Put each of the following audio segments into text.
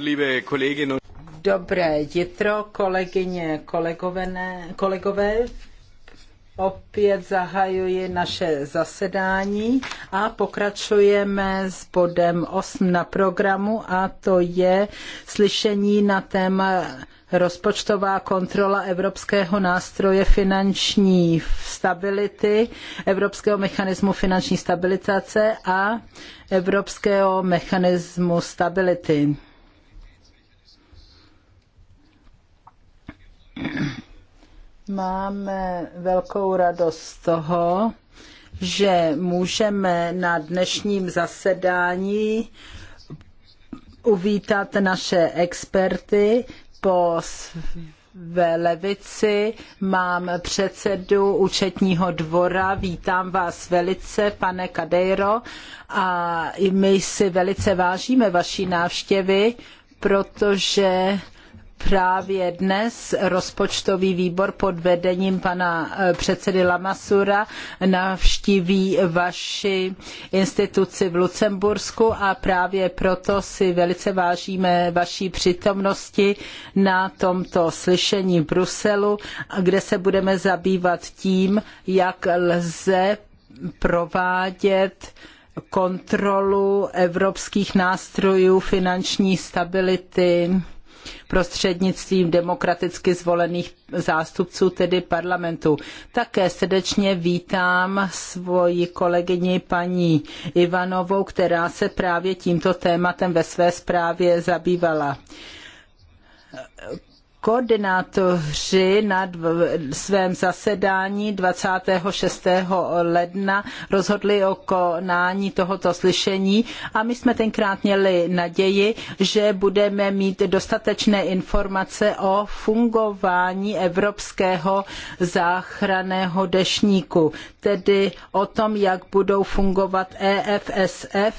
liebe Kolleginnen Dobré jitro, kolegyně, kolegové. kolegové. Opět zahajuji naše zasedání a pokračujeme s bodem 8 na programu a to je slyšení na téma rozpočtová kontrola Evropského nástroje finanční stability, Evropského mechanismu finanční stabilizace a Evropského mechanismu stability. Máme velkou radost z toho, že můžeme na dnešním zasedání uvítat naše experty po své levici mám předsedu účetního dvora. Vítám vás velice, pane Kadejro, a my si velice vážíme vaší návštěvy, protože právě dnes rozpočtový výbor pod vedením pana eh, předsedy Lamasura navštíví vaši instituci v Lucembursku a právě proto si velice vážíme vaší přítomnosti na tomto slyšení v Bruselu, kde se budeme zabývat tím, jak lze provádět kontrolu evropských nástrojů finanční stability prostřednictvím demokraticky zvolených zástupců, tedy parlamentu. Také srdečně vítám svoji kolegyni paní Ivanovou, která se právě tímto tématem ve své zprávě zabývala Koordinátoři na svém zasedání 26. ledna rozhodli o konání tohoto slyšení a my jsme tenkrát měli naději, že budeme mít dostatečné informace o fungování evropského záchranného dešníku, tedy o tom, jak budou fungovat EFSF,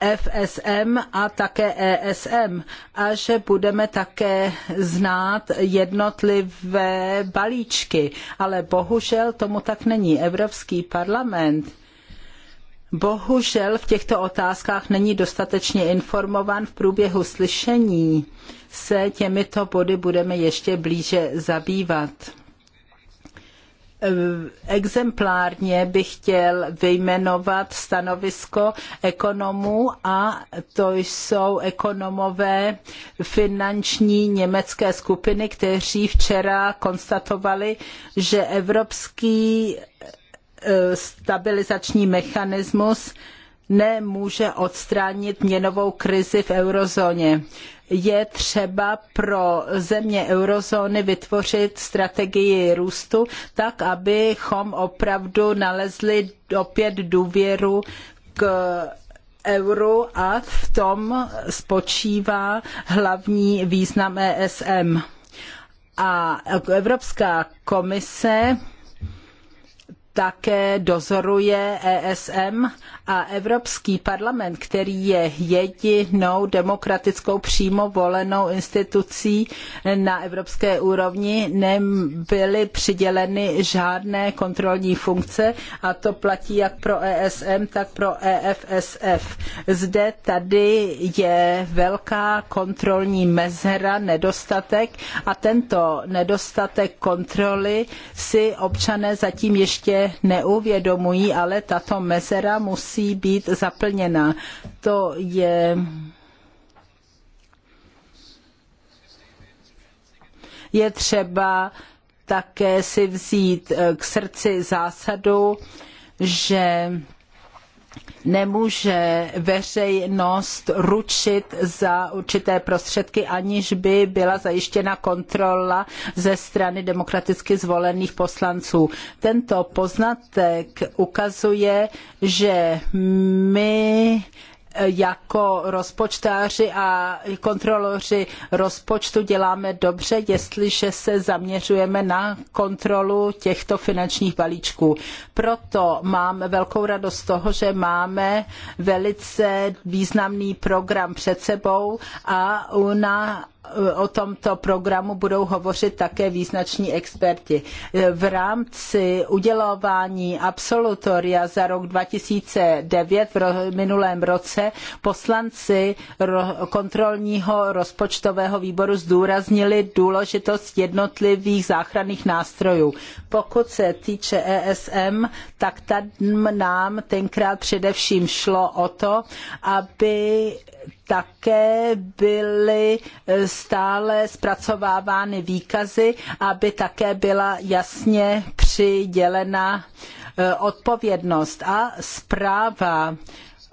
FSM a také ESM a že budeme také znát jednotlivé balíčky. Ale bohužel tomu tak není. Evropský parlament bohužel v těchto otázkách není dostatečně informován. V průběhu slyšení se těmito body budeme ještě blíže zabývat. Eh, exemplárně bych chtěl vyjmenovat stanovisko ekonomů a to jsou ekonomové finanční německé skupiny, kteří včera konstatovali, že evropský eh, stabilizační mechanismus nemůže odstránit měnovou krizi v eurozóně je třeba pro země eurozóny vytvořit strategii růstu tak, abychom opravdu nalezli opět důvěru k euru a v tom spočívá hlavní význam ESM. A Evropská komise také dozoruje ESM a Evropský parlament, který je jedinou demokratickou přímo volenou institucí na evropské úrovni, nebyly přiděleny žádné kontrolní funkce a to platí jak pro ESM, tak pro EFSF. Zde tady je velká kontrolní mezera, nedostatek a tento nedostatek kontroly si občané zatím ještě neuvědomují, ale tato mezera musí musí být zaplněna. To je je třeba také si vzít eh, k srdci zásadu, že nemůže veřejnost ručit za určité prostředky, aniž by byla zajištěna kontrola ze strany demokraticky zvolených poslanců. Tento poznatek ukazuje, že my jako rozpočtáři a kontroloři rozpočtu děláme dobře, jestliže se zaměřujeme na kontrolu těchto finančních balíčků. Proto mám velkou radost z toho, že máme velice významný program před sebou a u nás o tomto programu budou hovořit také význační experti. V rámci udělování absolutoria za rok 2009 v minulém roce poslanci kontrolního rozpočtového výboru zdůraznili důležitost jednotlivých záchranných nástrojů. Pokud se týče ESM, tak tam nám tenkrát především šlo o to, aby také byly e, stále zpracovávány výkazy, aby také byla jasně přidělena e, odpovědnost. A zpráva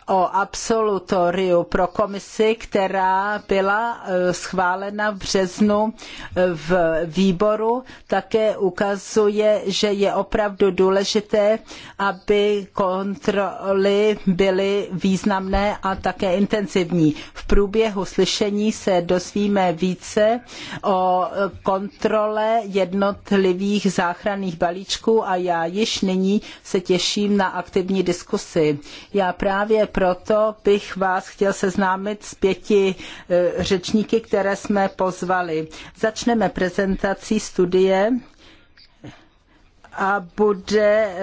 o absolutoriu pro komisi, která byla eh, schválena v březnu eh, v výboru, také ukazuje, že je opravdu důležité, aby kontroly byly významné a také intenzivní. V průběhu slyšení se dozvíme více o kontrole jednotlivých záchranných balíčků a já již nyní se těším na aktivní diskusi. Já právě proto bych vás chtěl seznámit s pěti e, řečníky, které jsme pozvali. Začneme prezentací studie a bude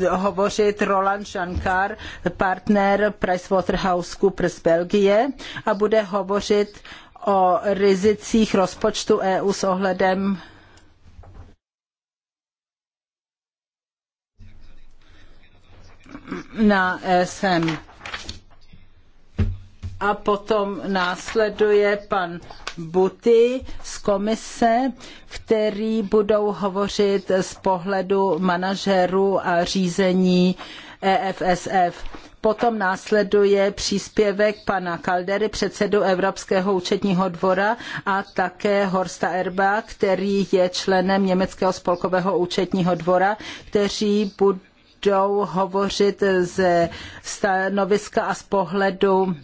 e, hovořit Roland Jankar, partner PricewaterhouseCoopers Belgie a bude hovořit o rizicích rozpočtu EU s ohledem na e SM a potom následuje pan Buty z komise, který budou hovořit z pohledu manažerů a řízení EFSF. Potom následuje příspěvek pana Caldery, předsedu Evropského účetního dvora a také Horsta Erba, který je členem Německého spolkového účetního dvora, kteří budou hovořit ze stanoviska a z pohledu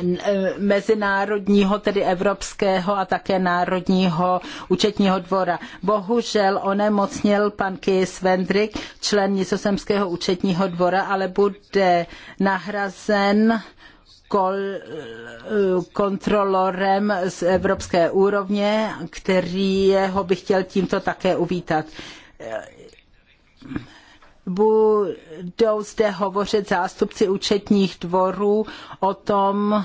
E, mezinárodního, tedy evropského a také národního účetního dvora. Bohužel onemocněl pan Kies Vendrik, člen nizozemského účetního dvora, ale bude nahrazen e, kontrolorem z evropské úrovně, který ho bych chtěl tímto také uvítat budou zde hovořit zástupci účetních dvorů o tom,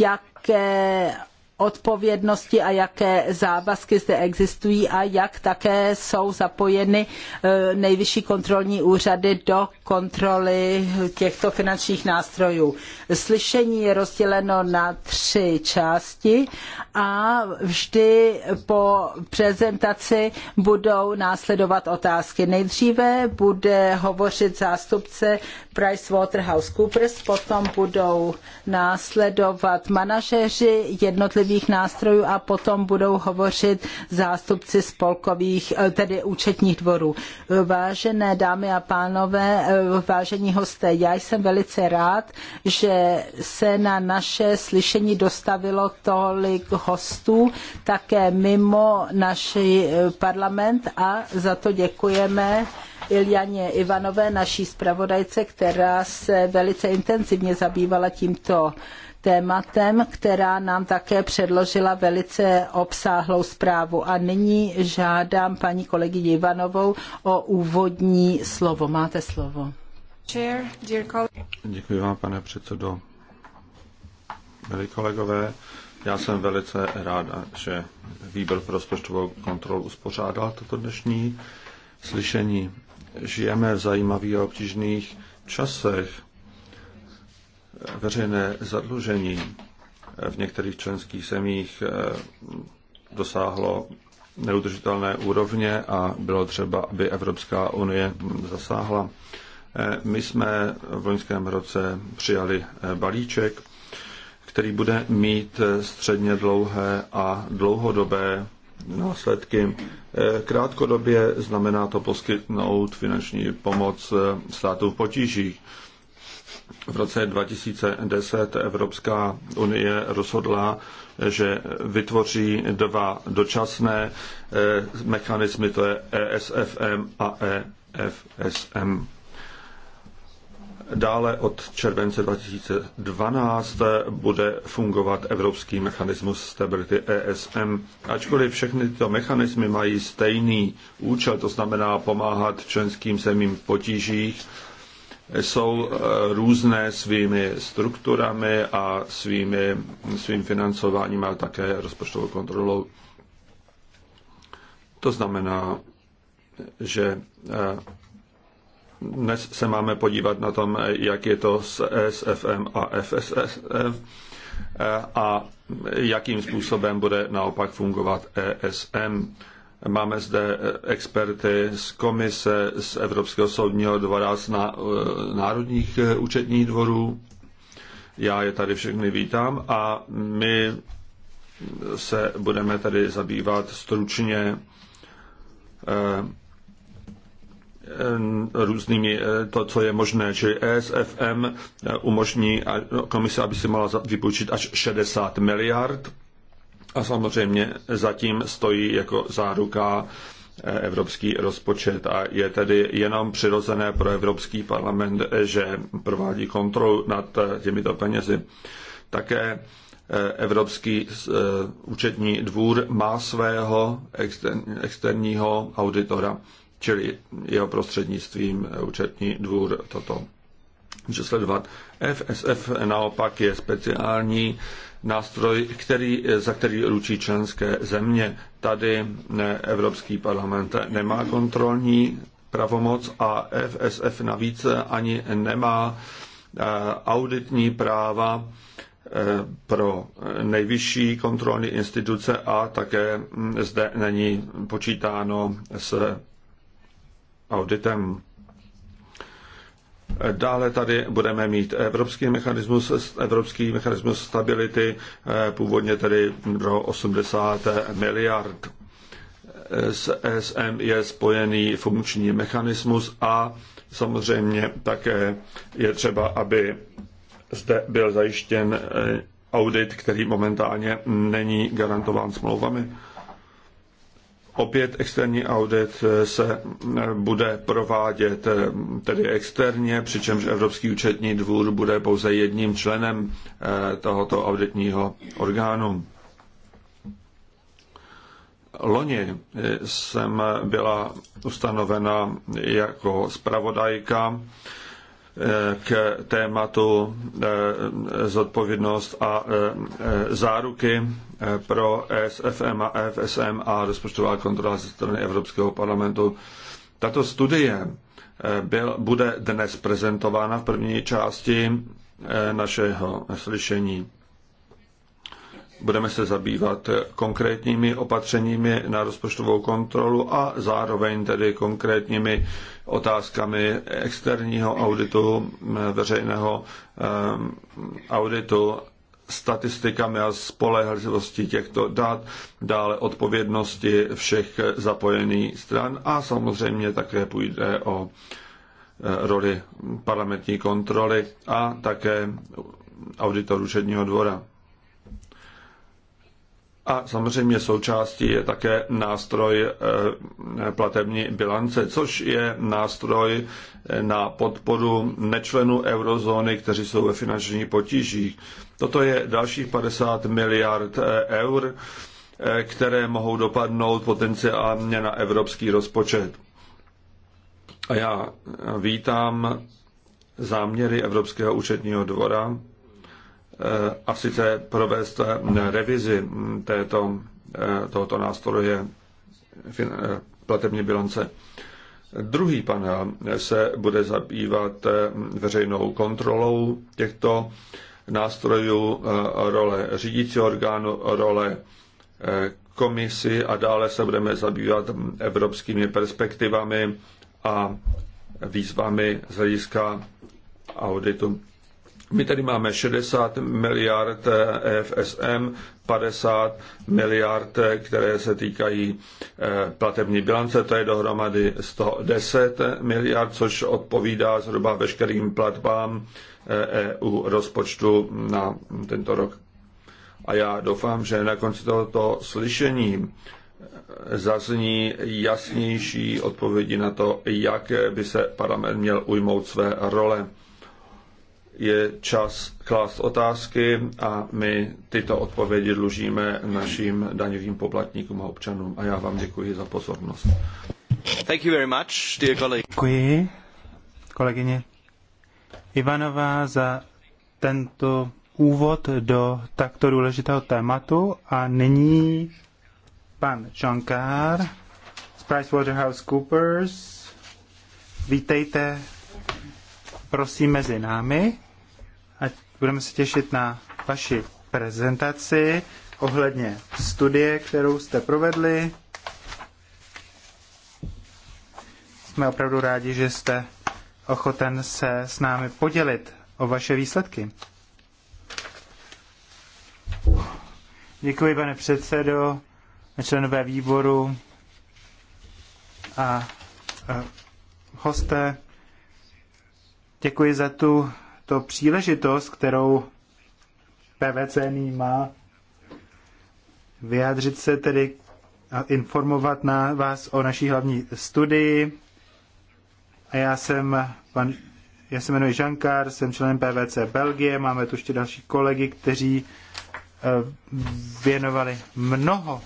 jaké odpovědnosti a jaké závazky zde existují a jak také jsou zapojeny eh, nejvyšší kontrolní úřady do kontroly těchto finančních nástrojů. Slyšení je rozděleno na tři části a vždy po prezentaci budou následovat otázky. Nejdříve bude hovořit zástupce PricewaterhouseCoopers, potom budou následovat manažeři jednotlivých jednotlivých nástrojů a potom budou hovořit zástupci spolkových, eh, tedy účetních dvorů. Vážené dámy a pánové, eh, vážení hosté, já jsem velice rád, že se na naše slyšení dostavilo tolik hostů, také mimo náš eh, parlament a za to děkujeme Iljaně Ivanové, naší zpravodajce, která se velice intenzivně zabývala tímto tématem, která nám také předložila velice obsáhlou zprávu. A nyní žádám paní kolegyni Ivanovou o úvodní slovo. Máte slovo. Děkuji vám, pane předsedo. Milí kolegové, já jsem velice ráda, že výbor pro rozpočtovou kontrolu uspořádal toto dnešní slyšení. Žijeme v zajímavých a obtížných časech veřejné zadlužení v některých členských zemích eh, dosáhlo neudržitelné úrovně a bylo třeba, aby Evropská unie zasáhla. Eh, my jsme v loňském roce přijali eh, balíček, který bude mít středně dlouhé a dlouhodobé následky. Krátkodobě znamená to poskytnout finanční pomoc státům v potížích v roce 2010 Evropská unie rozhodla, že vytvoří dva dočasné eh, mechanismy, to je ESFM a EFSM. Dále od července 2012 bude fungovat Evropský mechanismus stability ESM. Ačkoliv všechny tyto mechanismy mají stejný účel, to znamená pomáhat členským zemím v potížích, jsou eh, různé svými strukturami a svými, svým financováním a také rozpočtovou kontrolou. To znamená, že eh, dnes se máme podívat na tom, jak je to s SFM a FSSF eh, a jakým způsobem bude naopak fungovat ESM. Máme zde eh, experty z komise, z Evropského soudního dvora, z eh, národních eh, účetních dvorů. Já je tady všechny vítám a my se budeme tady zabývat stručně různými, to, co je možné, čili ESFM umožní no, komise, aby si mohla vypůjčit až 60 miliard a samozřejmě zatím stojí jako záruka eh, evropský rozpočet a je tedy jenom přirozené pro Evropský parlament, eh, že provádí kontrolu nad eh, těmito penězi. Také Evropský účetní dvůr má svého externího auditora, čili jeho prostřednictvím účetní dvůr toto může sledovat. FSF naopak je speciální nástroj, který, za který ručí členské země. Tady eh, Evropský parlament nemá kontrolní pravomoc a FSF navíc ani nemá eh, auditní práva eh, pro nejvyšší kontrolní instituce a také hm, zde není počítáno s auditem. Dále tady budeme mít evropský mechanismus, evropský mechanismus stability, eh, původně tedy pro 80 miliard. S ESM je spojený funkční mechanismus a samozřejmě také je třeba, aby zde byl zajištěn eh, audit, který momentálně není garantován smlouvami. Opět externí audit eh, se eh, bude provádět eh, tedy externě, přičemž Evropský účetní dvůr bude pouze jedním členem tohoto auditního orgánu. Loni jsem byla ustanovena jako zpravodajka k tématu eh, zodpovědnost a eh, záruky eh, pro SFM a FSM a rozpočtová kontrola ze strany Evropského parlamentu. Tato studie byl, bude dnes prezentována v první části našeho slyšení budeme se zabývat konkrétními opatřeními na rozpočtovou kontrolu a zároveň tedy konkrétními otázkami externího auditu, veřejného auditu, statistikami a spolehlivosti těchto dat, dále odpovědnosti všech zapojených stran a samozřejmě také půjde o e, roli parlamentní kontroly a také auditorů Čedního dvora. A samozřejmě součástí je také nástroj eh, platební bilance, což je nástroj eh, na podporu nečlenů eurozóny, kteří jsou ve finančních potížích. Toto je dalších 50 miliard eh, eur, které mohou dopadnout potenciálně na evropský rozpočet. A já vítám záměry Evropského účetního dvora Eh, a sice provést revizi této, eh, tohoto nástroje eh, platební bilance. Druhý panel se bude zabývat veřejnou kontrolou těchto nástrojů, role řídícího orgánu, role komisi a dále se budeme zabývat mm, evropskými perspektivami a výzvami z hlediska auditu. My tady máme 60 miliard eh, FSM, 50 miliard, eh, které se týkají eh, platební bilance, to je dohromady 110 miliard, což odpovídá zhruba veškerým platbám EU e rozpočtu na tento rok. A já doufám, že na konci tohoto slyšení zazní jasnější odpovědi na to, jak by se parlament měl ujmout své role je čas klást otázky a my tyto odpovědi dlužíme našim daňovým poplatníkům a občanům. A já vám děkuji za pozornost. Thank you very much, dear colleague. Děkuji, kolegyně Ivanová, za tento úvod do takto důležitého tématu. A nyní pan Čankár z PricewaterhouseCoopers. Vítejte prosím mezi námi. Budeme se těšit na vaši prezentaci ohledně studie, kterou jste provedli. Jsme opravdu rádi, že jste ochoten se s námi podělit o vaše výsledky. Děkuji, pane předsedo, členové výboru a hosté. Děkuji za tu to příležitost, kterou PVC má vyjádřit se tedy a informovat na vás o naší hlavní studii. A já jsem pan, já se jmenuji Žankár, jsem členem PVC Belgie, máme tu ještě další kolegy, kteří eh, věnovali mnoho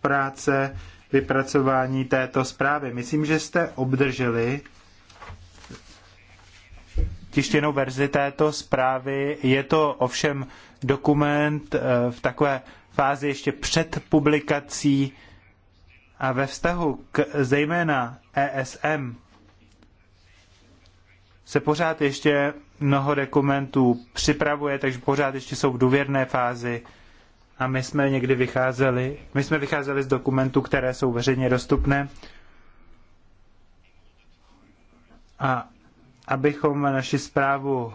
práce vypracování této zprávy. Myslím, že jste obdrželi tištěnou verzi této zprávy. Je to ovšem dokument eh, v takové fázi ještě před publikací a ve vztahu k zejména ESM se pořád ještě mnoho dokumentů připravuje, takže pořád ještě jsou v důvěrné fázi a my jsme někdy vycházeli, my jsme vycházeli z dokumentů, které jsou veřejně dostupné a abychom naši zprávu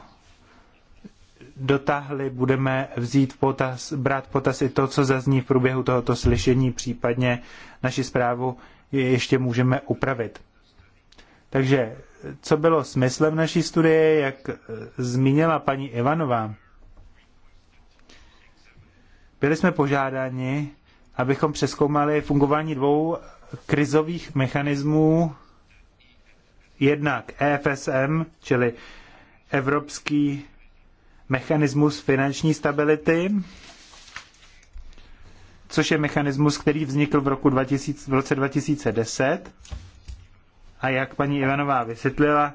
dotáhli, budeme vzít potaz, brát potaz i to, co zazní v průběhu tohoto slyšení, případně naši zprávu ještě můžeme upravit. Takže co bylo smyslem naší studie, jak eh, zmínila paní Ivanová, byli jsme požádáni, abychom přeskoumali fungování dvou krizových mechanismů jednak EFSM, čili Evropský mechanismus finanční stability, což je mechanismus, který vznikl v, roku 2000, v roce 2010. A jak paní Ivanová vysvětlila,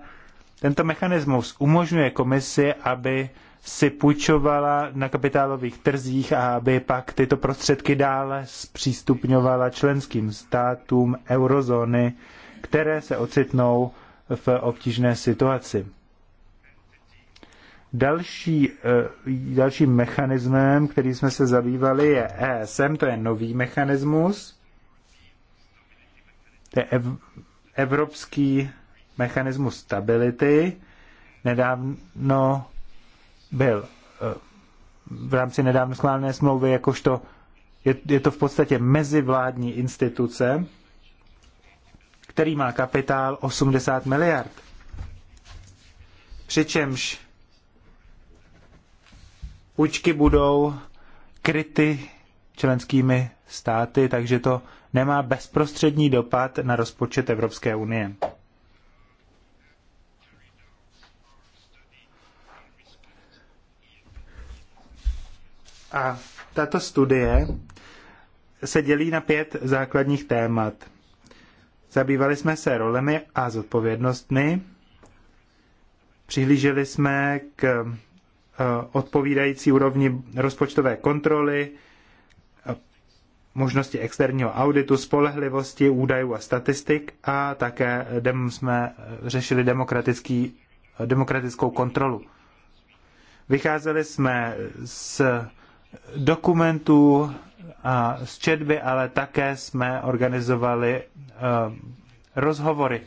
tento mechanismus umožňuje komisi, aby si půjčovala na kapitálových trzích a aby pak tyto prostředky dále zpřístupňovala členským státům eurozóny, které se ocitnou v obtížné situaci. Další, eh, dalším mechanismem, který jsme se zabývali, je ESM, to je nový mechanismus. To je ev, evropský mechanismus stability. Nedávno byl eh, v rámci nedávno schválené smlouvy, jakožto je, je to v podstatě mezivládní instituce, který má kapitál 80 miliard. Přičemž účky budou kryty členskými státy, takže to nemá bezprostřední dopad na rozpočet Evropské unie. A tato studie se dělí na pět základních témat. Zabývali jsme se rolemi a zodpovědnostmi. Přihlíželi jsme k eh, odpovídající úrovni rozpočtové kontroly, eh, možnosti externího auditu, spolehlivosti údajů a statistik a také jsme řešili demokratický, eh, demokratickou kontrolu. Vycházeli jsme z dokumentů a z četby, ale také jsme organizovali eh, rozhovory.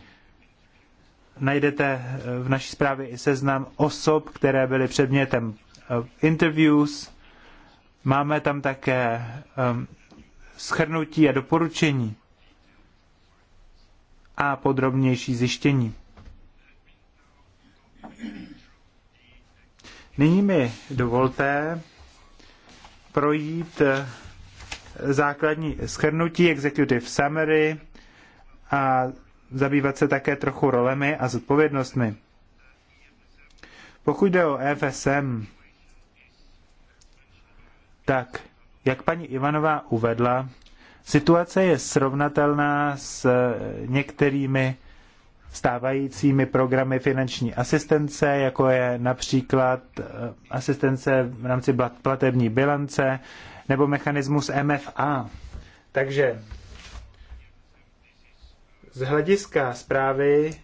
Najdete eh, v naší zprávě i seznam osob, které byly předmětem eh, interviews. Máme tam také schrnutí a doporučení a podrobnější zjištění. Nyní mi dovolte projít eh, základní schrnutí, executive summary a zabývat se také trochu rolemi a zodpovědnostmi. Pokud jde o FSM, tak, jak paní Ivanová uvedla, situace je srovnatelná s eh, některými stávajícími programy finanční asistence, jako je například eh, asistence v rámci platební bilance nebo mechanismus MFA. Takže z hlediska zprávy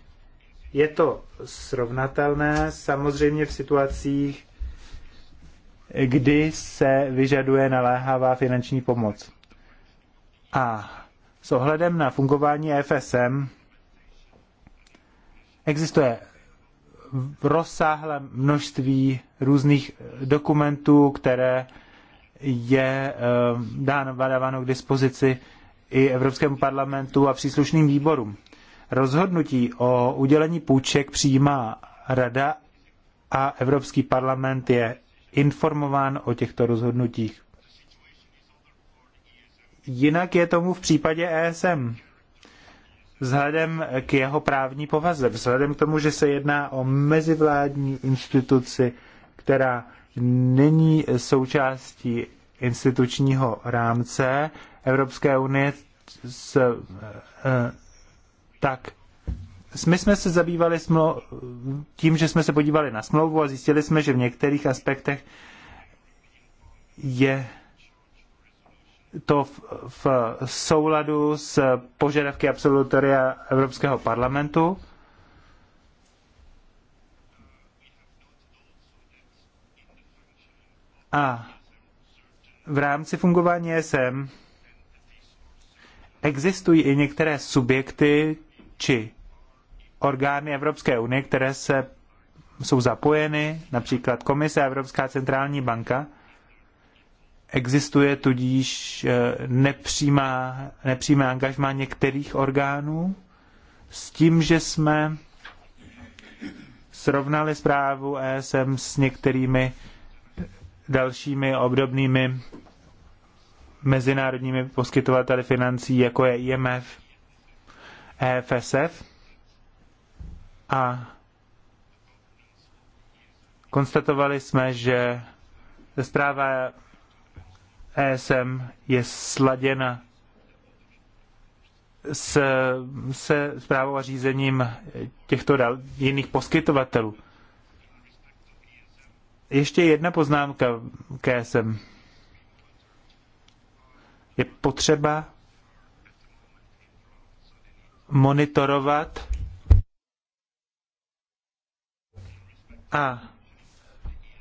je to srovnatelné samozřejmě v situacích, kdy se vyžaduje naléhavá finanční pomoc. A s ohledem na fungování FSM Existuje rozsáhlé množství různých eh, dokumentů, které je eh, dáno, dáváno k dispozici i Evropskému parlamentu a příslušným výborům. Rozhodnutí o udělení půjček přijímá Rada a Evropský parlament je informován o těchto rozhodnutích. Jinak je tomu v případě ESM vzhledem k jeho právní povaze, vzhledem k tomu, že se jedná o mezivládní instituci, která není součástí institučního rámce Evropské unie, s, eh, tak my jsme se zabývali tím, že jsme se podívali na smlouvu a zjistili jsme, že v některých aspektech je to v, v souladu s požadavky absolutoria Evropského parlamentu. A v rámci fungování SM existují i některé subjekty či orgány Evropské unie, které se jsou zapojeny, například Komise Evropská centrální banka, Existuje tudíž eh, nepřímá, nepřímá angažmá některých orgánů s tím, že jsme srovnali zprávu ESM s některými dalšími obdobnými mezinárodními poskytovateli financí, jako je IMF, EFSF a konstatovali jsme, že zpráva ESM je sladěna s, se zprávou a řízením těchto dal, jiných poskytovatelů. Ještě jedna poznámka k ESM. Je potřeba monitorovat a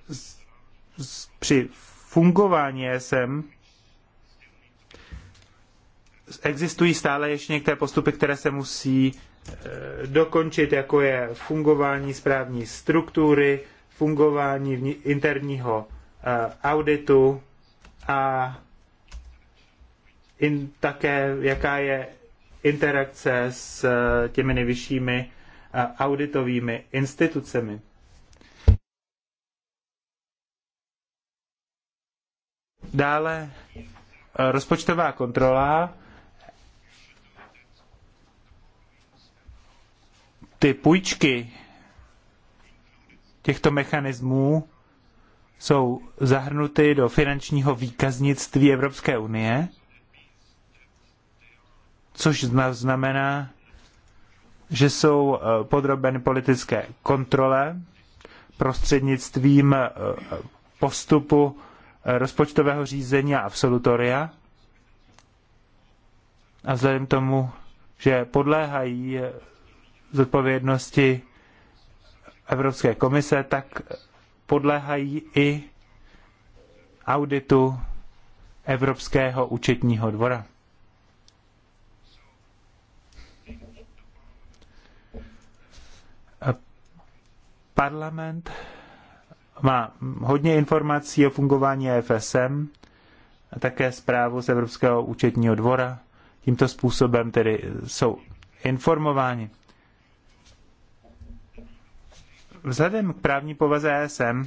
z, z, při fungování ESM existují stále ještě některé postupy, které se musí e, dokončit, jako je fungování správní struktury, fungování interního e, auditu a in, také jaká je interakce s e, těmi nejvyššími auditovými institucemi. Dále eh, rozpočtová kontrola ty půjčky těchto mechanismů jsou zahrnuty do finančního výkaznictví Evropské unie, což znamená, že jsou eh, podrobeny politické kontrole prostřednictvím eh, postupu rozpočtového řízení a absolutoria. A vzhledem tomu, že podléhají zodpovědnosti Evropské komise, tak podléhají i auditu Evropského účetního dvora. Parlament má hodně informací o fungování FSM a také zprávu z Evropského účetního dvora. Tímto způsobem tedy jsou informováni. Vzhledem k právní povaze ESM,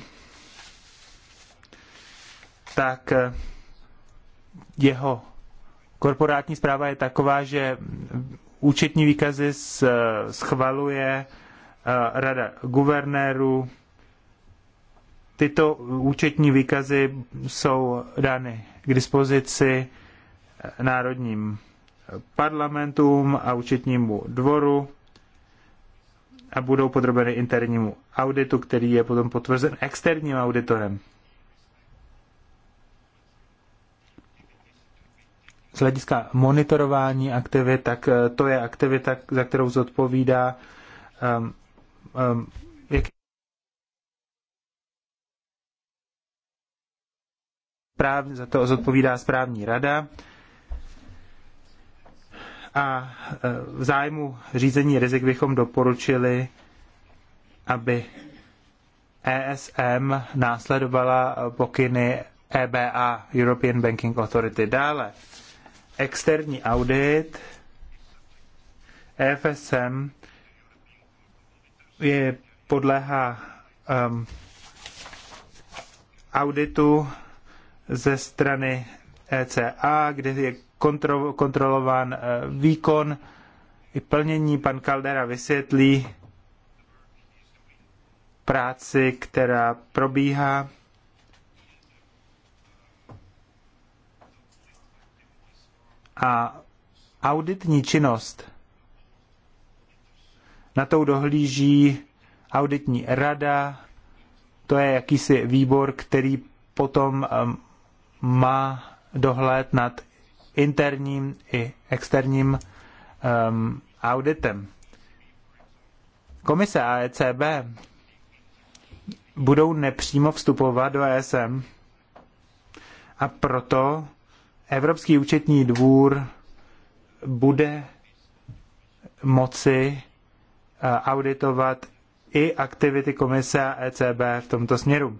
tak jeho korporátní zpráva je taková, že účetní výkazy schvaluje eh, Rada guvernérů Tyto účetní výkazy jsou dány k dispozici národním parlamentům a účetnímu dvoru a budou podrobeny internímu auditu, který je potom potvrzen externím auditorem. Z hlediska monitorování aktivit, tak eh, to je aktivita, za kterou zodpovídá um, um, jak správ, za to zodpovídá správní rada a e, v zájmu řízení rizik bychom doporučili, aby ESM následovala e, pokyny EBA, European Banking Authority. Dále externí audit EFSM je podléhá um, auditu ze strany ECA, kde je kontro, kontrolován e, výkon i plnění. Pan Caldera vysvětlí práci, která probíhá. A auditní činnost na tou dohlíží auditní rada, to je jakýsi výbor, který potom má dohled nad interním i externím um, auditem. Komise a ECB budou nepřímo vstupovat do ESM a proto Evropský účetní dvůr bude moci eh, auditovat i aktivity komise a ECB v tomto směru.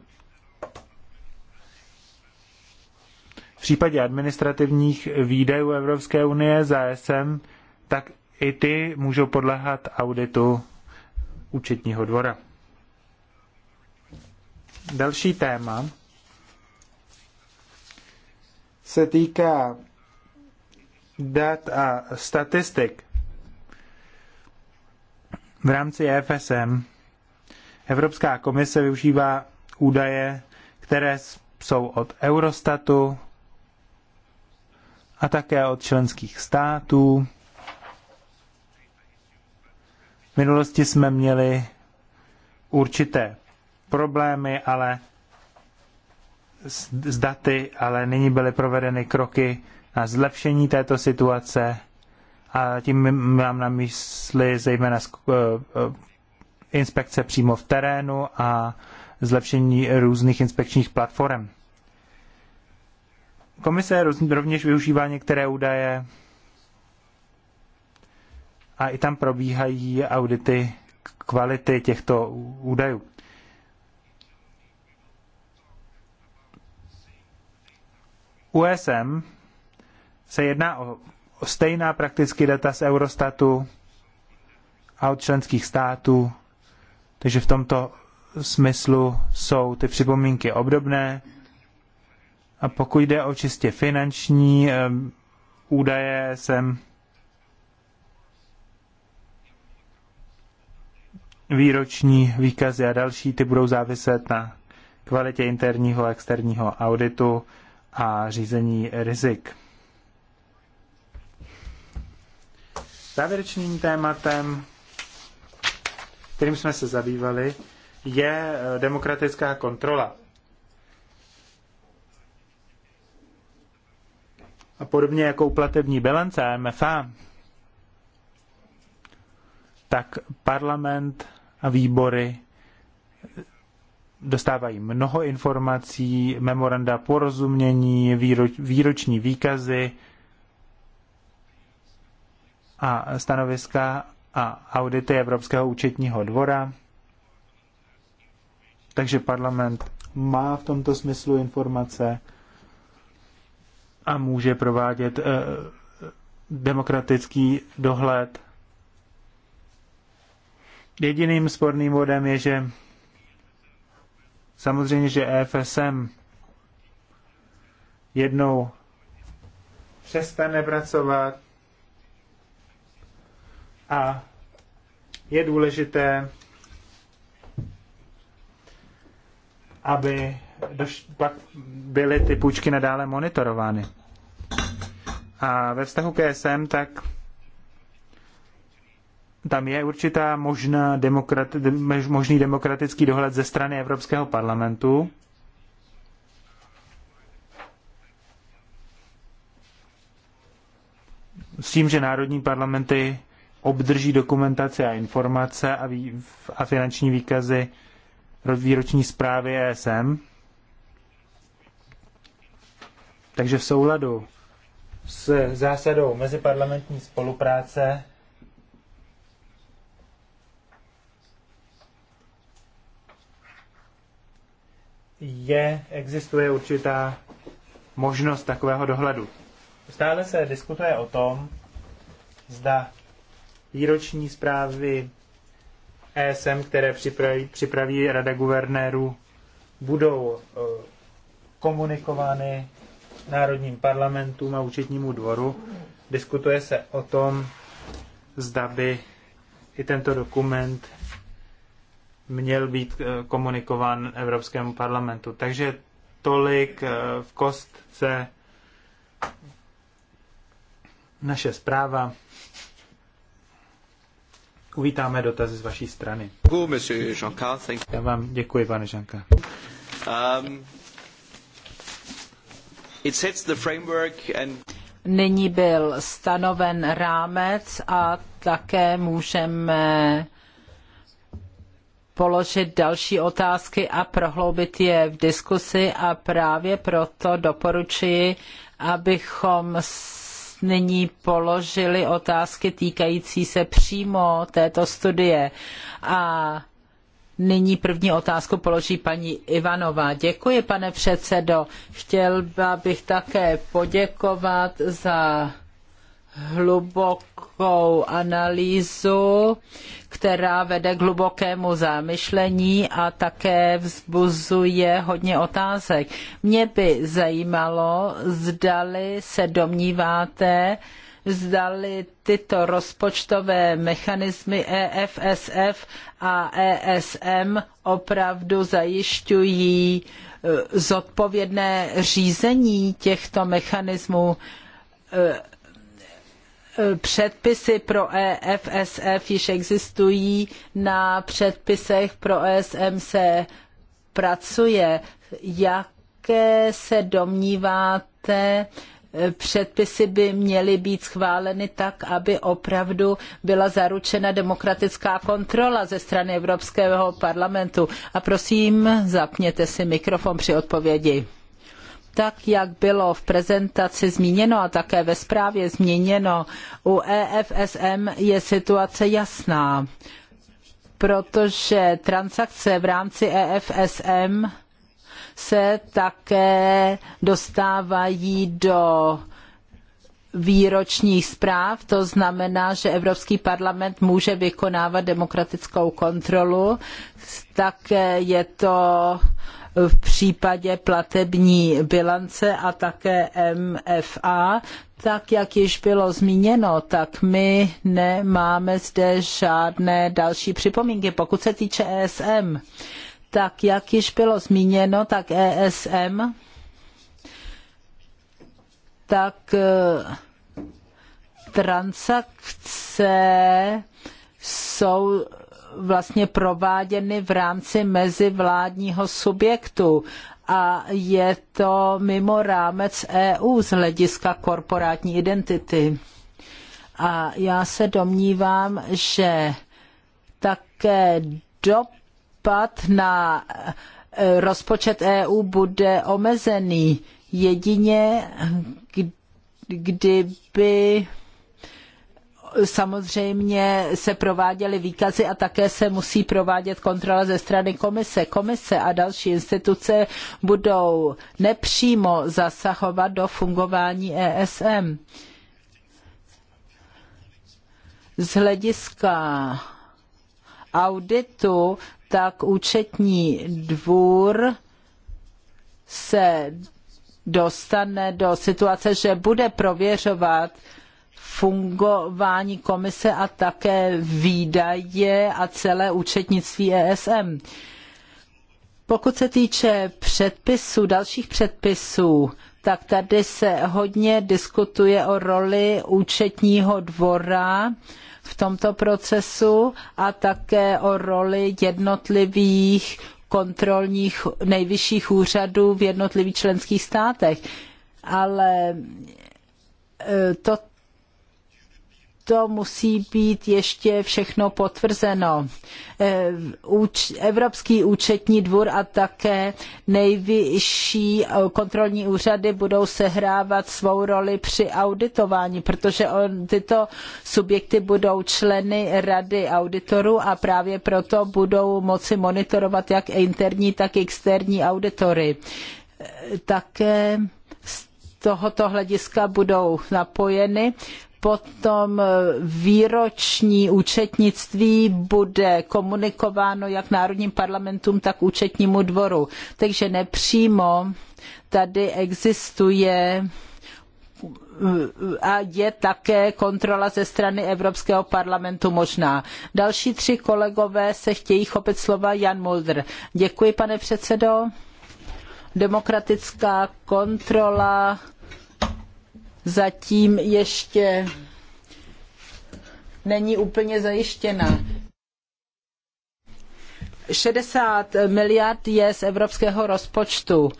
v případě administrativních výdajů Evropské unie za SM, tak i ty můžou podléhat auditu účetního dvora. Další téma se týká dat a statistik. V rámci EFSM Evropská komise využívá údaje, které jsou od Eurostatu, a také od členských států. V minulosti jsme měli určité problémy, ale s daty, ale nyní byly provedeny kroky na zlepšení této situace a tím mám na mysli zejména eh, eh, inspekce přímo v terénu a zlepšení různých inspekčních platform. Komise rovněž využívá některé údaje a i tam probíhají audity kvality těchto údajů. USM se jedná o stejná prakticky data z Eurostatu a od členských států, takže v tomto smyslu jsou ty připomínky obdobné a pokud jde o čistě finanční údaje, jsem výroční výkazy a další, ty budou záviset na kvalitě interního a externího auditu a řízení rizik. Závěrečným tématem, kterým jsme se zabývali, je eh, demokratická kontrola. a podobně jako u platební bilance MFA, tak parlament a výbory dostávají mnoho informací, memoranda porozumění, výroč, výroční výkazy a stanoviska a audity Evropského účetního dvora. Takže parlament má v tomto smyslu informace a může provádět eh, demokratický dohled. Jediným sporným bodem je, že samozřejmě, že EFSM jednou přestane pracovat a je důležité, aby doš, pak byly ty půjčky nadále monitorovány. A ve vztahu k SM, tak tam je určitá možná demokrat, možný demokratický dohled ze strany Evropského parlamentu. S tím, že národní parlamenty obdrží dokumentace a informace a, vý, a finanční výkazy výroční zprávy ESM. Takže v souladu s zásadou meziparlamentní spolupráce je, existuje určitá možnost takového dohledu. Stále se diskutuje o tom, zda výroční zprávy ESM, které připraví, připraví Rada guvernérů, budou eh, komunikovány národním parlamentům a účetnímu dvoru. Diskutuje se o tom, zda by i tento dokument měl být eh, komunikován Evropskému parlamentu. Takže tolik eh, v kostce naše zpráva. Uvítáme dotazy z vaší strany. Já vám děkuji, pane Žanka. Um... Nyní byl stanoven rámec a také můžeme položit další otázky a prohloubit je v diskusi a právě proto doporučuji, abychom nyní položili otázky týkající se přímo této studie. A Nyní první otázku položí paní Ivanová. Děkuji, pane předsedo. Chtěla bych také poděkovat za hlubokou analýzu, která vede k hlubokému zamyšlení a také vzbuzuje hodně otázek. Mě by zajímalo, zdali se domníváte, zdali tyto rozpočtové mechanismy EFSF a ESM opravdu zajišťují eh, zodpovědné řízení těchto mechanismů eh, eh, předpisy pro EFSF již existují, na předpisech pro ESM se pracuje. Jaké se domníváte, předpisy by měly být schváleny tak, aby opravdu byla zaručena demokratická kontrola ze strany Evropského parlamentu. A prosím, zapněte si mikrofon při odpovědi. Tak, jak bylo v prezentaci zmíněno a také ve zprávě zmíněno, u EFSM je situace jasná, protože transakce v rámci EFSM se také dostávají do výročních zpráv, to znamená, že Evropský parlament může vykonávat demokratickou kontrolu. Také je to v případě platební bilance a také MFA. Tak, jak již bylo zmíněno, tak my nemáme zde žádné další připomínky, pokud se týče ESM tak jak již bylo zmíněno, tak ESM, tak e, transakce jsou vlastně prováděny v rámci mezivládního subjektu a je to mimo rámec EU z hlediska korporátní identity. A já se domnívám, že také dopad dopad na eh, rozpočet EU bude omezený jedině, kdyby samozřejmě se prováděly výkazy a také se musí provádět kontrola ze strany komise. Komise a další instituce budou nepřímo zasahovat do fungování ESM. Z hlediska auditu tak účetní dvůr se dostane do situace, že bude prověřovat fungování komise a také výdaje a celé účetnictví ESM. Pokud se týče předpisů, dalších předpisů, tak tady se hodně diskutuje o roli účetního dvora v tomto procesu a také o roli jednotlivých kontrolních nejvyšších úřadů v jednotlivých členských státech. Ale e, to to musí být ještě všechno potvrzeno. Eh, Evropský účetní dvůr a také nejvyšší eh, kontrolní úřady budou sehrávat svou roli při auditování, protože on, tyto subjekty budou členy rady auditorů a právě proto budou moci monitorovat jak interní, tak externí auditory. Eh, také z tohoto hlediska budou napojeny potom eh, výroční účetnictví bude komunikováno jak národním parlamentům, tak účetnímu dvoru. Takže nepřímo tady existuje eh, a je také kontrola ze strany Evropského parlamentu možná. Další tři kolegové se chtějí chopit slova Jan Mulder. Děkuji, pane předsedo. Demokratická kontrola zatím ještě není úplně zajištěna. 60 miliard je z evropského rozpočtu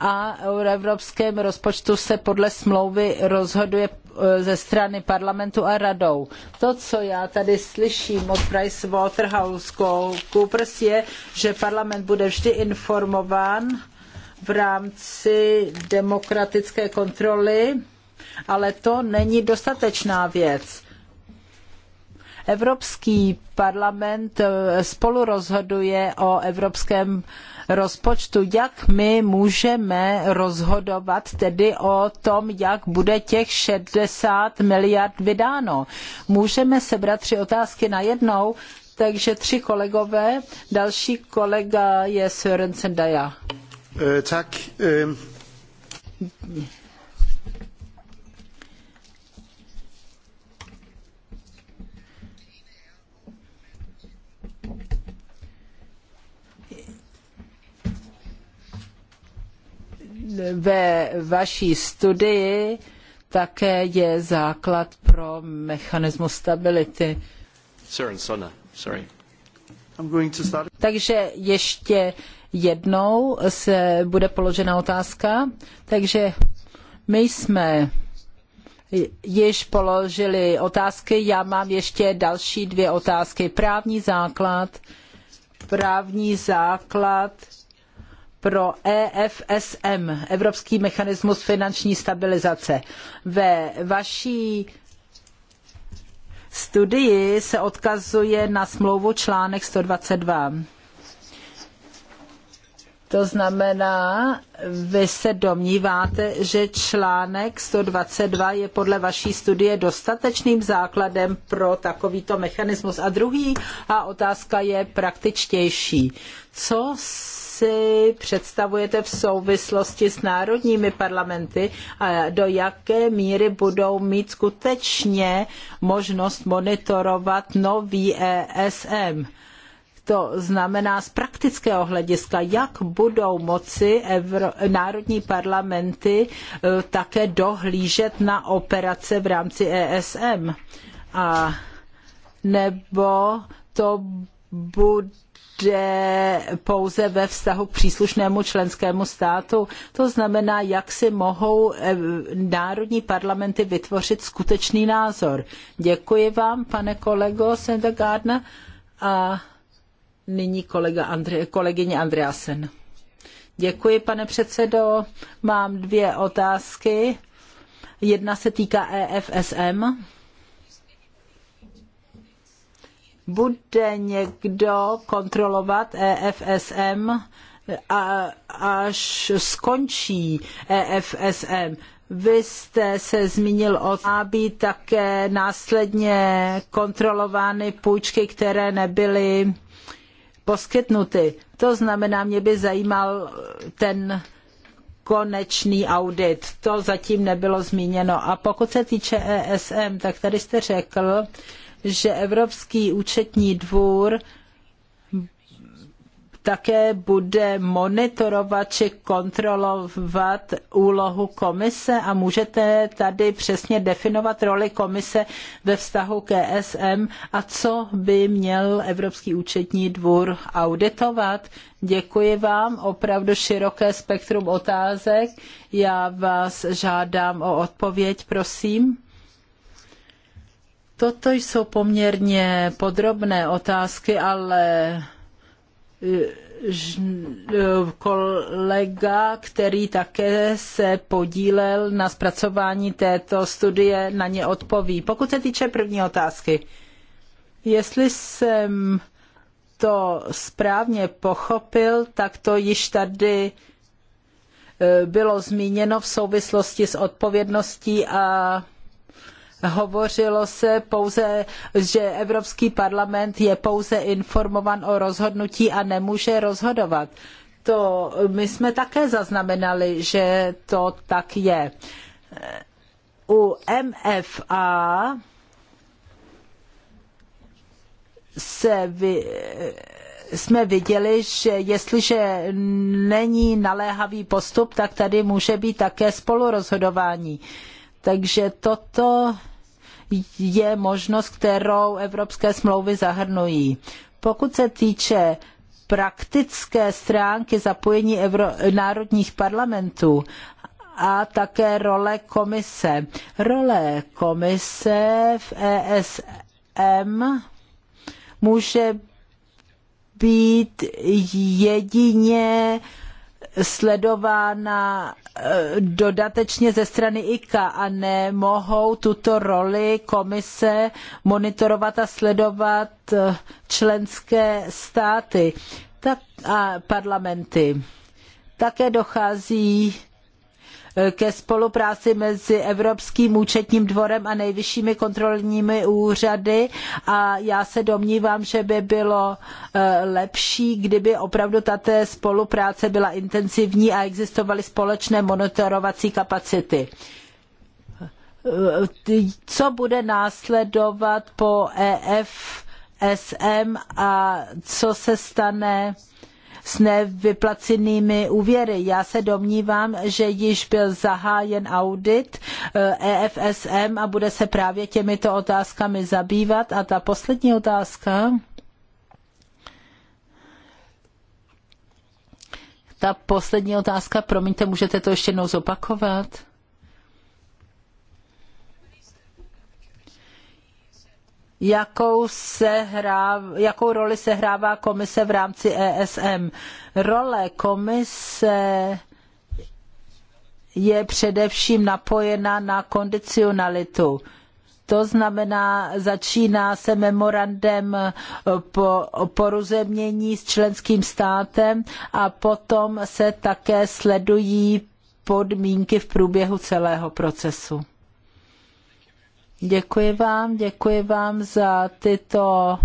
a o evropském rozpočtu se podle smlouvy rozhoduje e, ze strany parlamentu a radou. To, co já tady slyším od Price Waterhouse Coopers je, že parlament bude vždy informován v rámci demokratické kontroly ale to není dostatečná věc. Evropský parlament eh, spolurozhoduje o evropském rozpočtu. Jak my můžeme rozhodovat tedy o tom, jak bude těch 60 miliard vydáno? Můžeme sebrat tři otázky na jednou, takže tři kolegové, další kolega je Sendaja. Daja. Eh, tak. Um... ve vaší studii také je základ pro mechanismus stability. Takže ještě jednou se bude položena otázka. Takže my jsme již položili otázky. Já mám ještě další dvě otázky. Právní základ. Právní základ pro EFSM, Evropský mechanismus finanční stabilizace. Ve vaší studii se odkazuje na smlouvu článek 122. To znamená, vy se domníváte, že článek 122 je podle vaší studie dostatečným základem pro takovýto mechanismus. A druhý a otázka je praktičtější. Co si představujete v souvislosti s národními parlamenty a do jaké míry budou mít skutečně možnost monitorovat nový ESM. To znamená z praktického hlediska, jak budou moci národní parlamenty eh, také dohlížet na operace v rámci ESM. A nebo to bude pouze ve vztahu k příslušnému členskému státu. To znamená, jak si mohou eh, národní parlamenty vytvořit skutečný názor. Děkuji vám, pane kolego Sendegardner. A nyní kolega kolegyně Andreasen. Děkuji, pane předsedo. Mám dvě otázky. Jedna se týká EFSM Bude někdo kontrolovat EFSM, až skončí EFSM? Vy jste se zmínil o má být také následně kontrolovány půjčky, které nebyly poskytnuty. To znamená, mě by zajímal ten konečný audit. To zatím nebylo zmíněno. A pokud se týče ESM, tak tady jste řekl, že Evropský účetní dvůr také bude monitorovat či kontrolovat úlohu komise a můžete tady přesně definovat roli komise ve vztahu k ESM a co by měl Evropský účetní dvůr auditovat. Děkuji vám, opravdu široké spektrum otázek. Já vás žádám o odpověď, prosím. Toto jsou poměrně podrobné otázky, ale e, e, kolega, který také se podílel na zpracování této studie, na ně odpoví. Pokud se týče první otázky, jestli jsem to správně pochopil, tak to již tady e, bylo zmíněno v souvislosti s odpovědností a hovořilo se pouze, že Evropský parlament je pouze informován o rozhodnutí a nemůže rozhodovat. To my jsme také zaznamenali, že to tak je. U MFA se vy, jsme viděli, že jestliže není naléhavý postup, tak tady může být také spolurozhodování. Takže toto je možnost, kterou evropské smlouvy zahrnují. Pokud se týče praktické stránky zapojení Evro- národních parlamentů a také role komise. Role komise v ESM může být jedině uh, sledována eh, dodatečně ze strany ICA a nemohou tuto roli komise monitorovat a sledovat eh, členské státy a parlamenty. Také dochází ke spolupráci mezi Evropským účetním dvorem a nejvyššími kontrolními úřady a já se domnívám, že by bylo eh, lepší, kdyby opravdu tato spolupráce byla intenzivní a existovaly společné monitorovací kapacity eh, eh, co bude následovat po EFSM a co se stane s nevyplacenými úvěry. Já se domnívám, že již byl zahájen audit EFSM eh, e a bude se právě těmito otázkami zabývat. A ta poslední otázka. Ta poslední otázka, promiňte, můžete to ještě jednou zopakovat? jakou, se hrá, jakou roli se komise v rámci ESM. Role komise je především napojena na kondicionalitu. To znamená, začíná se memorandem po porozumění s členským státem a potom se také sledují podmínky v průběhu celého procesu. Děkuji vám, děkuji vám za tyto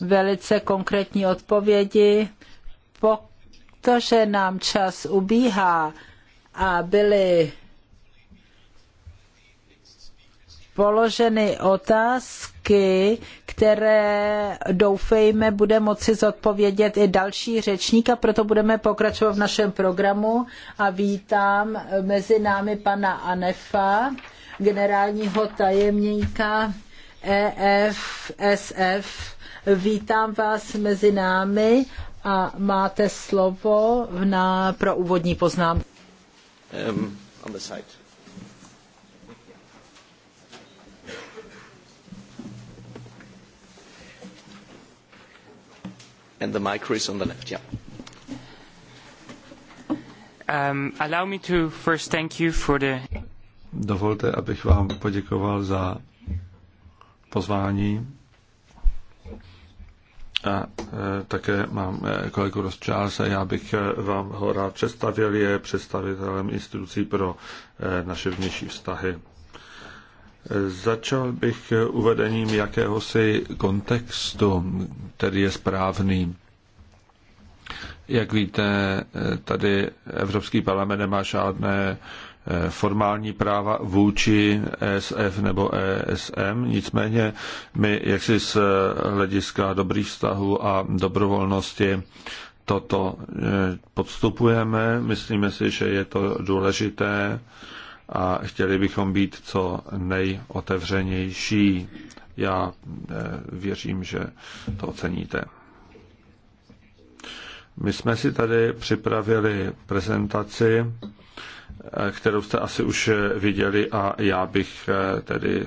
velice konkrétní odpovědi. Protože nám čas ubíhá a byly položeny otázky, které doufejme bude moci zodpovědět i další řečník a proto budeme pokračovat v našem programu a vítám mezi námi pana Anefa generálního tajemníka EFSF. Vítám vás mezi námi a máte slovo na, pro úvodní poznámku. Um, on the side. And the micro is on the left, yeah. Um, allow me to first thank you for the Dovolte, abych vám poděkoval za pozvání. A e, také mám e, kolegu a já bych e, vám ho rád představil, je představitelem institucí pro naše vnější vztahy. Začal bych uvedením jakéhosi kontextu, který je správný. Jak víte, tady Evropský parlament nemá žádné Eh, formální práva vůči ESF nebo ESM, nicméně my jaksi z hlediska dobrých vztahů a dobrovolnosti toto eh, podstupujeme, myslíme si, že je to důležité a chtěli bychom být co nejotevřenější. Já eh, věřím, že to oceníte. My jsme si tady připravili prezentaci kterou jste asi už eh, viděli a já bych eh, tedy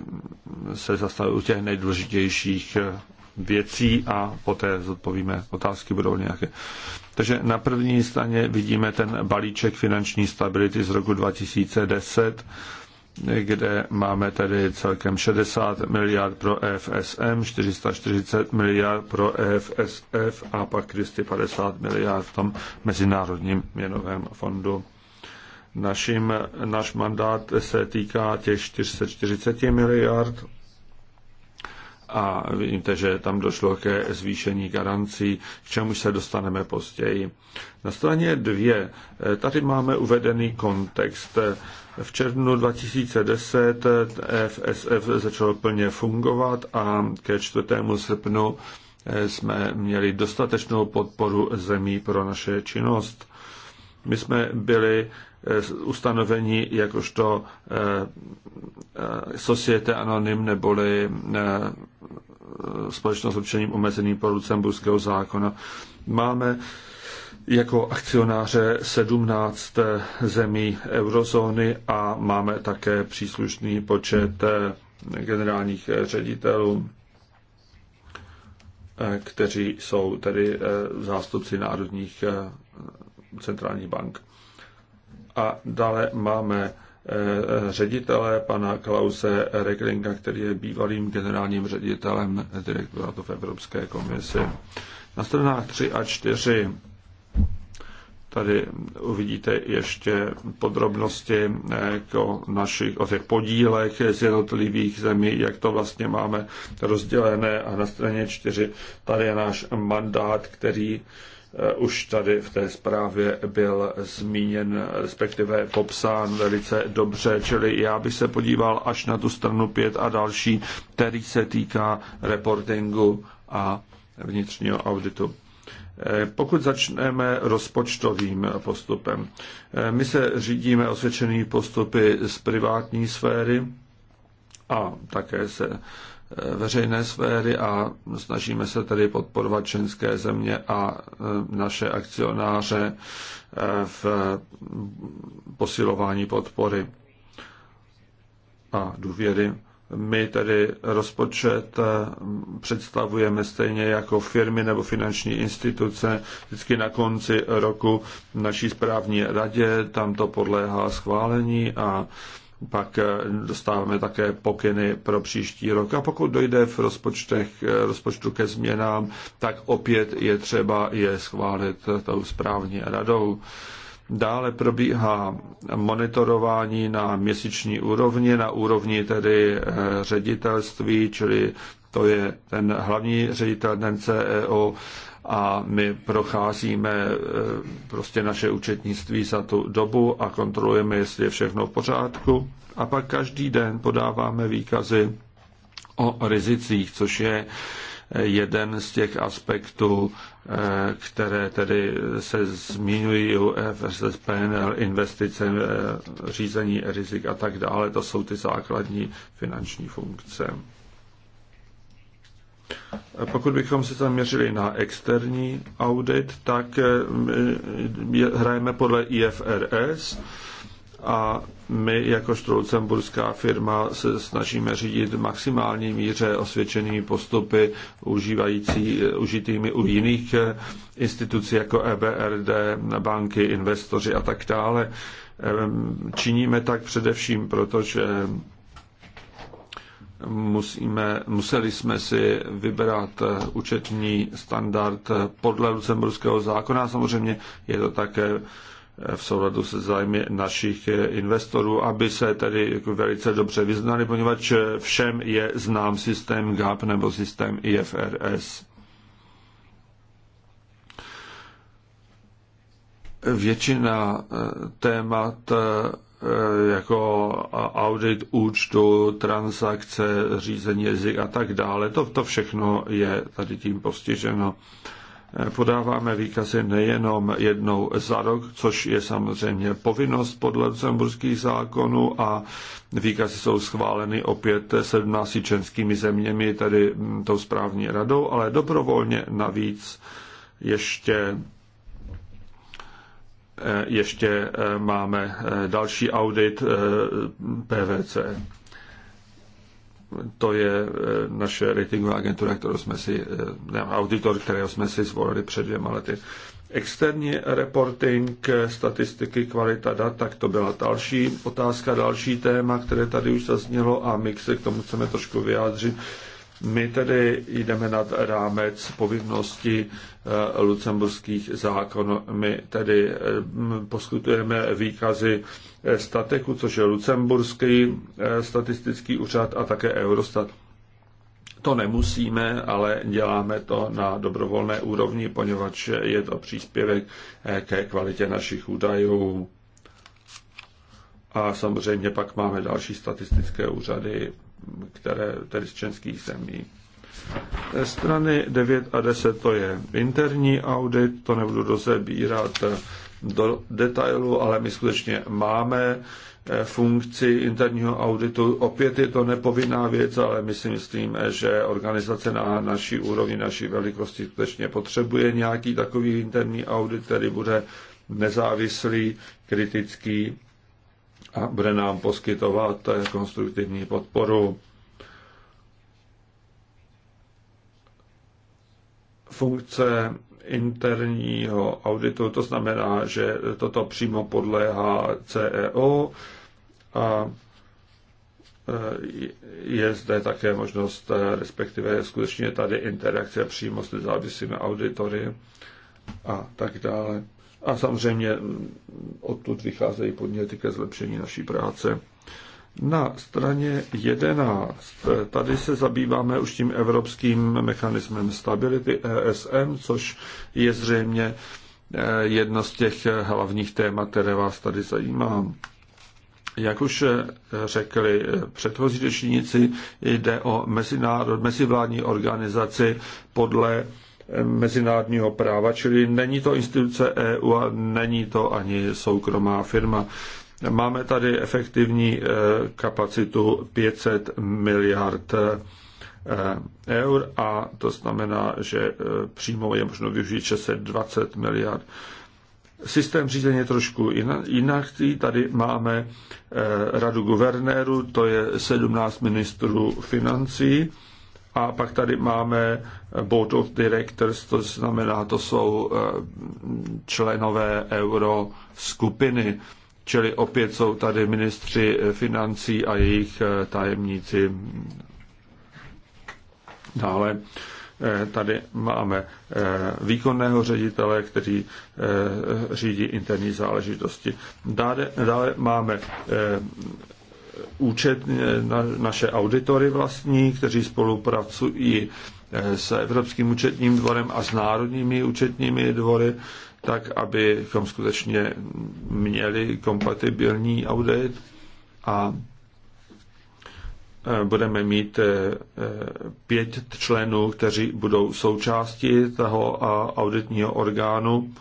se zastavil u těch nejdůležitějších eh, věcí a poté zodpovíme otázky, budou nějaké. Takže na první straně vidíme ten balíček finanční stability z roku 2010, kde máme tedy celkem 60 miliard pro FSM, 440 miliard pro EFSF a pak 250 miliard v tom Mezinárodním měnovém fondu. Naším, naš mandát se týká těch 440 miliard a vidíte, že tam došlo ke zvýšení garancí, k čemu se dostaneme později. Na straně dvě, eh, tady máme uvedený kontext. V červnu 2010 FSF začal plně fungovat a ke 4. srpnu eh, jsme měli dostatečnou podporu zemí pro naše činnost. My jsme byli Eh, ustanovení jakožto eh, eh, Societe Anonym neboli společnost s ručením omezeným po lucemburského zákona. Máme jako akcionáře 17 zemí eurozóny a máme také příslušný počet generálních ředitelů, kteří jsou tedy zástupci národních centrálních bank. A dále máme eh, ředitele pana Klause Reglinga, který je bývalým generálním ředitelem direktorátu v Evropské komisi. Na stranách 3 a 4 tady uvidíte ještě podrobnosti eh, o, našich, o těch podílech z jednotlivých zemí, jak to vlastně máme rozdělené. A na straně 4 tady je náš mandát, který Eh, už tady v té zprávě byl zmíněn, respektive popsán velice dobře, čili já bych se podíval až na tu stranu 5 a další, který se týká reportingu a vnitřního auditu. Eh, pokud začneme rozpočtovým postupem, eh, my se řídíme osvědčenými postupy z privátní sféry a také se Eh, veřejné sféry a snažíme se tedy podporovat členské země a eh, naše akcionáře eh, v posilování podpory a důvěry. My tedy rozpočet představujeme stejně jako firmy nebo finanční instituce vždycky na konci roku naší správní radě, tam to podléhá schválení a pak eh, dostáváme také pokyny pro příští rok. A pokud dojde v rozpočtech, eh, rozpočtu ke změnám, tak opět je třeba je schválit eh, tou správní radou. Dále probíhá monitorování na měsíční úrovni, na úrovni tedy ředitelství, čili to je ten hlavní ředitel, ten CEO, a my procházíme eh, prostě naše účetnictví za tu dobu a kontrolujeme, jestli je všechno v pořádku. A pak každý den podáváme výkazy o rizicích, což je eh, jeden z těch aspektů, eh, které tedy se zmiňují u FSS, PNL, investice, řízení rizik a tak dále. To jsou ty základní finanční funkce. Pokud bychom se zaměřili na externí audit, tak eh, hrajeme podle IFRS a my jakožto lucemburská firma se snažíme řídit maximální míře osvědčenými postupy užívající, eh, užitými u jiných eh, institucí jako EBRD, banky, investoři a tak dále. Ehm, činíme tak především proto, že musíme, museli jsme si vybrat eh, účetní standard podle lucemburského zákona. Samozřejmě je to také eh, v souladu se zájmy našich eh, investorů, aby se tedy jako velice dobře vyznali, poněvadž všem je znám systém GAP nebo systém IFRS. Většina témat Eh, jako audit účtu, transakce, řízení jazyk a tak dále. To, to všechno je tady tím postiženo. Eh, podáváme výkazy nejenom jednou za rok, což je samozřejmě povinnost podle lucemburských zákonů a výkazy jsou schváleny opět 17 členskými zeměmi, tedy hm, tou správní radou, ale dobrovolně navíc ještě Eh, ještě eh, máme eh, další audit PVC. To je naše ratingová agentura, kterou jsme si, ne, auditor, kterého jsme si zvolili před dvěma lety. Externí reporting, statistiky, kvalita dat, tak to byla další otázka, další téma, které tady už zaznělo a my se k tomu chceme trošku vyjádřit. My tedy jdeme nad rámec povinnosti eh, lucemburských zákonů. My tedy eh, poskytujeme výkazy eh, stateku, což je lucemburský statistický úřad a také Eurostat. To nemusíme, ale děláme to na dobrovolné úrovni, poněvadž je to příspěvek ke kvalitě našich údajů. A samozřejmě pak máme další statistické úřady které tedy z českých zemí. Eh, strany 9 a 10 to je interní audit, to nebudu rozebírat eh, do detailu, ale my skutečně máme eh, funkci interního auditu. Opět je to nepovinná věc, ale my si myslíme, že organizace na naší úrovni, naší velikosti skutečně potřebuje nějaký takový interní audit, který bude nezávislý, kritický a bude nám poskytovat konstruktivní podporu. Funkce interního auditu, to znamená, že toto přímo podléhá CEO a e, je zde také možnost, e, respektive skutečně tady interakce přímo s nezávislými auditory a tak dále. A samozřejmě mm, odtud vycházejí podněty ke zlepšení naší práce. Na straně 11 eh, tady se zabýváme už tím evropským mechanismem stability ESM, což je zřejmě eh, jedno z těch eh, hlavních témat, které vás tady zajímá. Jak už řekli předchozí řečníci, jde o mezinárod, mezivládní organizaci podle mezinárodního práva, čili není to instituce EU a není to ani soukromá firma. Máme tady efektivní eh, kapacitu 500 miliard eh, eur a to znamená, že eh, přímo je možno využít 620 miliard. Systém řízení je trošku jinak. Tady máme radu guvernéru, to je 17 ministrů financí a pak tady máme Board of Directors, to znamená, to jsou eh, členové euro skupiny, čili opět jsou tady ministři eh, financí a jejich eh, tajemníci. Dále tady máme výkonného ředitele, který řídí interní záležitosti. Dále, dále máme účet, eh, na, naše auditory vlastní, kteří spolupracují eh, s Evropským účetním dvorem a s národními účetními dvory, tak abychom skutečně měli kompatibilní audit a eh, budeme mít pět členů, kteří budou součástí toho auditního orgánu.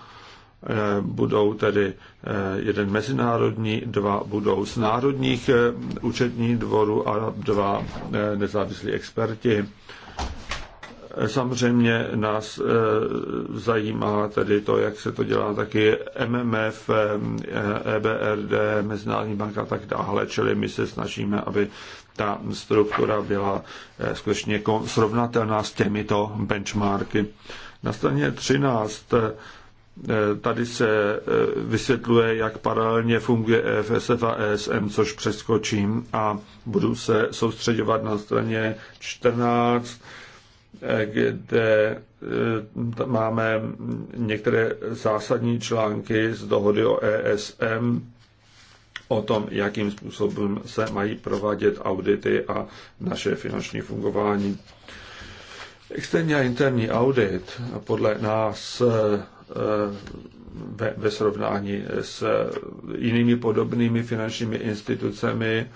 Budou tedy Eh, jeden mezinárodní, dva budou z národních eh, účetních dvorů a dva eh, nezávislí experti. Samozřejmě nás zajímá tedy to, jak se to dělá taky MMF, EBRD, e Mezinárodní banka a tak dále, čili my se snažíme, aby ta struktura byla skutečně jako srovnatelná s těmito benchmarky. Na straně 13 Eh, tady se eh, vysvětluje, jak paralelně funguje EFSF a ESM, což přeskočím a budu se soustředovat na straně 14, eh, kde máme některé zásadní články z dohody o ESM, o tom, jakým způsobem se mají provádět audity a naše finanční fungování. Externí a interní audit podle nás Eh, ve, ve srovnání s jinými podobnými finančními institucemi.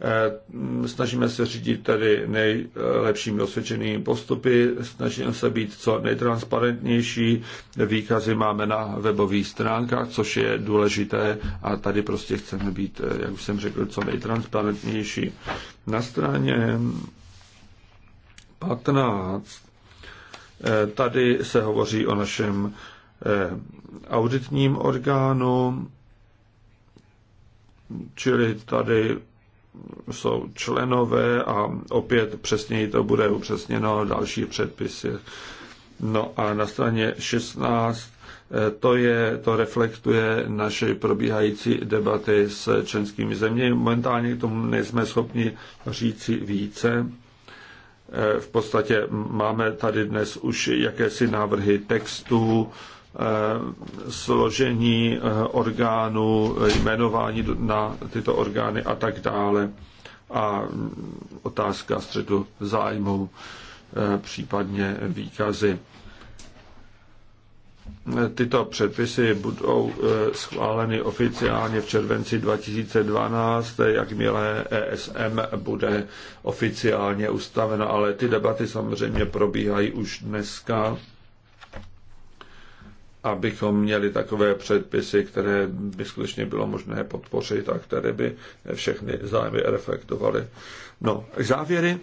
Eh, snažíme se řídit tady nejlepším osvědčenými postupy, snažíme se být co nejtransparentnější, výkazy máme na webových stránkách, což je důležité a tady prostě chceme být, eh, jak už jsem řekl, co nejtransparentnější. Na straně 15 tady se hovoří o našem Eh, auditním orgánu, čili tady jsou členové a opět přesněji to bude upřesněno další předpisy. No a na straně 16 eh, to, je, to reflektuje naše probíhající debaty s členskými zeměmi. Momentálně k tomu nejsme schopni říci více. Eh, v podstatě máme tady dnes už jakési návrhy textů, Eh, složení eh, orgánů, jmenování na tyto orgány a tak dále a mm, otázka středu zájmu, eh, případně výkazy. Tyto předpisy budou schváleny oficiálně v červenci 2012, jakmile ESM bude oficiálně ustavena, ale ty debaty samozřejmě probíhají už dneska abychom měli takové předpisy, které by skutečně bylo možné podpořit a které by všechny zájmy reflektovaly. No, závěry.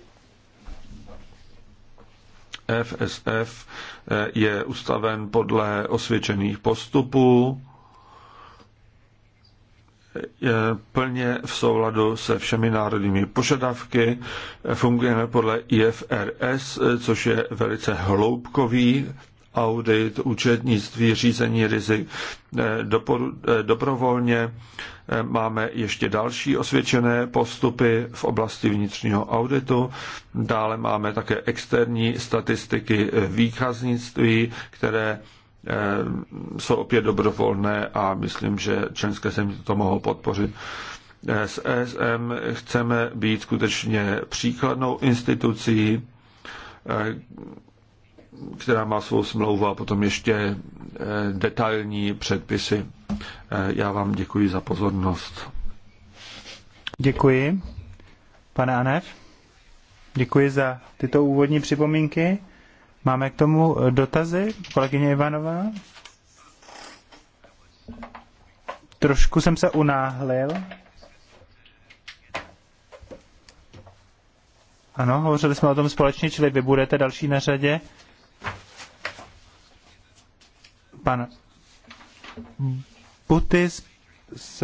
FSF eh, je ustaven podle osvědčených postupů, je eh, plně v souladu se všemi národními požadavky, eh, fungujeme podle IFRS, což je velice hloubkový audit, účetnictví, řízení rizik eh, eh, dobrovolně. Eh, máme ještě další osvědčené postupy v oblasti vnitřního auditu. Dále máme také externí statistiky výkaznictví, které jsou opět dobrovolné a myslím, že členské země to mohou podpořit. S ESM chceme být skutečně příkladnou institucí, která má svou smlouvu a potom ještě eh, detailní předpisy. Eh, já vám děkuji za pozornost. Děkuji. Pane Anev, děkuji za tyto úvodní připomínky. Máme k tomu eh, dotazy, kolegyně Ivanová? Trošku jsem se unáhlil. Ano, hovořili jsme o tom společně, čili vy budete další na řadě pan Butis s,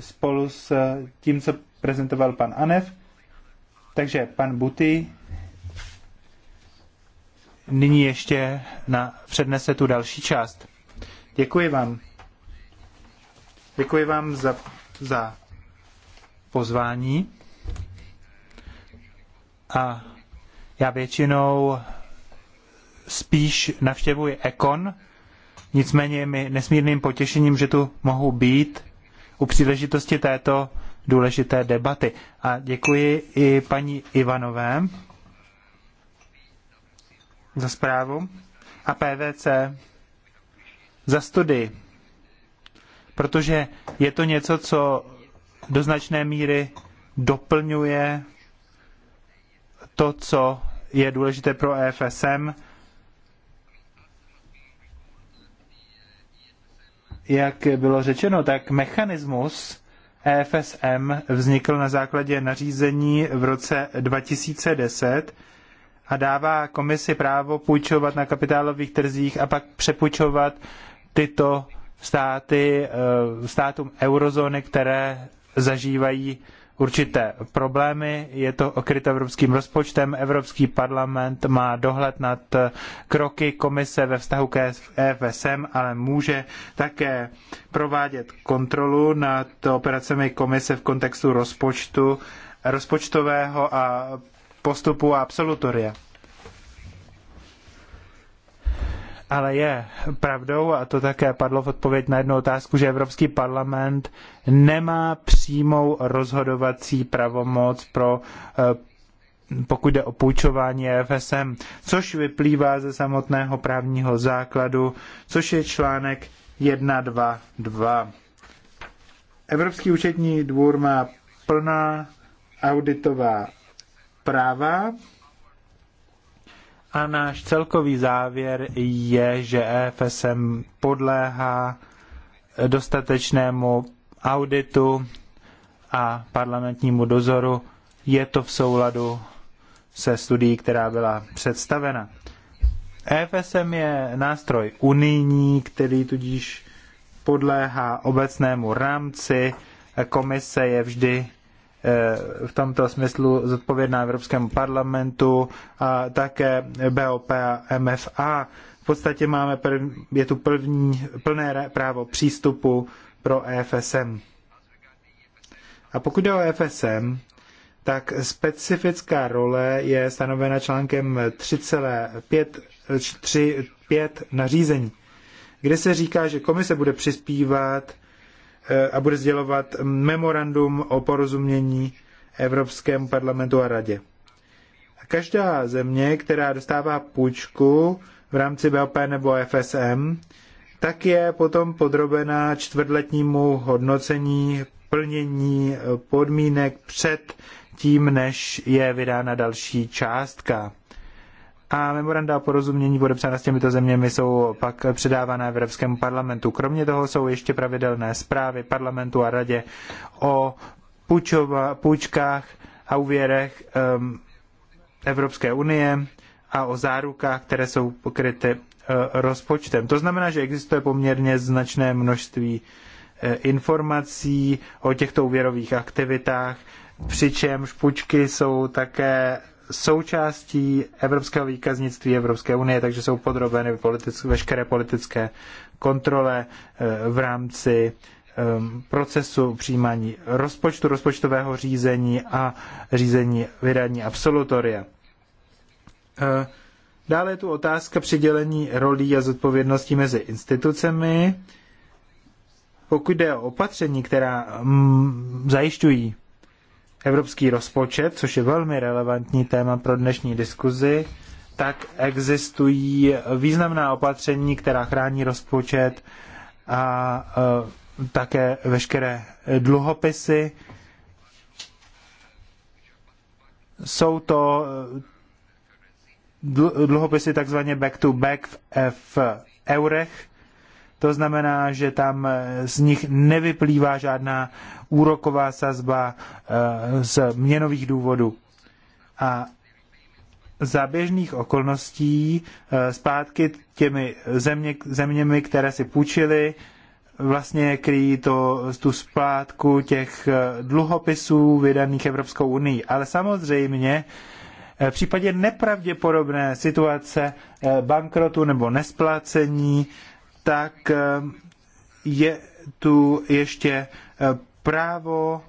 spolu s tím, co prezentoval pan Anev. Takže pan Buty nyní ještě na, přednese tu další část. Děkuji vám. Děkuji vám za, za pozvání. A já většinou spíš navštěvuji Ekon, Nicméně je mi nesmírným potěšením, že tu mohu být u příležitosti této důležité debaty. A děkuji i paní Ivanové za zprávu a PVC za studii, protože je to něco, co do značné míry doplňuje to, co je důležité pro EFSM jak bylo řečeno, tak mechanismus EFSM vznikl na základě nařízení v roce 2010 a dává komisi právo půjčovat na kapitálových trzích a pak přepůjčovat tyto státy eh, státům eurozóny, které zažívají určité problémy, je to okryto evropským rozpočtem, Evropský parlament má dohled nad eh, kroky komise ve vztahu k EFSM, ale může také provádět kontrolu nad operacemi komise v kontextu rozpočtu, rozpočtového a postupu a absolutoria. ale je pravdou, a to také padlo v odpověď na jednu otázku, že Evropský parlament nemá přímou rozhodovací pravomoc pro eh, pokud jde o půjčování FSM, což vyplývá ze samotného právního základu, což je článek 1.2.2. Evropský účetní dvůr má plná auditová práva a náš celkový závěr je, že EFSM podléhá dostatečnému auditu a parlamentnímu dozoru. Je to v souladu se studií, která byla představena. EFSM je nástroj unijní, který tudíž podléhá obecnému rámci. Komise je vždy Eh, v tomto smyslu zodpovědná Evropskému parlamentu a také BOP a MFA. V podstatě máme prv, je tu první, plné právo přístupu pro EFSM. A pokud jde o EFSM, tak specifická role je stanovena článkem 3,5 nařízení, kde se říká, že komise bude přispívat Eh, a bude sdělovat memorandum o porozumění Evropskému parlamentu a radě. Každá země, která dostává půjčku v rámci BOP nebo FSM, tak je potom podrobena čtvrtletnímu hodnocení plnění podmínek před tím, než je vydána další částka a memoranda o porozumění podepsaná s těmito zeměmi jsou pak předávána Evropskému parlamentu. Kromě toho jsou ještě pravidelné zprávy parlamentu a radě o půjčova, půjčkách a úvěrech um, Evropské unie a o zárukách, které jsou pokryty uh, rozpočtem. To znamená, že existuje poměrně značné množství e, informací o těchto úvěrových aktivitách, přičemž půjčky jsou také součástí evropského výkaznictví Evropské unie, takže jsou podrobeny politické, veškeré politické kontrole eh, v rámci ehm, procesu přijímání rozpočtu, rozpočtového řízení a řízení vydání absolutoria. Eh, dále je tu otázka přidělení rolí a zodpovědností mezi institucemi. Pokud jde o opatření, která mm, zajišťují evropský rozpočet, což je velmi relevantní téma pro dnešní diskuzi, tak existují významná opatření, která chrání rozpočet a e, také veškeré dluhopisy. Jsou to e, dluhopisy takzvaně back to back v e, eurech to znamená, že tam eh, z nich nevyplývá žádná úroková sazba eh, z měnových důvodů. A za běžných okolností eh, zpátky těmi země, zeměmi, které si půjčili, vlastně kryjí to, tu splátku těch dluhopisů vydaných Evropskou unii. Ale samozřejmě v případě nepravděpodobné situace bankrotu nebo nesplácení tak eh, je tu ještě eh, právo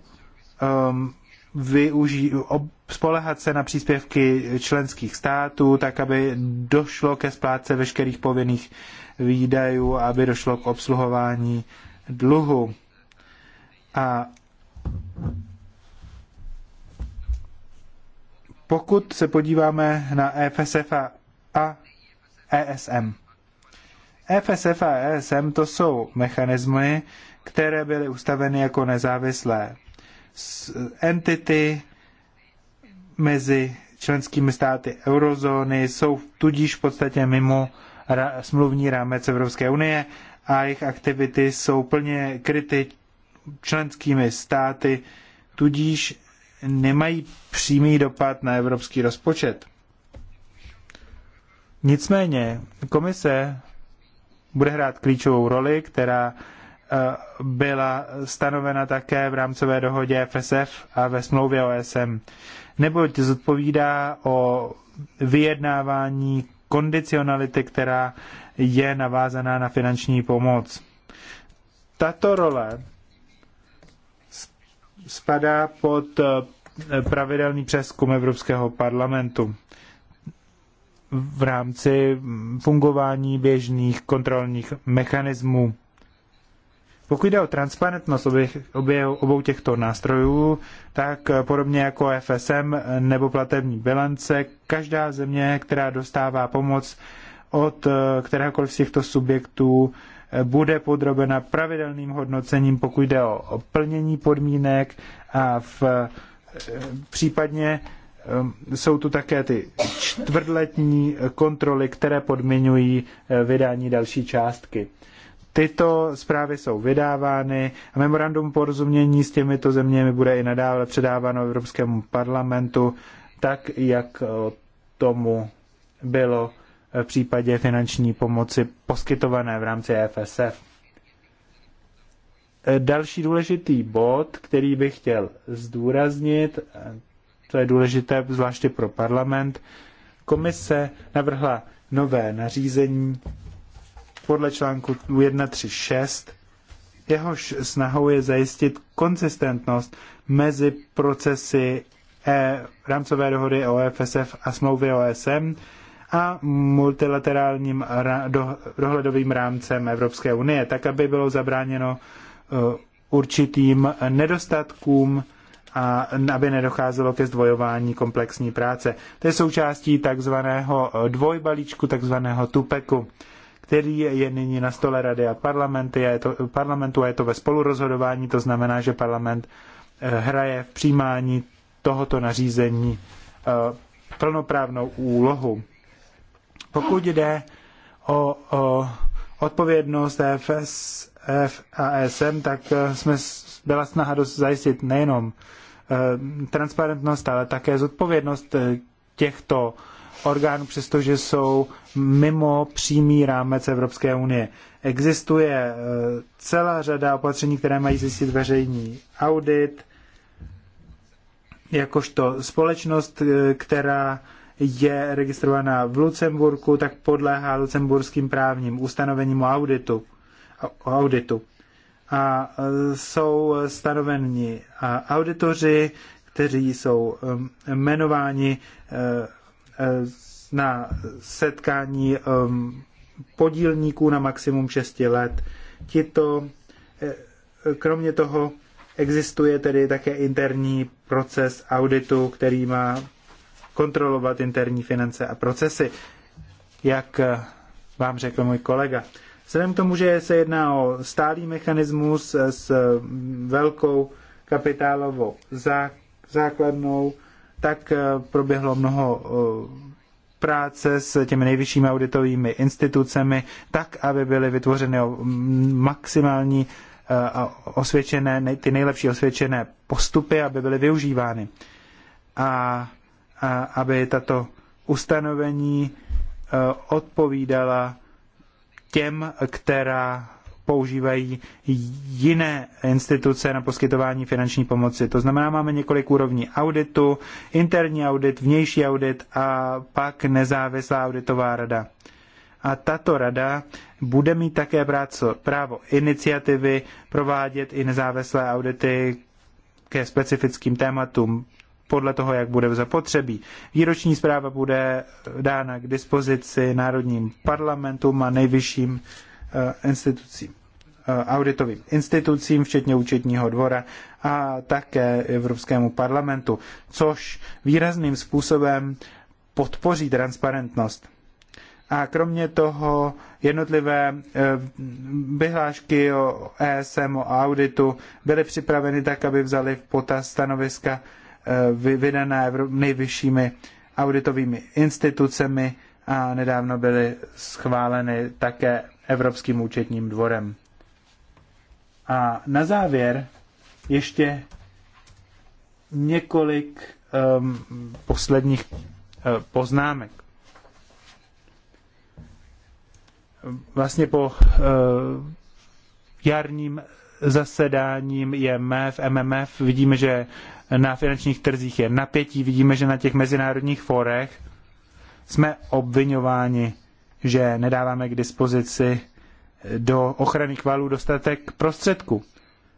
um, využí, ob, spolehat se na příspěvky členských států, tak aby došlo ke splátce veškerých povinných výdajů, aby došlo k obsluhování dluhu. A pokud se podíváme na EFSF a, a ESM, FSF a ESM to jsou mechanismy, které byly ustaveny jako nezávislé entity mezi členskými státy eurozóny, jsou tudíž v podstatě mimo smluvní rámec Evropské unie a jejich aktivity jsou plně kryty členskými státy, tudíž nemají přímý dopad na evropský rozpočet. Nicméně komise bude hrát klíčovou roli, která eh, byla stanovena také v rámcové dohodě FSF a ve smlouvě OSM. Neboť zodpovídá o vyjednávání kondicionality, která je navázaná na finanční pomoc. Tato role spadá pod eh, pravidelný přeskum Evropského parlamentu v rámci fungování běžných kontrolních mechanismů. Pokud jde o transparentnost obou těchto nástrojů, tak podobně jako FSM nebo platební bilance, každá země, která dostává pomoc od eh, kteréhokoliv z těchto subjektů, eh, bude podrobena pravidelným hodnocením, pokud jde o plnění podmínek a v eh, případně Ehm, jsou tu také ty čtvrtletní kontroly, které podmiňují eh, vydání další částky. Tyto zprávy jsou vydávány a memorandum porozumění s těmito zeměmi bude i nadále předáváno Evropskému parlamentu, tak jak eh, tomu bylo eh, v případě finanční pomoci poskytované v rámci FSF. E další důležitý bod, který bych chtěl zdůraznit, to je důležité zvláště pro parlament. Komise navrhla nové nařízení podle článku 136. Jehož snahou je zajistit konzistentnost mezi procesy e, rámcové dohody o FSF e a smlouvy o e SM a multilaterálním dohledovým rámcem Evropské unie, tak aby bylo zabráněno uh, určitým nedostatkům a aby nedocházelo ke zdvojování komplexní práce. To je součástí takzvaného dvojbalíčku, takzvaného tupeku, který je nyní na stole rady a parlamenty a je to, parlamentu a je to ve spolurozhodování, to znamená, že parlament eh, hraje v přijímání tohoto nařízení eh, plnoprávnou úlohu. Pokud jde o, o odpovědnost FS, FASM, tak eh, jsme byla snaha dost zajistit nejenom Eh, transparentnost, ale také zodpovědnost eh, těchto orgánů, přestože jsou mimo přímý rámec Evropské unie. Existuje eh, celá řada opatření, které mají zjistit veřejný audit, jakožto společnost, která je registrovaná v Lucemburku, tak podléhá lucemburským právním ustanovením o auditu. O auditu a jsou stanoveni auditoři, kteří jsou um, jmenováni uh, uh, na setkání um, podílníků na maximum 6 let. Tito, eh, kromě toho, existuje tedy také interní proces auditu, který má kontrolovat interní finance a procesy, jak eh, vám řekl můj kolega. Vzhledem k tomu, že se jedná o stálý mechanismus s velkou kapitálovou základnou, tak eh, proběhlo mnoho eh, práce s těmi nejvyššími auditovými institucemi, tak, aby byly vytvořeny maximální eh, a osvědčené, ty nejlepší osvědčené postupy, aby byly využívány. A, a aby tato ustanovení odpovídala těm, která používají jiné instituce na poskytování finanční pomoci. To znamená, máme několik úrovní auditu, interní audit, vnější audit a pak nezávislá auditová rada. A tato rada bude mít také právo iniciativy provádět i nezávislé audity ke specifickým tématům podle toho, jak bude v zapotřebí. Výroční zpráva bude dána k dispozici národním parlamentům a nejvyšším eh, institucím eh, auditovým institucím, včetně účetního dvora a také Evropskému parlamentu, což výrazným způsobem podpoří transparentnost. A kromě toho jednotlivé eh, vyhlášky o ESM, o auditu byly připraveny tak, aby vzali v potaz stanoviska Eh, vyvinuté nejvyššími auditovými institucemi a nedávno byly schváleny také Evropským účetním dvorem. A na závěr ještě několik um, posledních uh, poznámek. Vlastně po uh, jarním zasedáním IMF, MMF vidíme, že na finančních trzích je napětí, vidíme, že na těch mezinárodních forech jsme obvinováni, že nedáváme k dispozici do ochrany kvalů dostatek prostředků.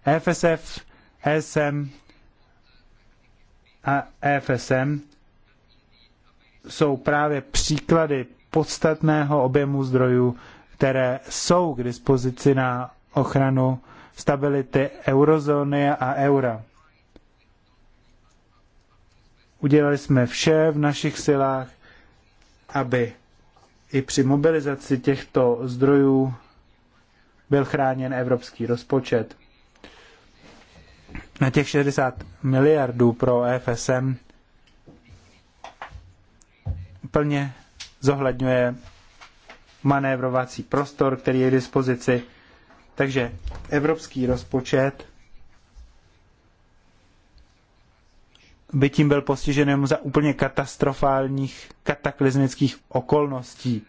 EFSF, ESM a EFSM jsou právě příklady podstatného objemu zdrojů, které jsou k dispozici na ochranu stability eurozóny a eura. Udělali jsme vše v našich silách, aby i při mobilizaci těchto zdrojů byl chráněn evropský rozpočet. Na těch 60 miliardů pro e FSM plně zohledňuje manévrovací prostor, který je k dispozici. Takže evropský rozpočet by tím byl postižen jenom za úplně katastrofálních, kataklizmických okolností.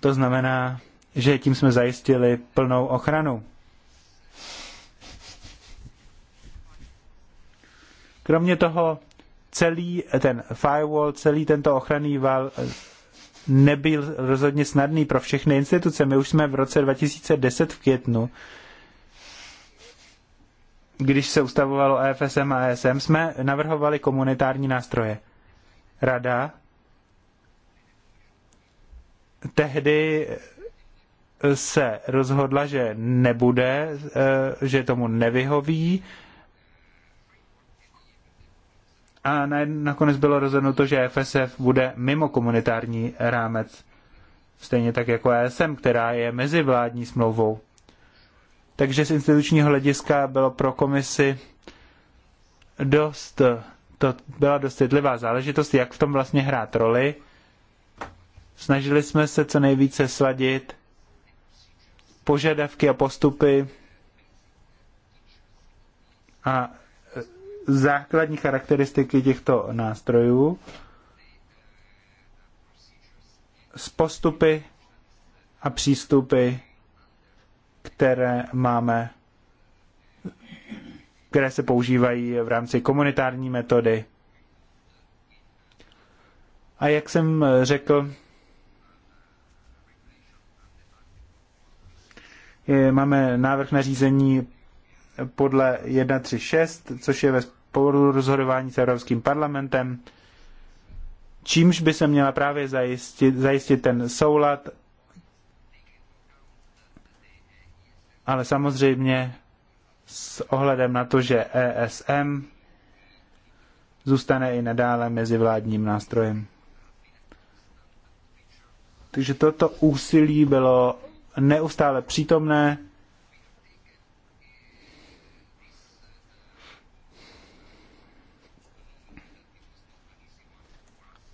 To znamená, že tím jsme zajistili plnou ochranu. Kromě toho, celý ten firewall, celý tento ochranný val nebyl rozhodně snadný pro všechny instituce. My už jsme v roce 2010 v květnu když se ustavovalo EFSM a ESM, jsme navrhovali komunitární nástroje. Rada tehdy se rozhodla, že nebude, e, že tomu nevyhoví. A nakonec bylo rozhodnuto, že FSF e bude mimo komunitární rámec. Stejně tak jako ESM, která je mezivládní smlouvou. Takže z institučního hlediska bylo pro komisi dost, to byla dost jedlivá záležitost, jak v tom vlastně hrát roli. Snažili jsme se co nejvíce sladit požadavky a postupy a základní charakteristiky těchto nástrojů s postupy a přístupy které máme, které se používají v rámci komunitární metody. A jak jsem řekl, máme návrh na řízení podle 136, což je ve spolu rozhodování s Evropským parlamentem, čímž by se měla právě zajistit, zajistit ten soulad ale samozřejmě s ohledem na to, že ESM zůstane i nadále vládním nástrojem. Takže toto úsilí bylo neustále přítomné.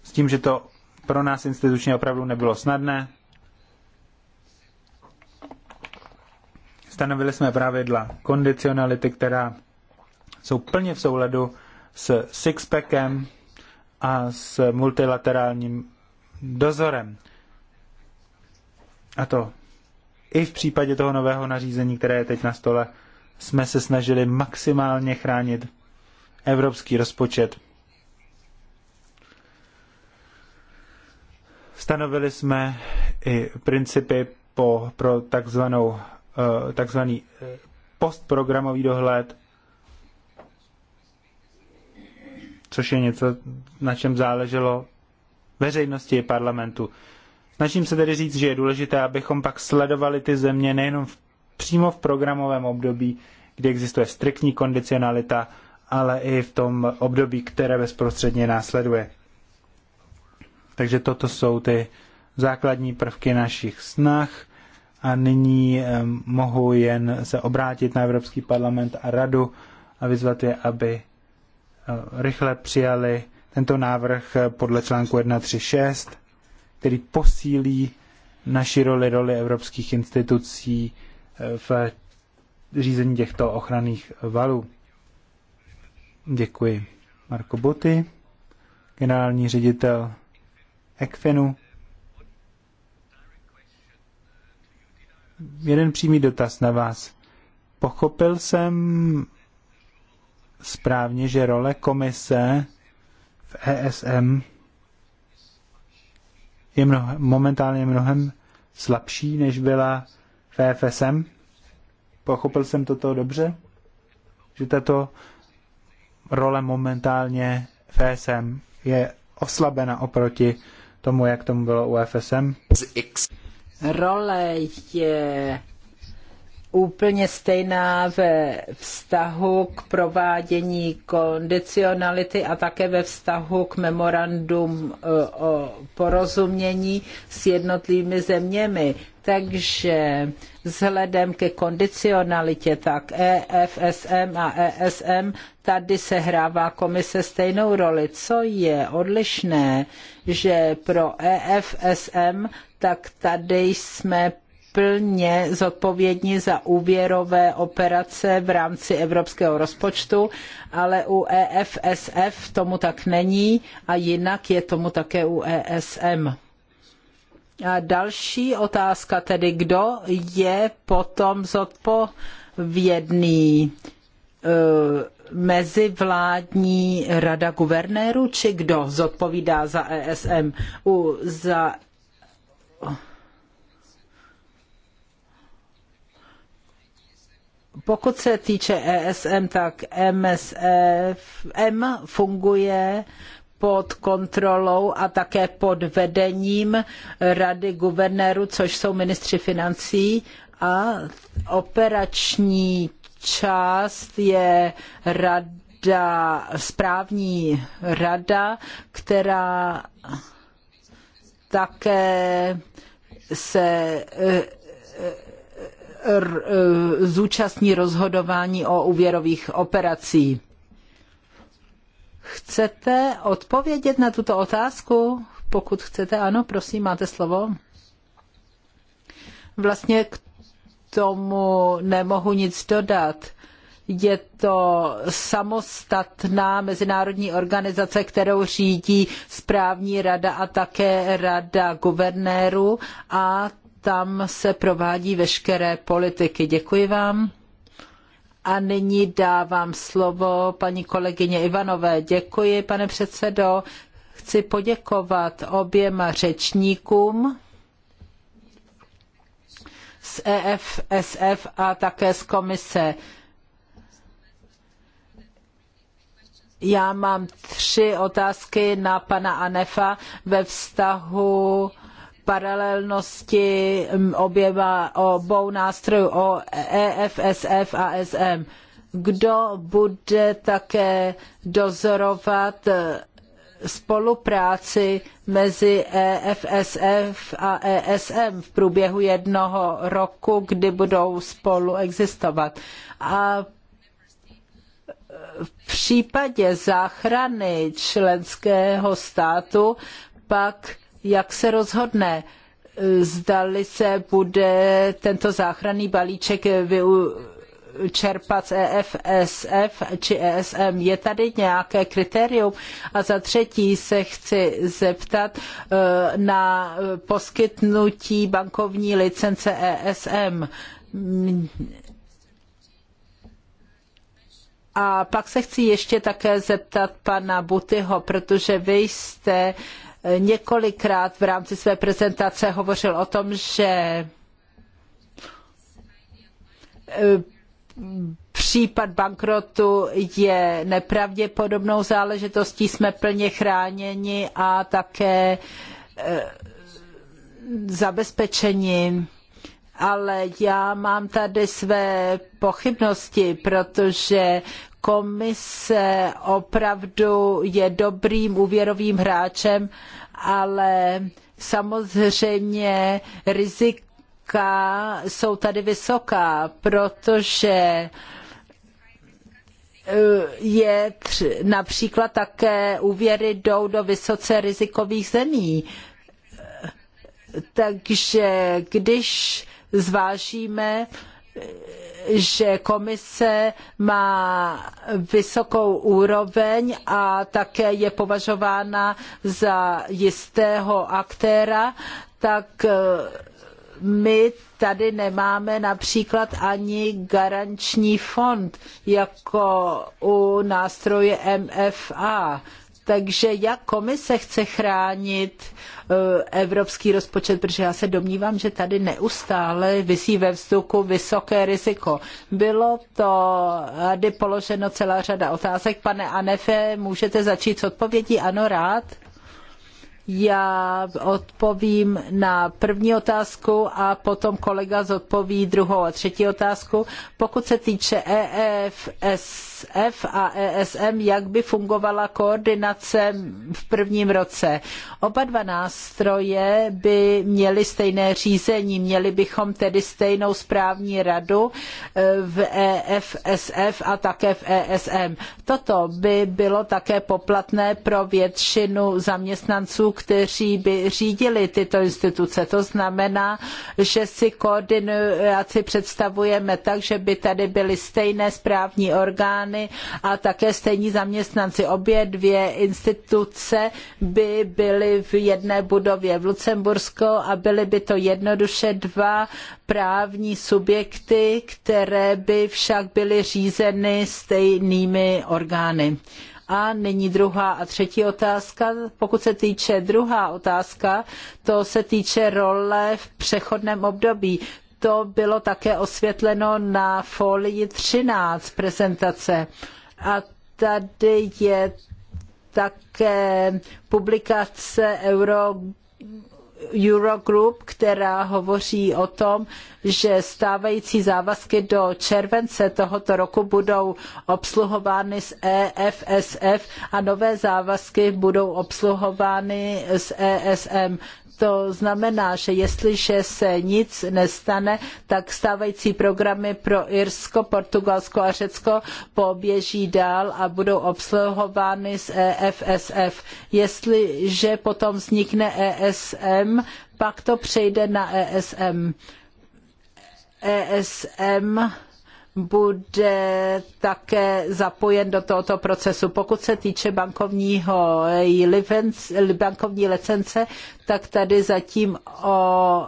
S tím, že to pro nás institučně opravdu nebylo snadné. Stanovili jsme pravidla kondicionality, která jsou plně v souladu s sixpackem a s multilaterálním dozorem. A to i v případě toho nového nařízení, které je teď na stole, jsme se snažili maximálně chránit evropský rozpočet. Stanovili jsme i principy po, pro takzvanou Eh, takzvaný eh, postprogramový dohled, což je něco, na čem záleželo veřejnosti i parlamentu. Snažím se tedy říct, že je důležité, abychom pak sledovali ty země nejenom v, přímo v programovém období, kde existuje striktní kondicionalita, ale i v tom období, které bezprostředně následuje. Takže toto jsou ty základní prvky našich snah a nyní mohu jen se obrátit na Evropský parlament a radu a vyzvat je, aby eh, rychle přijali tento návrh eh, podle článku 136, který posílí naši roli, roli evropských institucí eh, v řízení těchto ochranných valů. Děkuji. Marko Boty, generální ředitel ECFINu. jeden přímý dotaz na vás. Pochopil jsem správně, že role komise v ESM je mnohem, momentálně mnohem slabší, než byla v e FSM. Pochopil jsem toto dobře? Že tato role momentálně v ESM je oslabena oproti tomu, jak tomu bylo u e FSM? role je úplně stejná ve vztahu k provádění kondicionality a také ve vztahu k memorandum eh, o porozumění s jednotlivými zeměmi. Takže vzhledem ke kondicionalitě, tak EFSM a ESM, tady se hrává komise stejnou roli. Co je odlišné, že pro EFSM tak tady jsme plně zodpovědní za úvěrové operace v rámci evropského rozpočtu, ale u EFSF tomu tak není a jinak je tomu také u ESM. A další otázka tedy, kdo je potom zodpovědný? E, mezivládní rada guvernérů, či kdo zodpovídá za ESM? U, za pokud se týče ESM, tak MSF, M funguje pod kontrolou a také pod vedením Rady guvernérů, což jsou ministři financí a operační část je rada, správní rada, která také se eh, eh, eh, zúčastní rozhodování o úvěrových operacích. Chcete odpovědět na tuto otázku? Pokud chcete, ano, prosím, máte slovo. Vlastně k tomu nemohu nic dodat. Je to samostatná mezinárodní organizace, kterou řídí správní rada a také rada guvernérů a tam se provádí veškeré politiky. Děkuji vám. A nyní dávám slovo paní kolegyně Ivanové. Děkuji, pane předsedo. Chci poděkovat oběma řečníkům z EFSF a také z komise. Já mám tři otázky na pana Anefa ve vztahu paralelnosti oběma, obou nástrojů, o EFSF a SM. Kdo bude také dozorovat e, spolupráci mezi EFSF a ESM v průběhu jednoho roku, kdy budou spolu existovat. A v případě záchrany členského státu pak, jak se rozhodne, zdali se bude tento záchranný balíček využít čerpat z EFSF či ESM. Je tady nějaké kritérium? A za třetí se chci zeptat eh, na poskytnutí bankovní licence ESM a pak se chci ještě také zeptat pana Butyho, protože vy jste eh, několikrát v rámci své prezentace hovořil o tom, že eh, případ bankrotu je nepravděpodobnou záležitostí, jsme plně chráněni a také eh, zabezpečeni ale já mám tady své pochybnosti, protože komise opravdu je dobrým úvěrovým hráčem, ale samozřejmě rizika jsou tady vysoká, protože eh, je například také úvěry jdou do vysoce rizikových zemí. Takže když zvážíme, že komise má vysokou úroveň a také je považována za jistého aktéra, tak eh, my tady nemáme například ani garanční fond jako u nástroje MFA. Takže jak komise chce chránit eh, evropský rozpočet, protože já se domnívám, že tady neustále vysí ve vzduchu vysoké riziko. Bylo to tady položeno celá řada otázek. Pane Anefe, můžete začít s odpovědí? Ano, rád. Já odpovím na první otázku a potom kolega zodpoví druhou a třetí otázku. Pokud se týče EFS, ESF a ESM, jak by fungovala koordinace v prvním roce. Oba dva nástroje by měly stejné řízení, měli bychom tedy stejnou správní radu e, v EFSF a také v ESM. Toto by bylo také poplatné pro většinu zaměstnanců, kteří by řídili tyto instituce. To znamená, že si koordinaci představujeme tak, že by tady byly stejné správní orgány, orgány a také stejní zaměstnanci. Obě dvě instituce by byly v jedné budově v Lucembursku a byly by to jednoduše dva právní subjekty, které by však byly řízeny stejnými orgány. A nyní druhá a třetí otázka. Pokud se týče druhá otázka, to se týče role v přechodném období to bylo také osvětleno na folii 13 prezentace. A tady je také publikace Euro Eurogroup, která hovoří o tom, že stávající závazky do července tohoto roku budou obsluhovány z EFSF a nové závazky budou obsluhovány z ESM. To znamená, že jestliže se nic nestane, tak stávající programy pro Irsko, Portugalsko a Řecko poběží dál a budou obsluhovány z EFSF. Jestliže potom vznikne ESM, pak to přejde na ESM. ESM bude také zapojen do tohoto procesu. Pokud se týče bankovního eh, bankovní licence, tak tady zatím o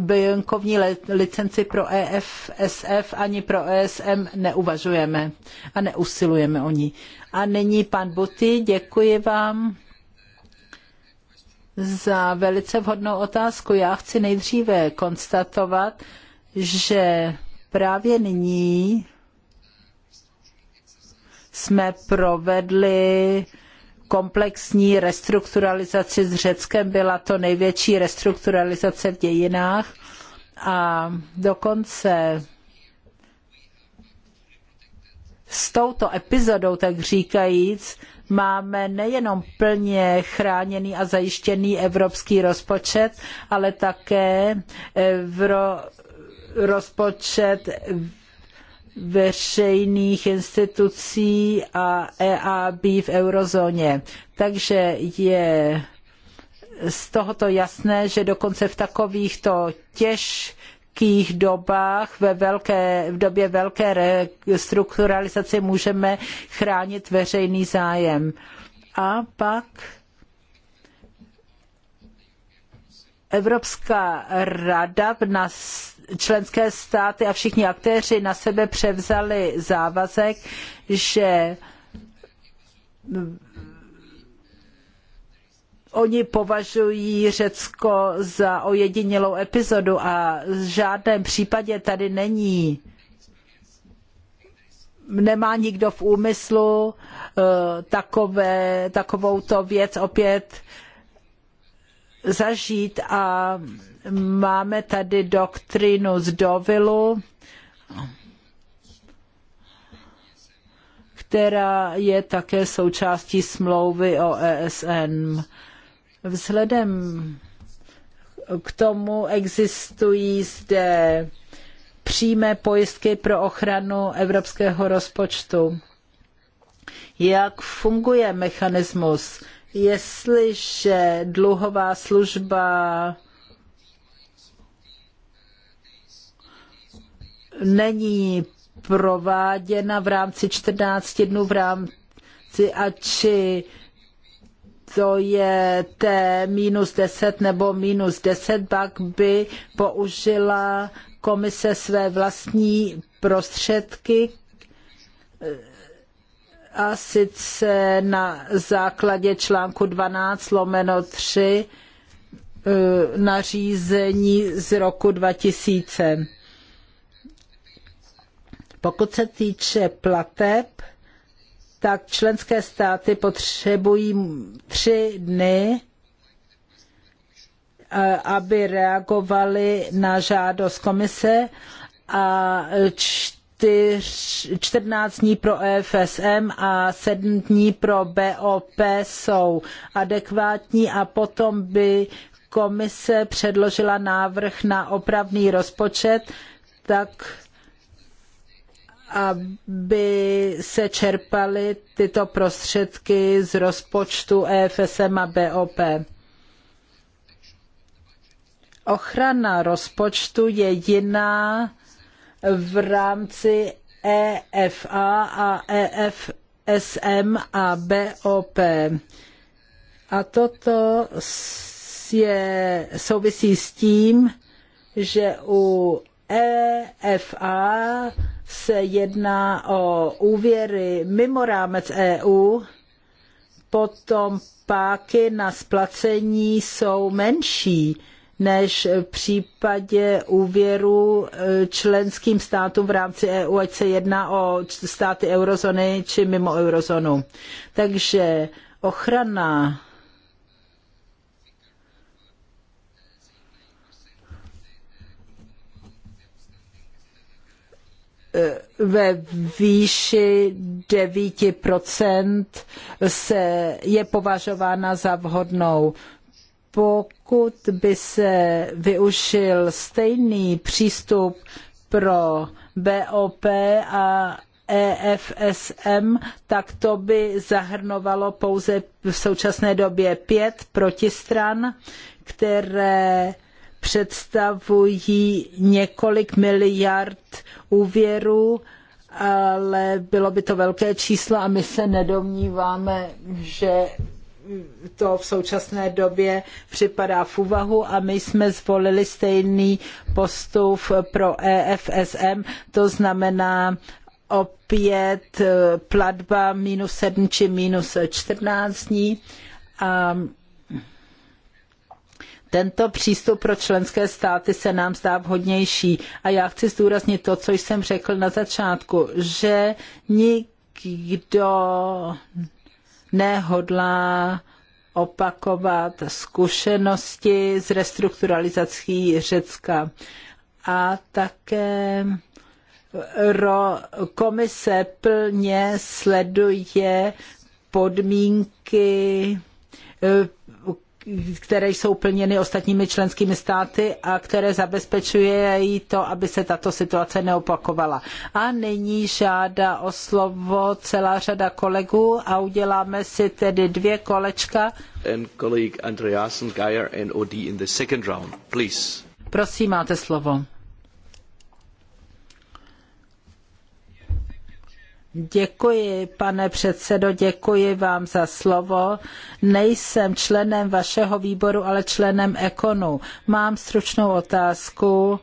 bankovní licenci pro EFSF ani pro ESM neuvažujeme a neusilujeme o ní. A nyní pan Buty, děkuji vám za velice vhodnou otázku. Já chci nejdříve konstatovat, že Právě nyní jsme provedli komplexní restrukturalizaci s Řeckem. Byla to největší restrukturalizace v dějinách a dokonce s touto epizodou, tak říkajíc, máme nejenom plně chráněný a zajištěný evropský rozpočet, ale také evro, rozpočet veřejných institucí a EAB v eurozóně. Takže je z tohoto jasné, že dokonce v takovýchto těžkých dobách ve velké, v době velké restrukturalizace můžeme chránit veřejný zájem. A pak Evropská rada na členské státy a všichni aktéři na sebe převzali závazek, že mm, oni považují Řecko za ojedinělou epizodu a v žádném případě tady není nemá nikdo v úmyslu eh, takové, takovouto věc opět zažít a Máme tady doktrínu z Dovilu, která je také součástí smlouvy o ESN. Vzhledem k tomu existují zde přímé pojistky pro ochranu evropského rozpočtu. Jak funguje mechanismus? Jestliže dluhová služba není prováděna v rámci 14 dnů v rámci a či to je T minus 10 nebo minus 10, pak by použila komise své vlastní prostředky a sice na základě článku 12 lomeno 3 e, nařízení z roku 2000 pokud se týče plateb, tak členské státy potřebují tři dny, eh, aby reagovali na žádost komise a 14 dní pro EFSM a 7 dní pro BOP jsou adekvátní a potom by komise předložila návrh na opravný rozpočet, tak aby se čerpaly tyto prostředky z rozpočtu EFSM a BOP. Ochrana rozpočtu je jiná v rámci EFA a EFSM a e BOP. A toto je, souvisí s tím, že u EFA se jedná o úvěry mimo rámec EU, potom páky na splacení jsou menší než v případě úvěru e, členským státům v rámci EU, ať se jedná o státy eurozóny či mimo eurozónu. Takže ochrana ve výši 9% se je považována za vhodnou. Pokud by se využil stejný přístup pro BOP a EFSM, tak to by zahrnovalo pouze v současné době pět protistran, které představují několik miliard úvěrů, ale bylo by to velké číslo a my se nedomníváme, že to v současné době připadá v úvahu a my jsme zvolili stejný postup pro EFSM, to znamená opět eh, platba minus 7 či minus 14 dní. A tento přístup pro členské státy se nám zdá vhodnější a já chci zdůraznit to, co jsem řekl na začátku, že nikdo nehodlá opakovat zkušenosti z restrukturalizací Řecka. A také komise plně sleduje podmínky eh, které jsou plněny ostatními členskými státy a které zabezpečují to, aby se tato situace neopakovala. A nyní žádá o slovo celá řada kolegů a uděláme si tedy dvě kolečka. And Andreasen, OD in the second round, please. Prosím, máte slovo. Děkuji, pane předsedo, děkuji vám za slovo. Nejsem členem vašeho výboru, ale členem Ekonu. Mám stručnou otázku.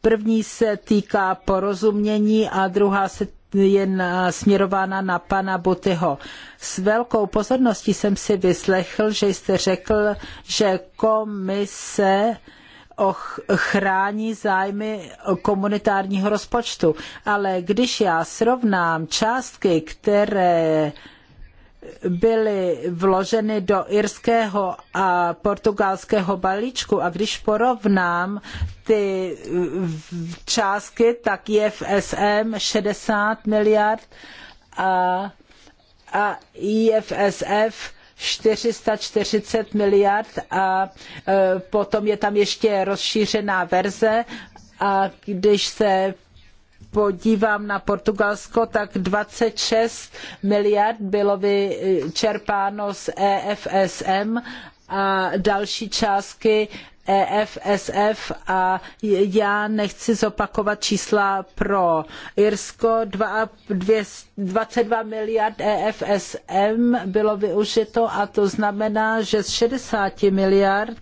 První se týká porozumění a druhá se je směrována na pana Butyho. S velkou pozorností jsem si vyslechl, že jste řekl, že komise chrání zájmy komunitárního rozpočtu. Ale když já srovnám částky, které byly vloženy do irského a portugalského balíčku a když porovnám ty částky, tak je v SM 60 miliard a, a IFSF 440 miliard a e, potom je tam ještě rozšířená verze a když se podívám na Portugalsko, tak 26 miliard bylo vyčerpáno z EFSM a další částky EFSF a já nechci zopakovat čísla pro Irsko. 22 miliard EFSM bylo využito a to znamená, že z 60 miliard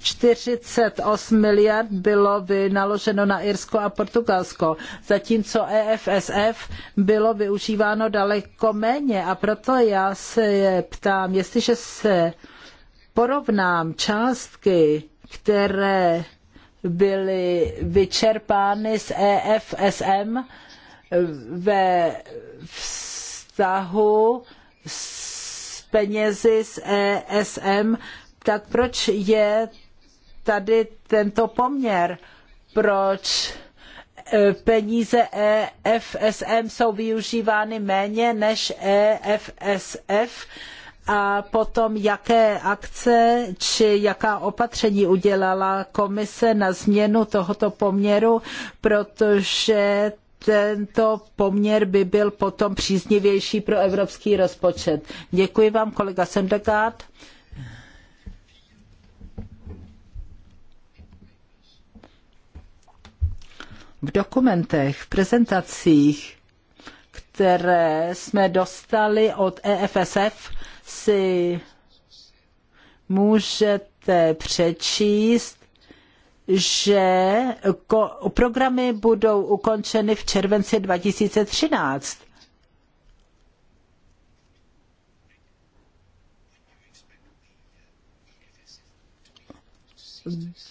48 miliard bylo vynaloženo na Irsko a Portugalsko, zatímco EFSF bylo využíváno daleko méně. A proto já se ptám, jestliže se porovnám částky, které byly vyčerpány z EFSM eh, ve vztahu s penězi z ESM, tak proč je tady tento poměr? Proč eh, peníze EFSM jsou využívány méně než EFSF a potom jaké akce či jaká opatření udělala komise na změnu tohoto poměru, protože tento poměr by byl potom příznivější pro evropský rozpočet. Děkuji vám, kolega Sendegard. V dokumentech, v prezentacích které jsme dostali od EFSF, si můžete přečíst, že programy budou ukončeny v červenci 2013.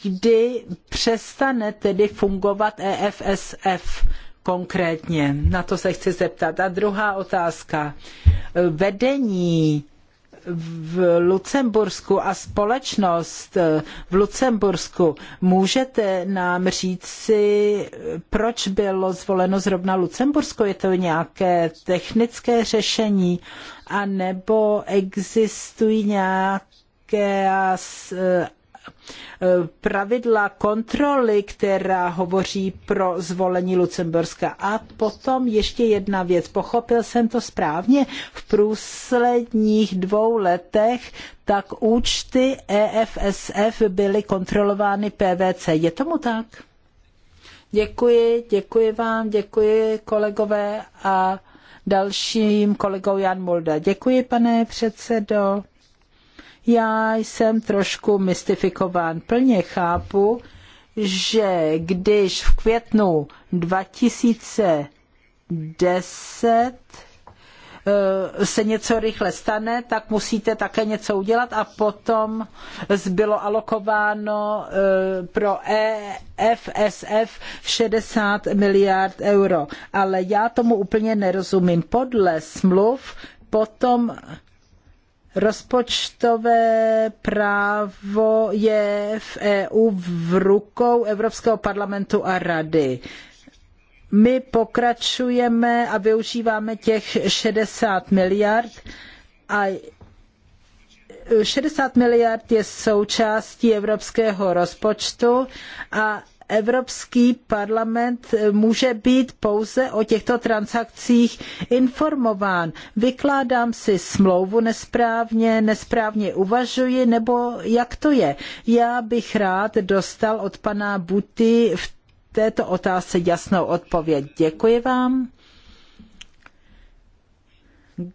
kdy přestane tedy fungovat EFSF konkrétně? Na to se chci zeptat. A druhá otázka. Vedení v Lucembursku a společnost v Lucembursku. Můžete nám říci, proč bylo zvoleno zrovna Lucembursko? Je to nějaké technické řešení? A nebo existují nějaké eh, pravidla kontroly, která hovoří pro zvolení Lucemburska. A potom ještě jedna věc. Pochopil jsem to správně. V průsledních dvou letech tak účty EFSF byly kontrolovány PVC. Je tomu tak? Děkuji, děkuji vám, děkuji kolegové a dalším kolegou Jan Molda. Děkuji, pane předsedo. Já jsem trošku mystifikován. Plně chápu, že když v květnu 2010 eh, se něco rychle stane, tak musíte také něco udělat a potom bylo alokováno eh, pro EFSF 60 miliard euro. Ale já tomu úplně nerozumím. Podle smluv potom Rozpočtové právo je v EU v rukou Evropského parlamentu a rady. My pokračujeme a využíváme těch 60 miliard a 60 miliard je součástí evropského rozpočtu a Evropský parlament eh, může být pouze o těchto transakcích informován. Vykládám si smlouvu nesprávně, nesprávně uvažuji, nebo jak to je? Já bych rád dostal od pana Buty v této otázce jasnou odpověď. Děkuji vám.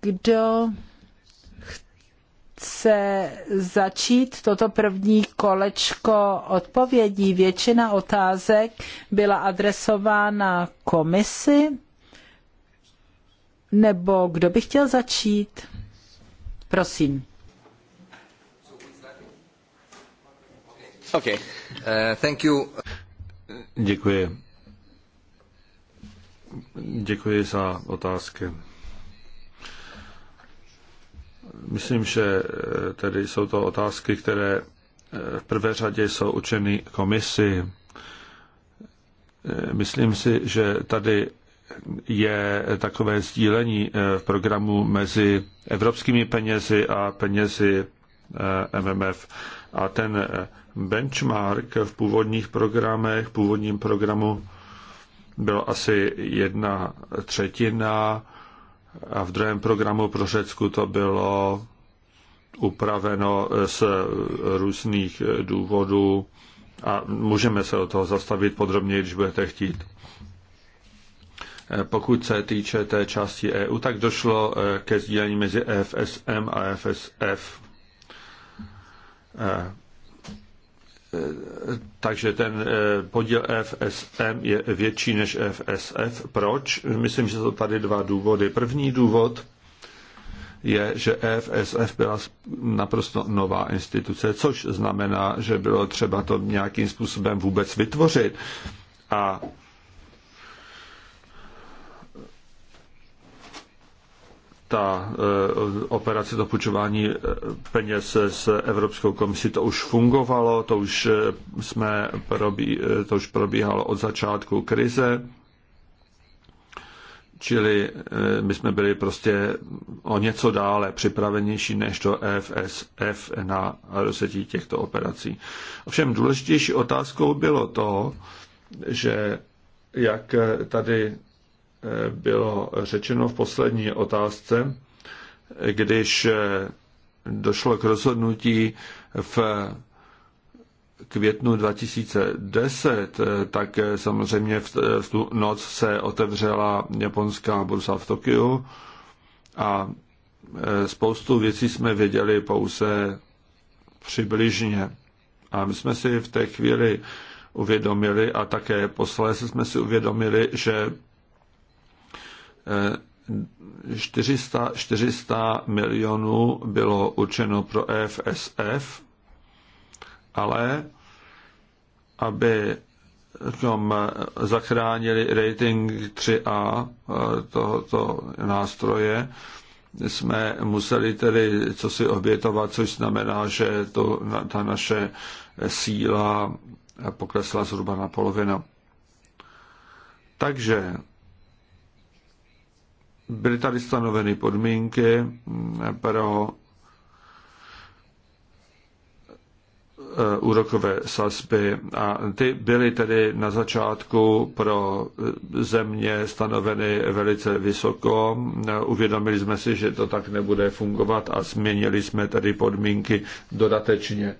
Kdo chce začít toto první kolečko odpovědí. Většina otázek byla adresována komisi, nebo kdo by chtěl začít? Prosím. Okay. Uh, thank you. Děkuji. Děkuji za otázky myslím, že eh, tedy jsou to otázky, které eh, v prvé řadě jsou učeny komisi. Eh, myslím si, že tady je takové sdílení v programu mezi evropskými penězi a penězi MMF. A ten benchmark v původních programech, v původním programu byl asi jedna třetina a v druhém programu pro Řecku to bylo upraveno z různých důvodů a můžeme se o toho zastavit podrobněji, když budete chtít. Pokud se týče té části EU, tak došlo eh, ke sdílení mezi FSM a FSF takže ten eh, podíl FSM je větší než FSF. Proč? Myslím, že jsou tady dva důvody. První důvod je, že FSF byla naprosto nová instituce, což znamená, že bylo třeba to nějakým způsobem vůbec vytvořit. A ta eh, operace to půjčování eh, peněz s Evropskou komisí, to už fungovalo, to už, eh, jsme probí, to už probíhalo od začátku krize, čili my jsme byli prostě o něco dále připravenější než to FSF na rozsetí těchto operací. Ovšem důležitější otázkou bylo to, že jak tady bylo řečeno v poslední otázce, když došlo k rozhodnutí v květnu 2010, tak samozřejmě v, tu noc se otevřela japonská bursa v Tokiu a e, spoustu věcí jsme věděli pouze přibližně. A my jsme si v té chvíli uvědomili a také posléze jsme si uvědomili, že 400, 400 milionů bylo určeno pro FSF, ale aby tom zachránili rating 3A eh, tohoto nástroje, jsme museli tedy co si obětovat, což znamená, že to, ta naše síla poklesla zhruba na polovinu. Takže byly tady stanoveny podmínky mm, pro eh, úrokové sazby a ty byly tedy na začátku pro eh, země stanoveny velice vysoko. Uvědomili jsme si, že to tak nebude fungovat a změnili jsme tedy podmínky dodatečně.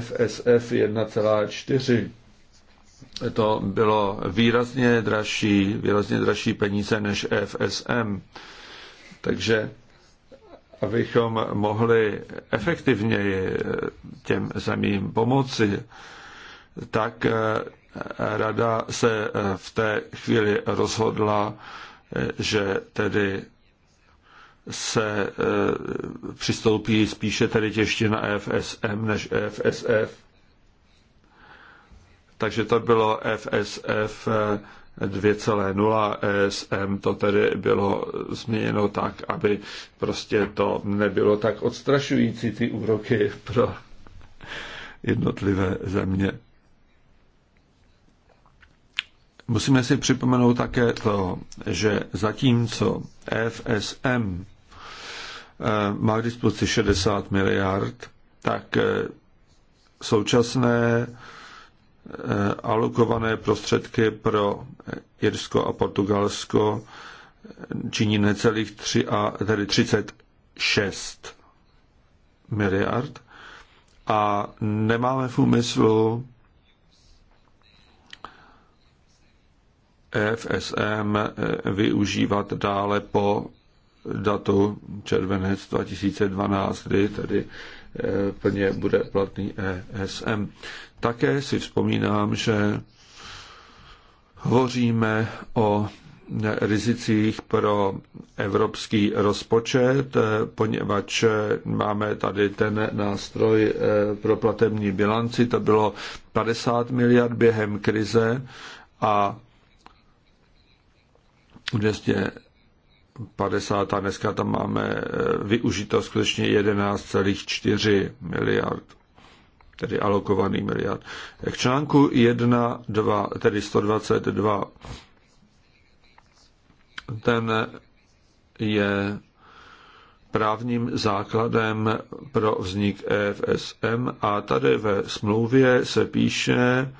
FSF e 1,4 to bylo výrazně dražší, výrazně dražší peníze než FSM. Takže abychom mohli efektivněji eh, těm zemím pomoci, tak eh, rada se eh, v té chvíli rozhodla, že tedy se přistoupí spíše tedy těště na FSM než FSF. Takže to bylo FSF 2.0 ESM, to tedy bylo změněno tak, aby prostě to nebylo tak odstrašující ty úroky pro jednotlivé země. Musíme si připomenout také to, že zatímco FSM eh, má k dispozici 60 miliard, tak eh, současné Eh, alokované prostředky pro Irsko a Portugalsko eh, činí necelých 3 a, tedy 36 miliard a nemáme v úmyslu EFSM eh, využívat dále po datu červenec 2012, kdy tedy Eh, plně bude platný ESM. Také si vzpomínám, že hovoříme o rizicích pro evropský rozpočet, poněvadž máme tady ten nástroj eh, pro platební bilanci, to bylo 50 miliard během krize a 200 50 a dneska tam máme eh, využito skutečně 11,4 miliard, tedy alokovaný miliard. K článku 1, 2, tedy 122, ten je právním základem pro vznik EFSM a tady ve smlouvě se píše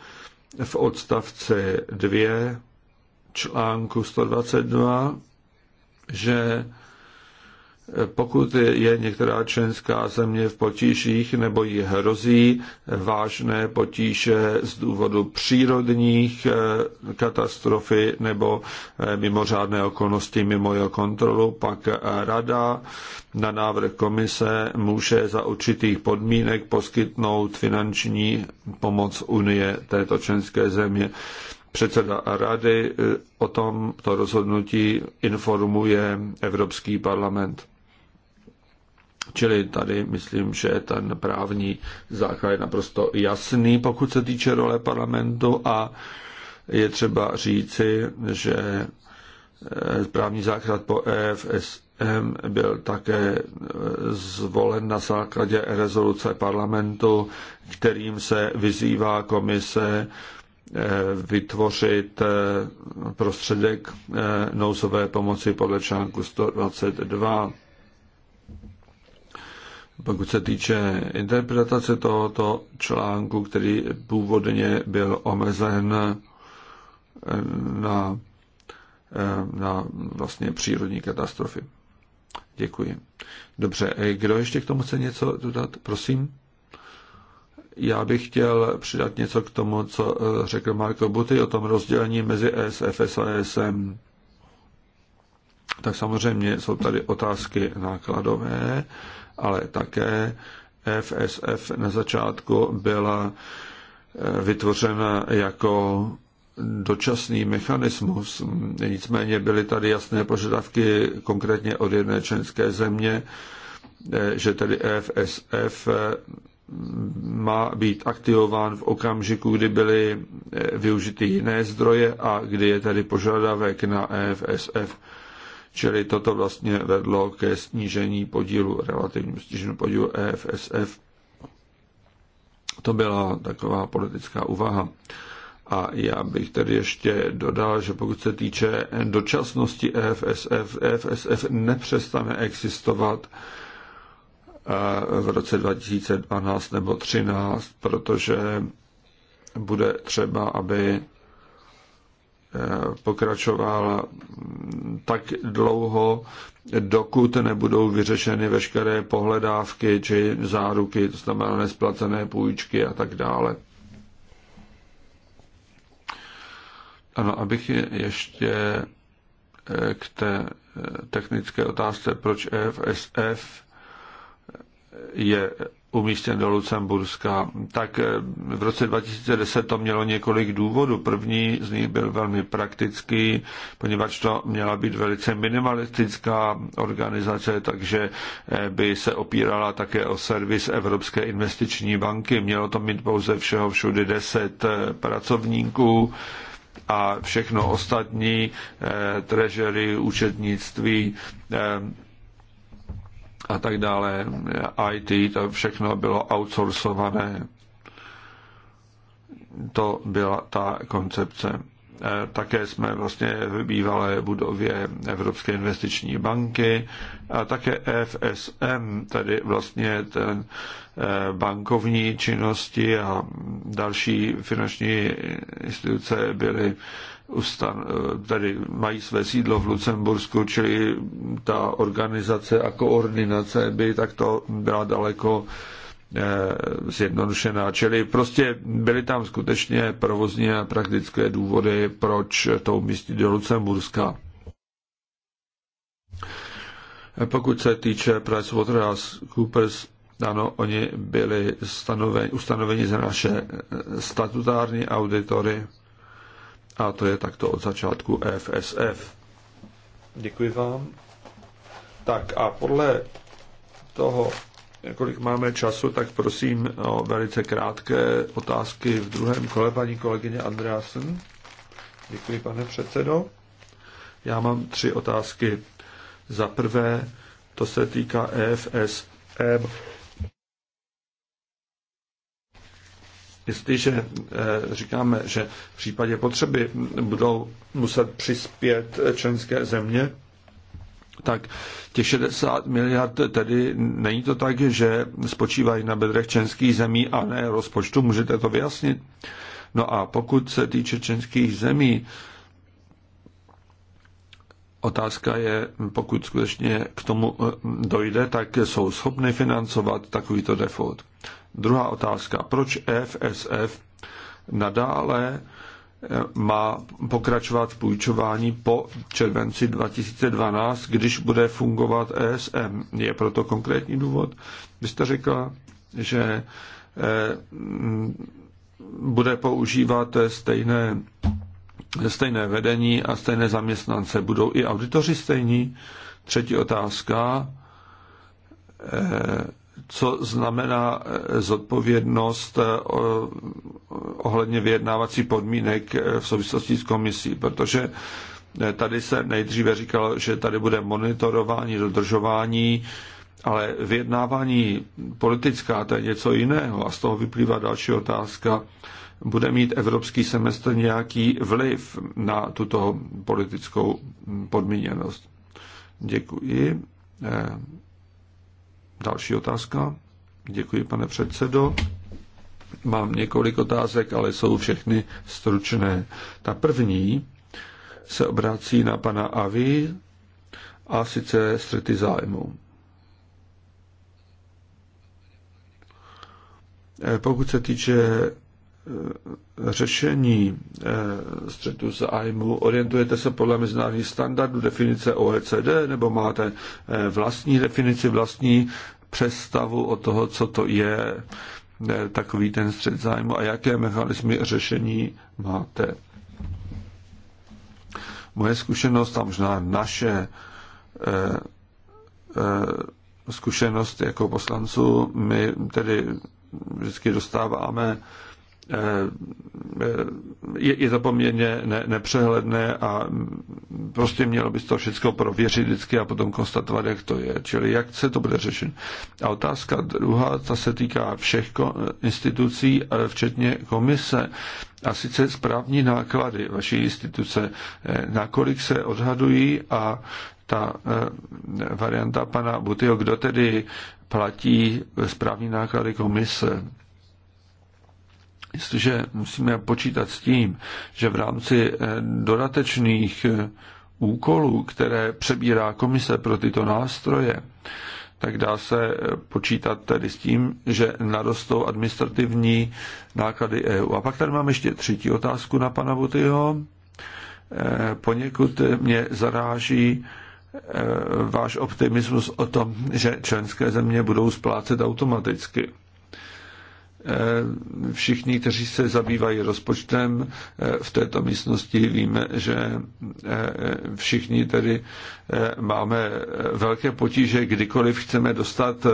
v odstavci 2 článku 122, že eh, pokud je některá členská země v potížích nebo jí hrozí eh, vážné potíže z důvodu přírodních eh, katastrofy nebo mimořádné okolnosti mimo jeho kontrolu, pak rada na návrh komise může za určitých podmínek poskytnout finanční pomoc Unie této členské země. Předseda rady eh, o tom to rozhodnutí informuje Evropský parlament. Čili tady myslím, že ten právní základ je naprosto jasný, pokud se týče role parlamentu a je třeba říci, že eh, právní základ po EFSM byl také eh, zvolen na základě rezoluce parlamentu, kterým se vyzývá komise Eh, vytvořit eh, prostředek eh, nouzové pomoci podle článku 122. Pokud se týče interpretace tohoto článku, který původně byl omezen na, na vlastně přírodní katastrofy. Děkuji. Dobře, kdo ještě k tomu chce něco dodat? Prosím. Já bych chtěl přidat něco k tomu, co eh, řekl Marko Buty o tom rozdělení mezi ESFS a ESM. Tak samozřejmě jsou tady otázky nákladové, ale také FSF na začátku byla eh, vytvořena jako dočasný mechanismus. Nicméně byly tady jasné požadavky konkrétně od jedné členské země, eh, že tedy FSF má být aktivován v okamžiku, kdy byly eh, využity jiné zdroje a kdy je tady požadavek na EFSF. Čili toto vlastně vedlo ke snížení podílu, relativnímu snížení podílu EFSF. To byla taková politická úvaha. A já bych tedy ještě dodal, že pokud se týče dočasnosti EFSF, EFSF nepřestane existovat v roce 2012 nebo 2013, protože bude třeba, aby eh, pokračoval tak dlouho, dokud nebudou vyřešeny veškeré pohledávky či záruky, to znamená nesplacené půjčky a tak dále. Ano, abych ještě eh, k té eh, technické otázce, proč FSF je umístěn do Lucemburska, tak eh, v roce 2010 to mělo několik důvodů. První z nich byl velmi praktický, poněvadž to měla být velice minimalistická organizace, takže eh, by se opírala také o servis Evropské investiční banky. Mělo to mít pouze všeho všude 10 eh, pracovníků a všechno ostatní, trežery, účetnictví, a tak dále, IT, to všechno bylo outsourcované. To byla ta koncepce. E, také jsme vlastně v bývalé budově Evropské investiční banky a také FSM, tedy vlastně ten e, bankovní činnosti a další finanční instituce byly ustan, eh, tady mají své sídlo v Lucembursku, čili ta organizace a koordinace by takto byla daleko eh, zjednodušená. Čili prostě byly tam skutečně provozní a praktické důvody, proč to umístit do Lucemburska. Eh, pokud se týče PricewaterhouseCoopers, ano, oni byli stanoveni, ustanoveni za naše statutární auditory a to je takto od začátku FSF. Děkuji vám. Tak a podle toho, kolik máme času, tak prosím o velice krátké otázky v druhém kole paní kolegyně Andreasen. Děkuji, pane předsedo. Já mám tři otázky. Za prvé, to se týká EFSM jestliže eh, říkáme, že v případě potřeby budou muset přispět eh, členské země, tak těch 60 miliard tedy není to tak, že spočívají na bedrech členských zemí a ne rozpočtu, můžete to vyjasnit? No a pokud se týče členských zemí, Otázka je, pokud skutečně k tomu eh, dojde, tak jsou schopny financovat takovýto default. Druhá otázka, proč FSF nadále eh, má pokračovat v půjčování po červenci 2012, když bude fungovat ESM. Je proto konkrétní důvod? Vy jste řekla, že eh, bude používat stejné stejné vedení a stejné zaměstnance. Budou i auditoři stejní? Třetí otázka. Eh, co znamená eh, zodpovědnost eh, ohledně vyjednávací podmínek v souvislosti s komisí? Protože tady se nejdříve říkalo, že tady bude monitorování, dodržování, ale vyjednávání politická to je něco jiného a z toho vyplývá další otázka bude mít evropský semestr nějaký vliv na tuto politickou podmíněnost. Děkuji. Eh, další otázka. Děkuji, pane předsedo. Mám několik otázek, ale jsou všechny stručné. Ta první se obrací na pana Avi a sice střety zájmu. Eh, pokud se týče Eh, řešení eh, střetu zájmu orientujete se podle mezinárodních standardů definice OECD nebo máte eh, vlastní definici, vlastní představu o toho, co to je takový ten střed zájmu a jaké mechanismy řešení máte. Moje zkušenost a možná naše zkušenost jako poslanců, my tedy vždycky dostáváme Eh, eh, je, je to poměrně ne, nepřehledné a prostě mělo by to všechno prověřit vždycky a potom konstatovat, jak to je. Čili jak se to bude řešit. A otázka druhá, ta se týká všech institucí, eh, včetně komise. A sice správní náklady vaší instituce, nakolik se odhadují a ta varianta pana Butyho, kdo tedy platí správní náklady komise. Jestliže musíme počítat s tím, že v rámci eh, dodatečných eh, úkolů, které přebírá komise pro tyto nástroje, tak dá se eh, počítat tedy s tím, že narostou administrativní náklady EU. A pak tady mám ještě třetí otázku na pana Votyho. Poněkud mě zaráží váš optimismus o tom, že členské země budou splácet automaticky. Všichni, kteří se zabývají rozpočtem eh, v této místnosti, víme, že eh, všichni tedy eh, máme velké potíže, kdykoliv chceme dostat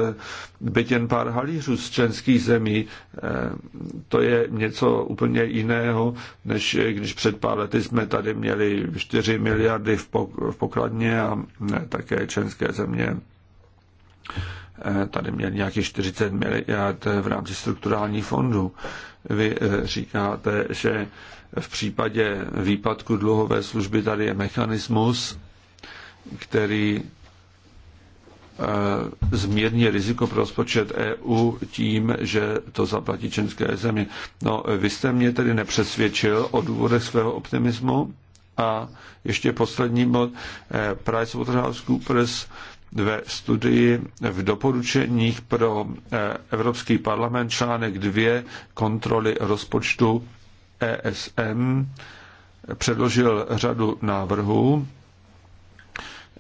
byt jen pár halířů z členských zemí. To je něco úplně jiného, než když před pár lety jsme tady měli 4 miliardy v pokladně a také členské země Eh, tady měli nějakých 40 miliard eh, v rámci strukturálních fondů. Vy eh, říkáte, že v případě výpadku dluhové služby tady je mechanismus, který zmírní riziko pro rozpočet EU tím, že to zaplatí české země. No, vy jste mě tedy nepřesvědčil o důvodech svého optimismu a ještě poslední bod. PricewaterhouseCoopers Coopers ve studii v doporučeních pro eh, Evropský parlament článek 2 kontroly rozpočtu ESM předložil řadu návrhů,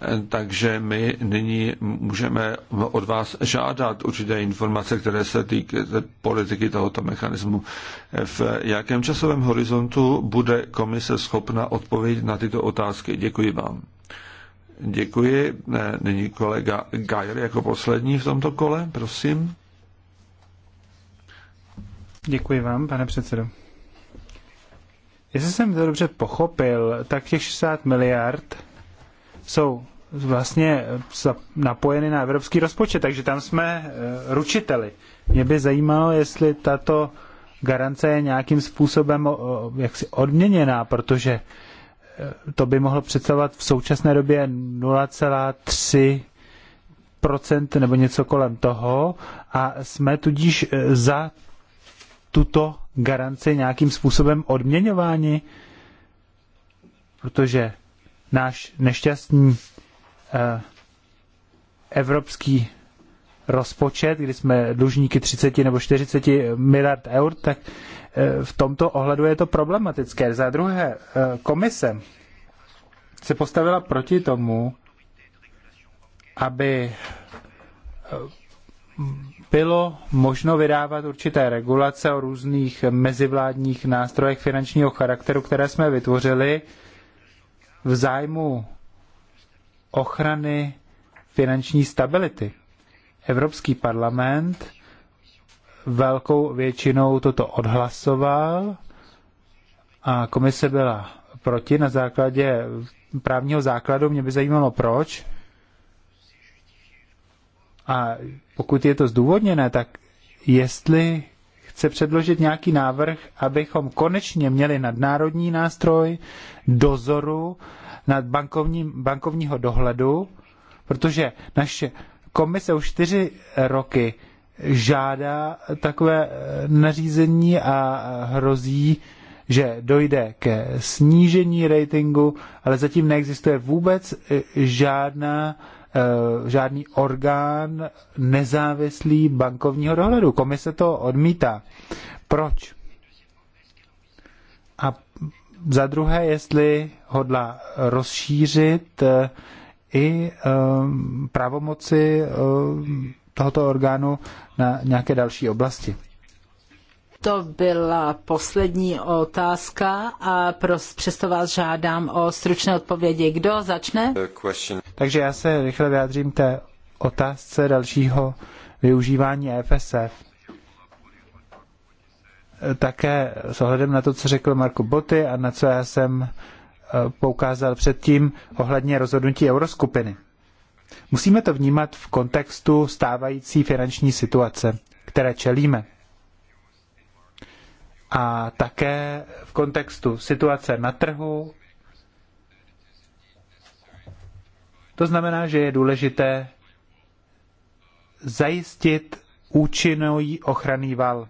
eh, takže my nyní můžeme od vás žádat určité informace, které se týkají politiky tohoto mechanismu. Eh, v jakém časovém horizontu bude komise schopna odpovědět na tyto otázky? Děkuji vám. Děkuji. Nyní kolega Gajer jako poslední v tomto kole, prosím. Děkuji vám, pane předsedo. Jestli jsem to dobře pochopil, tak těch 60 miliard jsou vlastně napojeny na evropský rozpočet, takže tam jsme eh, ručiteli. Mě by zajímalo, jestli tato garance je nějakým způsobem jaksi odměněná, protože Eh, to by mohlo představovat v současné době 0,3 procent nebo něco kolem toho a jsme tudíž eh, za tuto garanci nějakým způsobem odměňováni, protože náš nešťastný eh, evropský rozpočet, kdy jsme dlužníky 30 nebo 40 miliard eur, tak Eh, v tomto ohledu je to problematické. Za druhé, eh, komise se postavila proti tomu, aby eh, bylo možno vydávat určité regulace o různých mezivládních nástrojech finančního charakteru, které jsme vytvořili v zájmu ochrany finanční stability. Evropský parlament velkou většinou toto odhlasoval a komise byla proti na základě právního základu. Mě by zajímalo, proč. A pokud je to zdůvodněné, tak jestli chce předložit nějaký návrh, abychom konečně měli nadnárodní nástroj dozoru nad bankovní, bankovního dohledu, protože naše komise už čtyři roky žádá takové eh, nařízení a hrozí, že dojde ke snížení ratingu, ale zatím neexistuje vůbec eh, žádná, eh, žádný orgán nezávislý bankovního dohledu. Komise to odmítá. Proč? A za druhé, jestli hodla rozšířit i pravomoci um, tohoto orgánu na nějaké další oblasti. To byla poslední otázka a pros, přesto vás žádám o stručné odpovědi. Kdo začne? Takže já se rychle vyjádřím té otázce dalšího využívání EFSF. Také s ohledem na to, co řekl Marko Boty a na co já jsem eh, poukázal předtím ohledně rozhodnutí euroskupiny. Musíme to vnímat v kontextu stávající finanční situace, které čelíme. A také v kontextu situace na trhu. To znamená, že je důležité zajistit účinný ochranný val.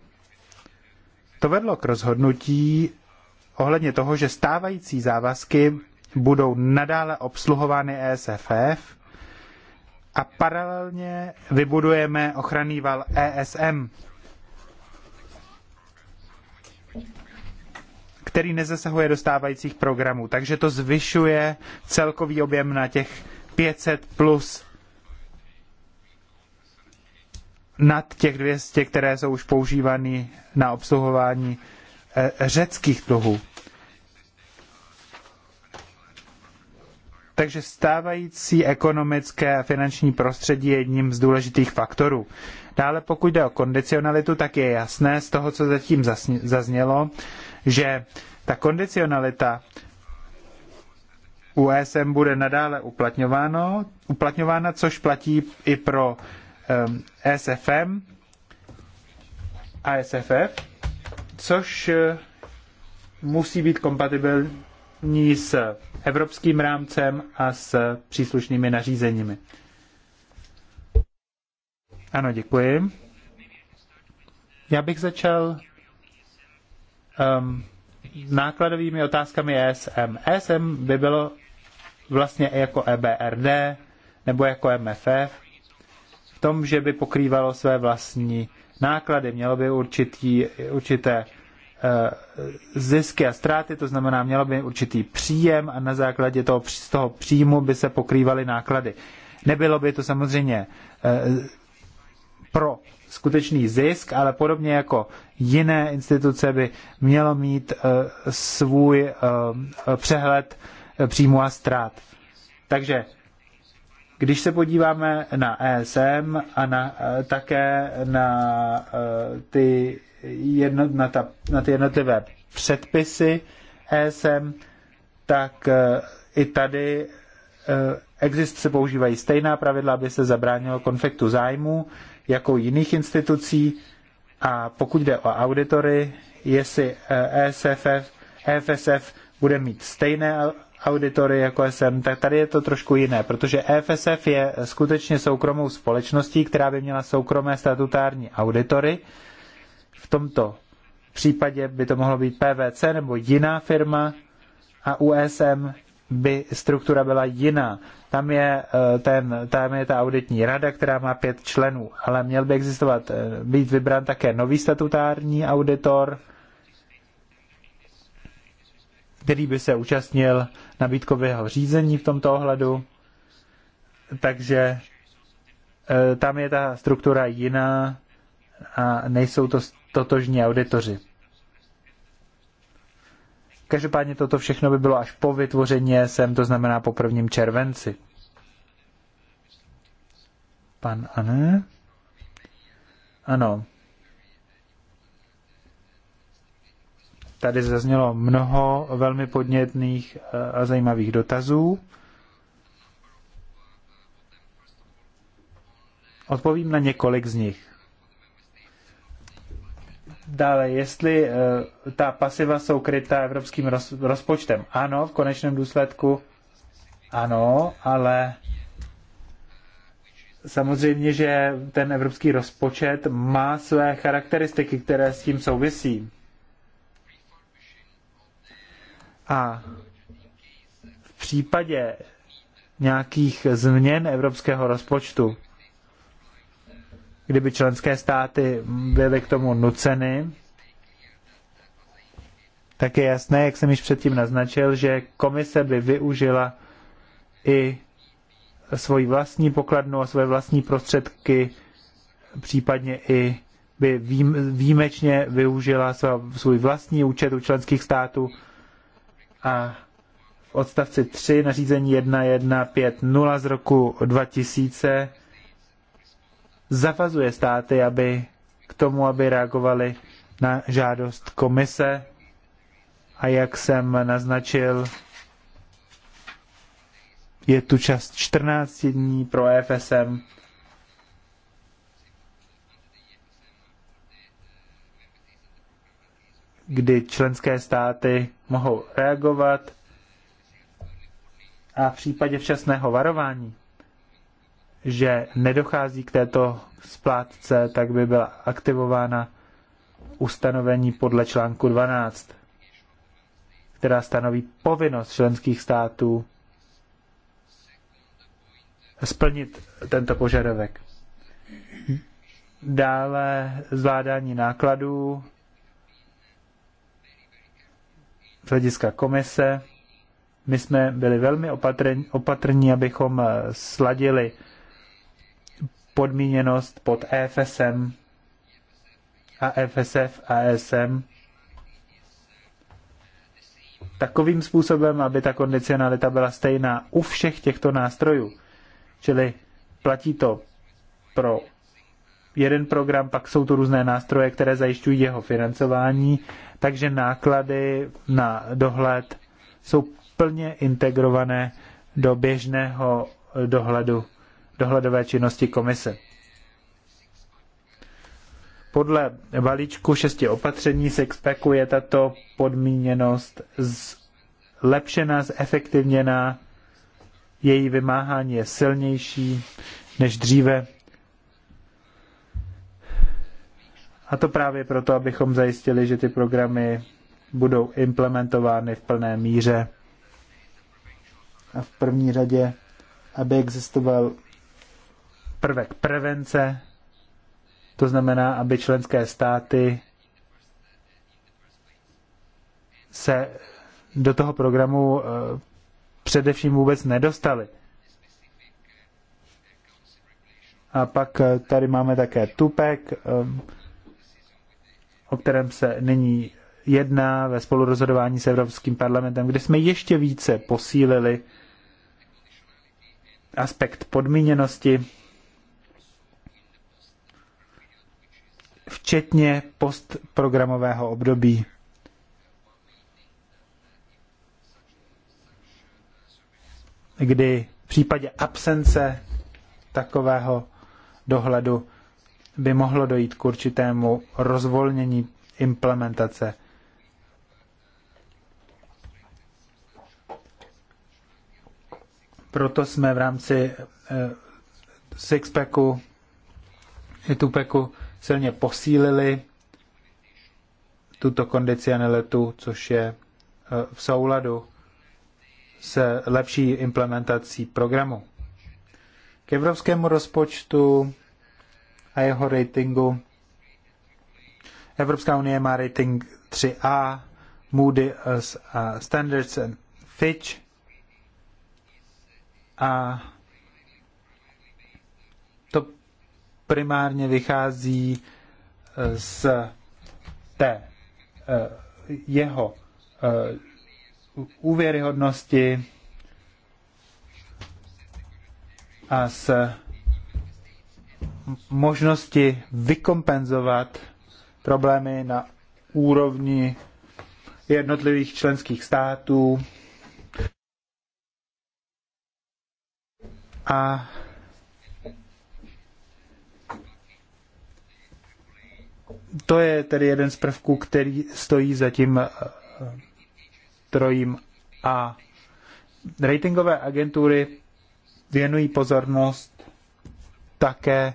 To vedlo k rozhodnutí ohledně toho, že stávající závazky budou nadále obsluhovány ESFF a paralelně vybudujeme ochranný val ESM, který nezasahuje do stávajících programů. Takže to zvyšuje celkový objem na těch 500 plus nad těch 200, které jsou už používány na obsluhování eh, řeckých dluhů. Takže stávající ekonomické a finanční prostředí je jedním z důležitých faktorů. Dále pokud jde o kondicionalitu, tak je jasné z toho, co zatím zaznělo, že ta kondicionalita USM bude nadále uplatňováno, uplatňována, což platí i pro um, ehm, SFM a SFF, což eh, musí být kompatibilní ní s evropským rámcem a s příslušnými nařízeními. Ano, děkuji. Já bych začal um, nákladovými otázkami ESM. ESM by bylo vlastně jako EBRD nebo jako MFF v tom, že by pokrývalo své vlastní náklady, mělo by určitý, určité Eh, zisky a ztráty, to znamená, měla by určitý příjem a na základě toho, z toho příjmu by se pokrývaly náklady. Nebylo by to samozřejmě eh, pro skutečný zisk, ale podobně jako jiné instituce by mělo mít eh, svůj přehled příjmu a ztrát. Takže když se podíváme na ESM a na, také na ty jedno, na, ta, na ty jednotlivé předpisy ESM, tak e, i tady e, exist se používají stejná pravidla, aby se zabránilo konfliktu zájmu jako jiných institucí. A pokud jde o auditory, jestli ESFF, e EFSF bude mít stejné auditory jako SM, tak tady je to trošku jiné, protože EFSF je skutečně soukromou společností, která by měla soukromé statutární auditory, v tomto případě by to mohlo být PVC nebo jiná firma a USM by struktura byla jiná. Tam je, eh, ten, tam je ta auditní rada, která má pět členů, ale měl by existovat, eh, být vybrán také nový statutární auditor, který by se účastnil nabídkového řízení v tomto ohledu. Takže eh, tam je ta struktura jiná a nejsou to totožní auditoři. Každopádně toto všechno by bylo až po vytvoření SM, to znamená po prvním červenci. Pan Ane? Ano. Tady zaznělo mnoho velmi podnětných eh, a zajímavých dotazů. Odpovím na několik z nich. Dále, jestli eh, ta pasiva jsou krytá evropským rozpočtem. Ano, v konečném důsledku ano, ale samozřejmě, že ten evropský rozpočet má své charakteristiky, které s tím souvisí. A v případě nějakých změn evropského rozpočtu, kdyby členské státy byly k tomu nuceny, tak je jasné, jak jsem již předtím naznačil, že komise by využila i svoji vlastní pokladnu a své vlastní prostředky, případně i by výjimečně využila svůj vlastní účet u členských států a v odstavci 3 nařízení 1150 z roku 2000 zavazuje státy, aby k tomu, aby reagovali na žádost komise. A jak jsem naznačil, je tu čas 14 dní pro EFSM. kdy členské státy mohou reagovat a v případě včasného varování že nedochází k této splátce, tak by byla aktivována ustanovení podle článku 12, která stanoví povinnost členských států splnit tento požadavek. Dále zvládání nákladů z hlediska komise. My jsme byli velmi opatrní, opatrní abychom sladili podmíněnost pod EFSM a FSF e a ESM takovým způsobem, aby ta kondicionalita byla stejná u všech těchto nástrojů. Čili platí to pro jeden program, pak jsou to různé nástroje, které zajišťují jeho financování, takže náklady na dohled jsou plně integrované do běžného dohledu dohledové činnosti komise. Podle balíčku šesti opatření Sixpacku je tato podmíněnost zlepšená, zefektivněná, její vymáhání je silnější než dříve. A to právě proto, abychom zajistili, že ty programy budou implementovány v plné míře. A v první řadě, aby existoval prvek prevence, to znamená, aby členské státy se do toho programu eh, především vůbec nedostali. A pak eh, tady máme také Tupek, eh, o kterém se nyní jedná ve spolurozhodování s Evropským parlamentem, kde jsme ještě více posílili aspekt podmíněnosti včetně postprogramového období. kdy v případě absence takového dohledu by mohlo dojít k určitému rozvolnění implementace. Proto jsme v rámci eh, Sixpacku i Tupeku silně posílili tuto kondicionalitu, což je eh, v souladu s lepší implementací programu. K evropskému rozpočtu a jeho ratingu Evropská unie má rating 3A, Moody eh, eh, Standards and Fitch a primárně vychází eh, z té eh, jeho eh, úvěryhodnosti a z možnosti vykompenzovat problémy na úrovni jednotlivých členských států a to je tedy jeden z prvků, který stojí za tím eh, trojím A. Ratingové agentury věnují pozornost také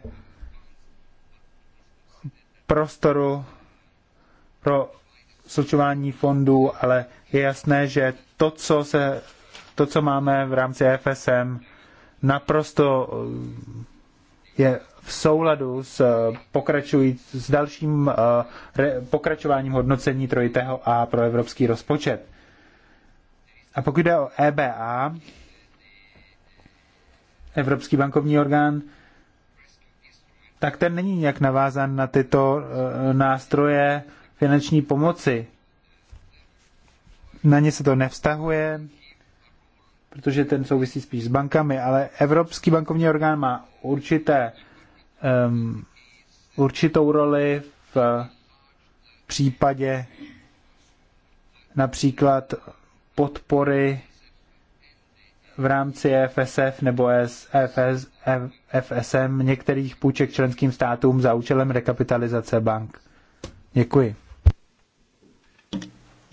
prostoru pro slučování fondů, ale je jasné, že to, co, se, to, co máme v rámci FSM, naprosto eh, je v souladu s, eh, pokračují, s dalším eh, re, pokračováním hodnocení trojitého A pro evropský rozpočet. A pokud jde o EBA, Evropský bankovní orgán, tak ten není nějak navázán na tyto eh, nástroje finanční pomoci. Na ně se to nevztahuje, protože ten souvisí spíš s bankami, ale Evropský bankovní orgán má určité, um, určitou roli v případě například podpory v rámci FSF e nebo FS, e e FSM některých půjček členským státům za účelem rekapitalizace bank. Děkuji.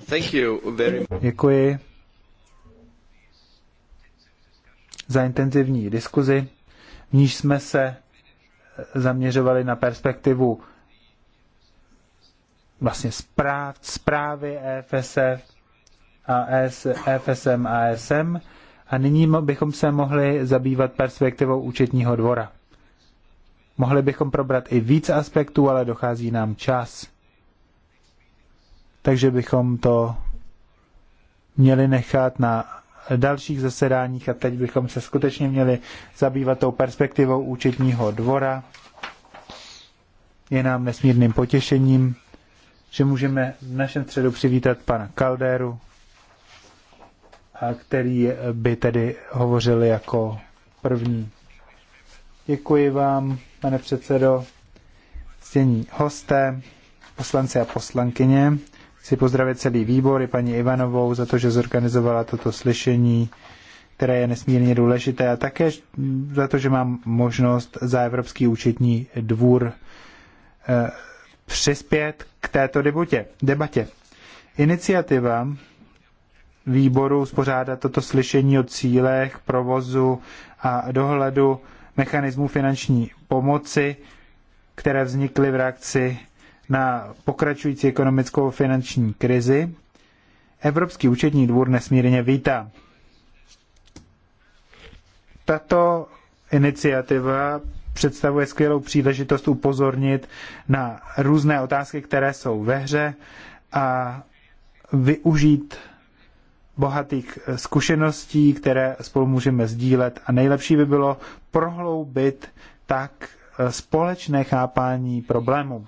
Thank you very much. Děkuji. za intenzivní diskuzi, v níž jsme se zaměřovali na perspektivu vlastně zpráv, zprávy EFSF, AS, e FSM, ASM a nyní bychom se mohli zabývat perspektivou účetního dvora. Mohli bychom probrat i víc aspektů, ale dochází nám čas. Takže bychom to měli nechat na dalších zasedáních a teď bychom se skutečně měli zabývat tou perspektivou účetního dvora. Je nám nesmírným potěšením, že můžeme v našem středu přivítat pana Kaldéru, který by tedy hovořil jako první. Děkuji vám, pane předsedo, stění hosté, poslanci a poslankyně. Chci pozdravit celý výbor i paní Ivanovou za to, že zorganizovala toto slyšení, které je nesmírně důležité a také za to, že mám možnost za Evropský účetní dvůr eh, přispět k této debutě, debatě. Iniciativa výboru spořádat toto slyšení o cílech, provozu a dohledu mechanismů finanční pomoci, které vznikly v reakci na pokračující ekonomickou finanční krizi Evropský účetní dvůr nesmírně vítá. Tato iniciativa představuje skvělou příležitost upozornit na různé otázky, které jsou ve hře a využít bohatých zkušeností, které spolu můžeme sdílet a nejlepší by bylo prohloubit tak společné chápání problému.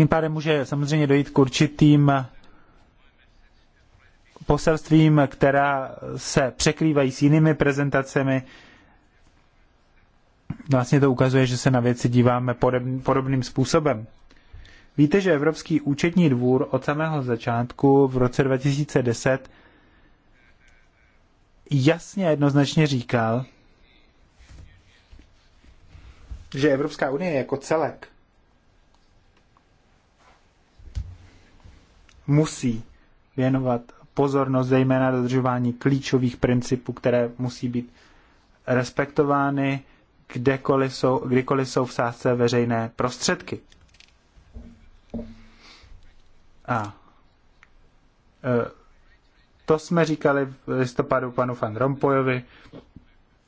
Tím pádem může samozřejmě dojít k určitým poselstvím, která se překrývají s jinými prezentacemi. Vlastně to ukazuje, že se na věci díváme podobným způsobem. Víte, že Evropský účetní dvůr od samého začátku v roce 2010 jasně a jednoznačně říkal, že Evropská unie jako celek musí věnovat pozornost zejména dodržování klíčových principů, které musí být respektovány, kdekoliv jsou, kdykoliv jsou v sázce veřejné prostředky. A e, to jsme říkali v listopadu panu Van Rompojovi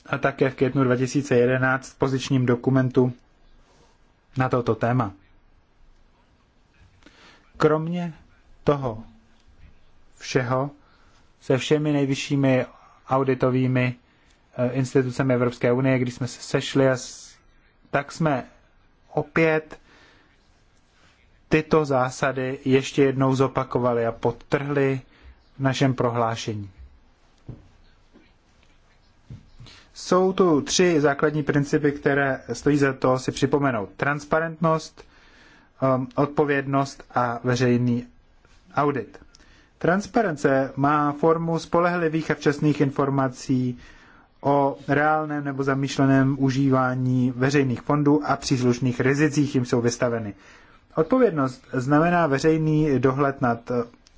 a také v květnu 2011 v pozičním dokumentu na toto téma. Kromě toho všeho se všemi nejvyššími auditovými eh, institucemi Evropské unie, když jsme se sešli, a tak jsme opět tyto zásady ještě jednou zopakovali a podtrhli v našem prohlášení. Jsou tu tři základní principy, které stojí za to si připomenout. Transparentnost, eh, odpovědnost a veřejný audit. Transparence má formu spolehlivých a včasných informací o reálném nebo zamýšleném užívání veřejných fondů a příslušných rizicích jim jsou vystaveny. Odpovědnost znamená veřejný dohled nad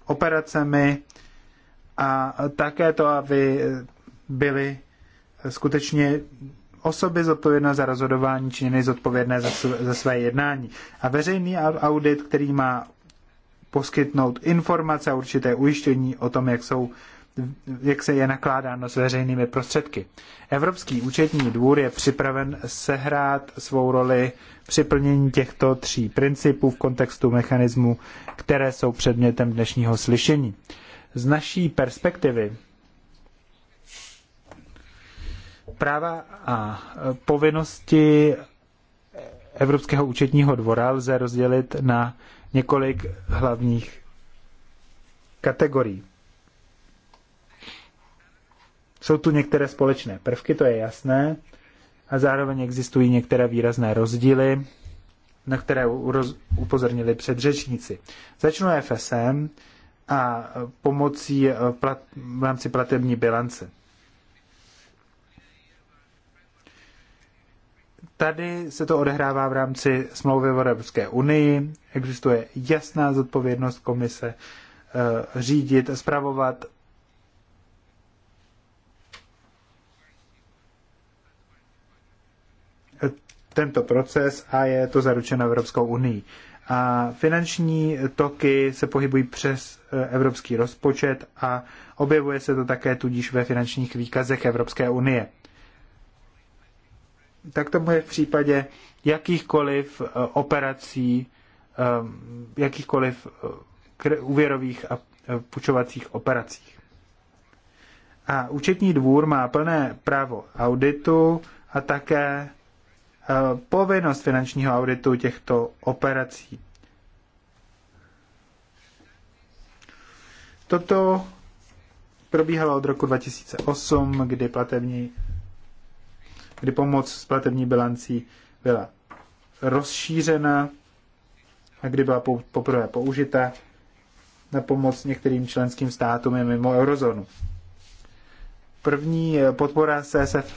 operacemi a také to, aby byly skutečně osoby zodpovědné za rozhodování činěny zodpovědné za, své jednání. A veřejný audit, který má poskytnout informace a určité ujištění o tom, jak, jsou, jak se je nakládáno s veřejnými prostředky. Evropský účetní dvůr je připraven sehrát svou roli při plnění těchto tří principů v kontextu mechanismů, které jsou předmětem dnešního slyšení. Z naší perspektivy práva a povinnosti Evropského účetního dvora lze rozdělit na několik hlavních kategorií. Jsou tu některé společné prvky, to je jasné, a zároveň existují některé výrazné rozdíly, na které upozornili předřečníci. Začnu FSM a pomocí eh, plat, v rámci platební bilance. Tady se to odehrává v rámci smlouvy o Evropské unii, existuje jasná zodpovědnost komise eh, řídit, a zpravovat tento proces a je to zaručeno Evropskou unii. A finanční toky se pohybují přes eh, evropský rozpočet a objevuje se to také tudíž ve finančních výkazech Evropské unie tak tomu je v případě jakýchkoliv eh, operací, eh, jakýchkoliv eh, úvěrových a půjčovacích operacích. A účetní dvůr má plné právo auditu a také povinnost finančního auditu těchto operací. Toto probíhalo od roku 2008, kdy platební kdy pomoc s platební bilancí byla rozšířena a kdy byla poprvé použita na pomoc některým členským státům je mimo eurozónu. První podpora CSF,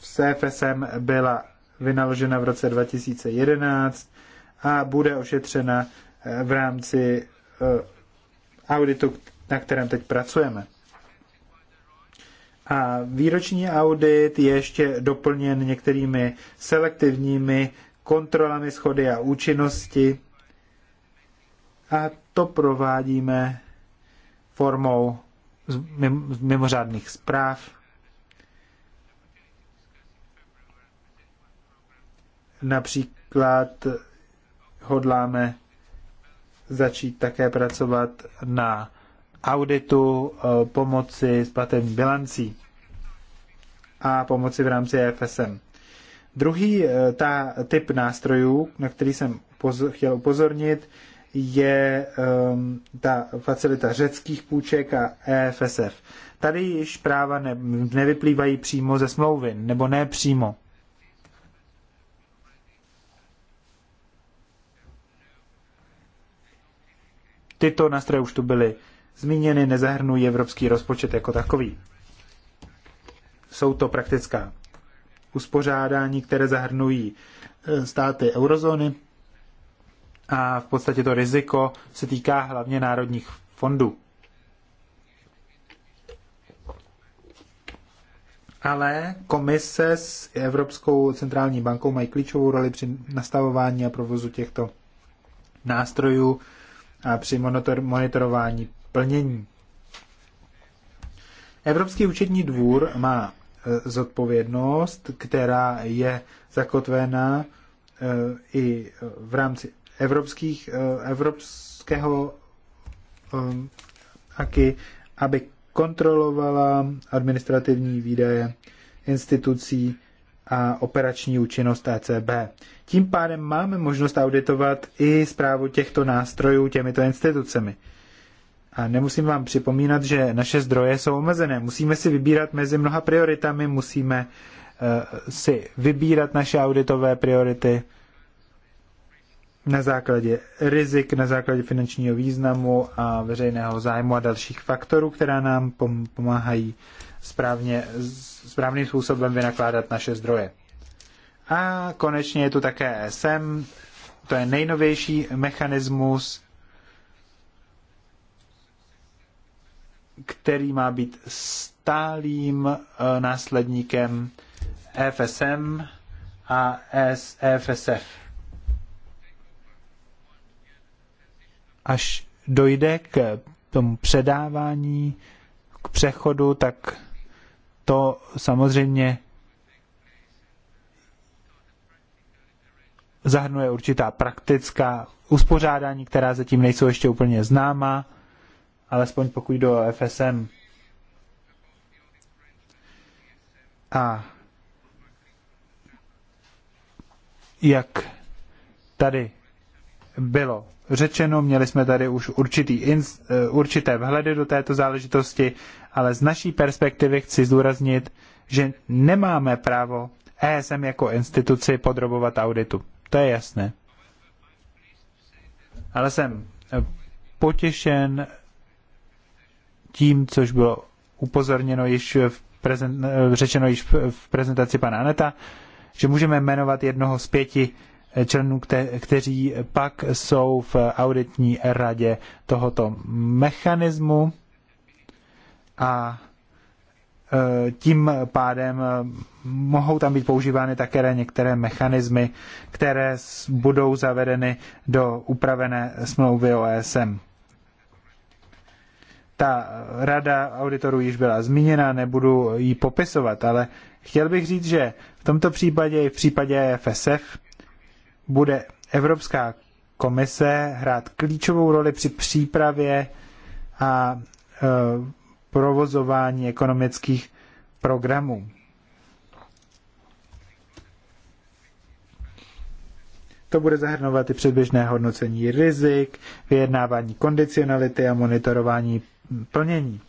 CFSM byla vynaložena v roce 2011 a bude ošetřena eh, v rámci eh, auditu, na kterém teď pracujeme. A výroční audit je ještě doplněn některými selektivními kontrolami schody a účinnosti. A to provádíme formou mimořádných zpráv. Například hodláme začít také pracovat na auditu, eh, pomoci s platební bilancí a pomoci v rámci e FSM. Druhý eh, ta, typ nástrojů, na který jsem chtěl upozornit, je um, ta facilita řeckých půjček a EFSF. Tady již práva ne, nevyplývají přímo ze smlouvy, nebo ne přímo. Tyto nástroje už tu byly zmíněny nezahrnují evropský rozpočet jako takový. Jsou to praktická uspořádání, které zahrnují e, státy eurozóny a v podstatě to riziko se týká hlavně národních fondů. Ale komise s Evropskou centrální bankou mají klíčovou roli při nastavování a provozu těchto nástrojů a při monitorování plnění. Evropský účetní dvůr má e, zodpovědnost, která je zakotvena e, i v rámci evropských, e, evropského um, aky, aby kontrolovala administrativní výdaje institucí a operační účinnost ECB. Tím pádem máme možnost auditovat i zprávu těchto nástrojů těmito institucemi. A nemusím vám připomínat, že naše zdroje jsou omezené. Musíme si vybírat mezi mnoha prioritami, musíme eh, si vybírat naše auditové priority na základě rizik, na základě finančního významu a veřejného zájmu a dalších faktorů, která nám pomáhají správně, správným způsobem vynakládat naše zdroje. A konečně je tu také SM, to je nejnovější mechanismus který má být stálým eh, následníkem FSM a SFSF. Až dojde k tomu předávání, k přechodu, tak to samozřejmě zahrnuje určitá praktická uspořádání, která zatím nejsou ještě úplně známa alespoň pokud do FSM. A jak tady bylo řečeno, měli jsme tady už určitý, ins eh, určité vhledy do této záležitosti, ale z naší perspektivy chci zdůraznit, že nemáme právo ESM jako instituci podrobovat auditu. To je jasné. Ale jsem eh, potěšen, tím, což bylo upozorněno již v prezent, eh, řečeno již v prezentaci pana Aneta, že můžeme jmenovat jednoho z pěti eh, členů, kte, kteří pak jsou v auditní radě tohoto mechanismu a eh, tím pádem mohou tam být používány také některé mechanismy, které budou zavedeny do upravené smlouvy OSM. E ta rada auditorů již byla zmíněna, nebudu ji popisovat, ale chtěl bych říct, že v tomto případě i v případě FSF bude Evropská komise hrát klíčovou roli při přípravě a e, provozování ekonomických programů. To bude zahrnovat i předběžné hodnocení rizik, vyjednávání kondicionality a monitorování plnění.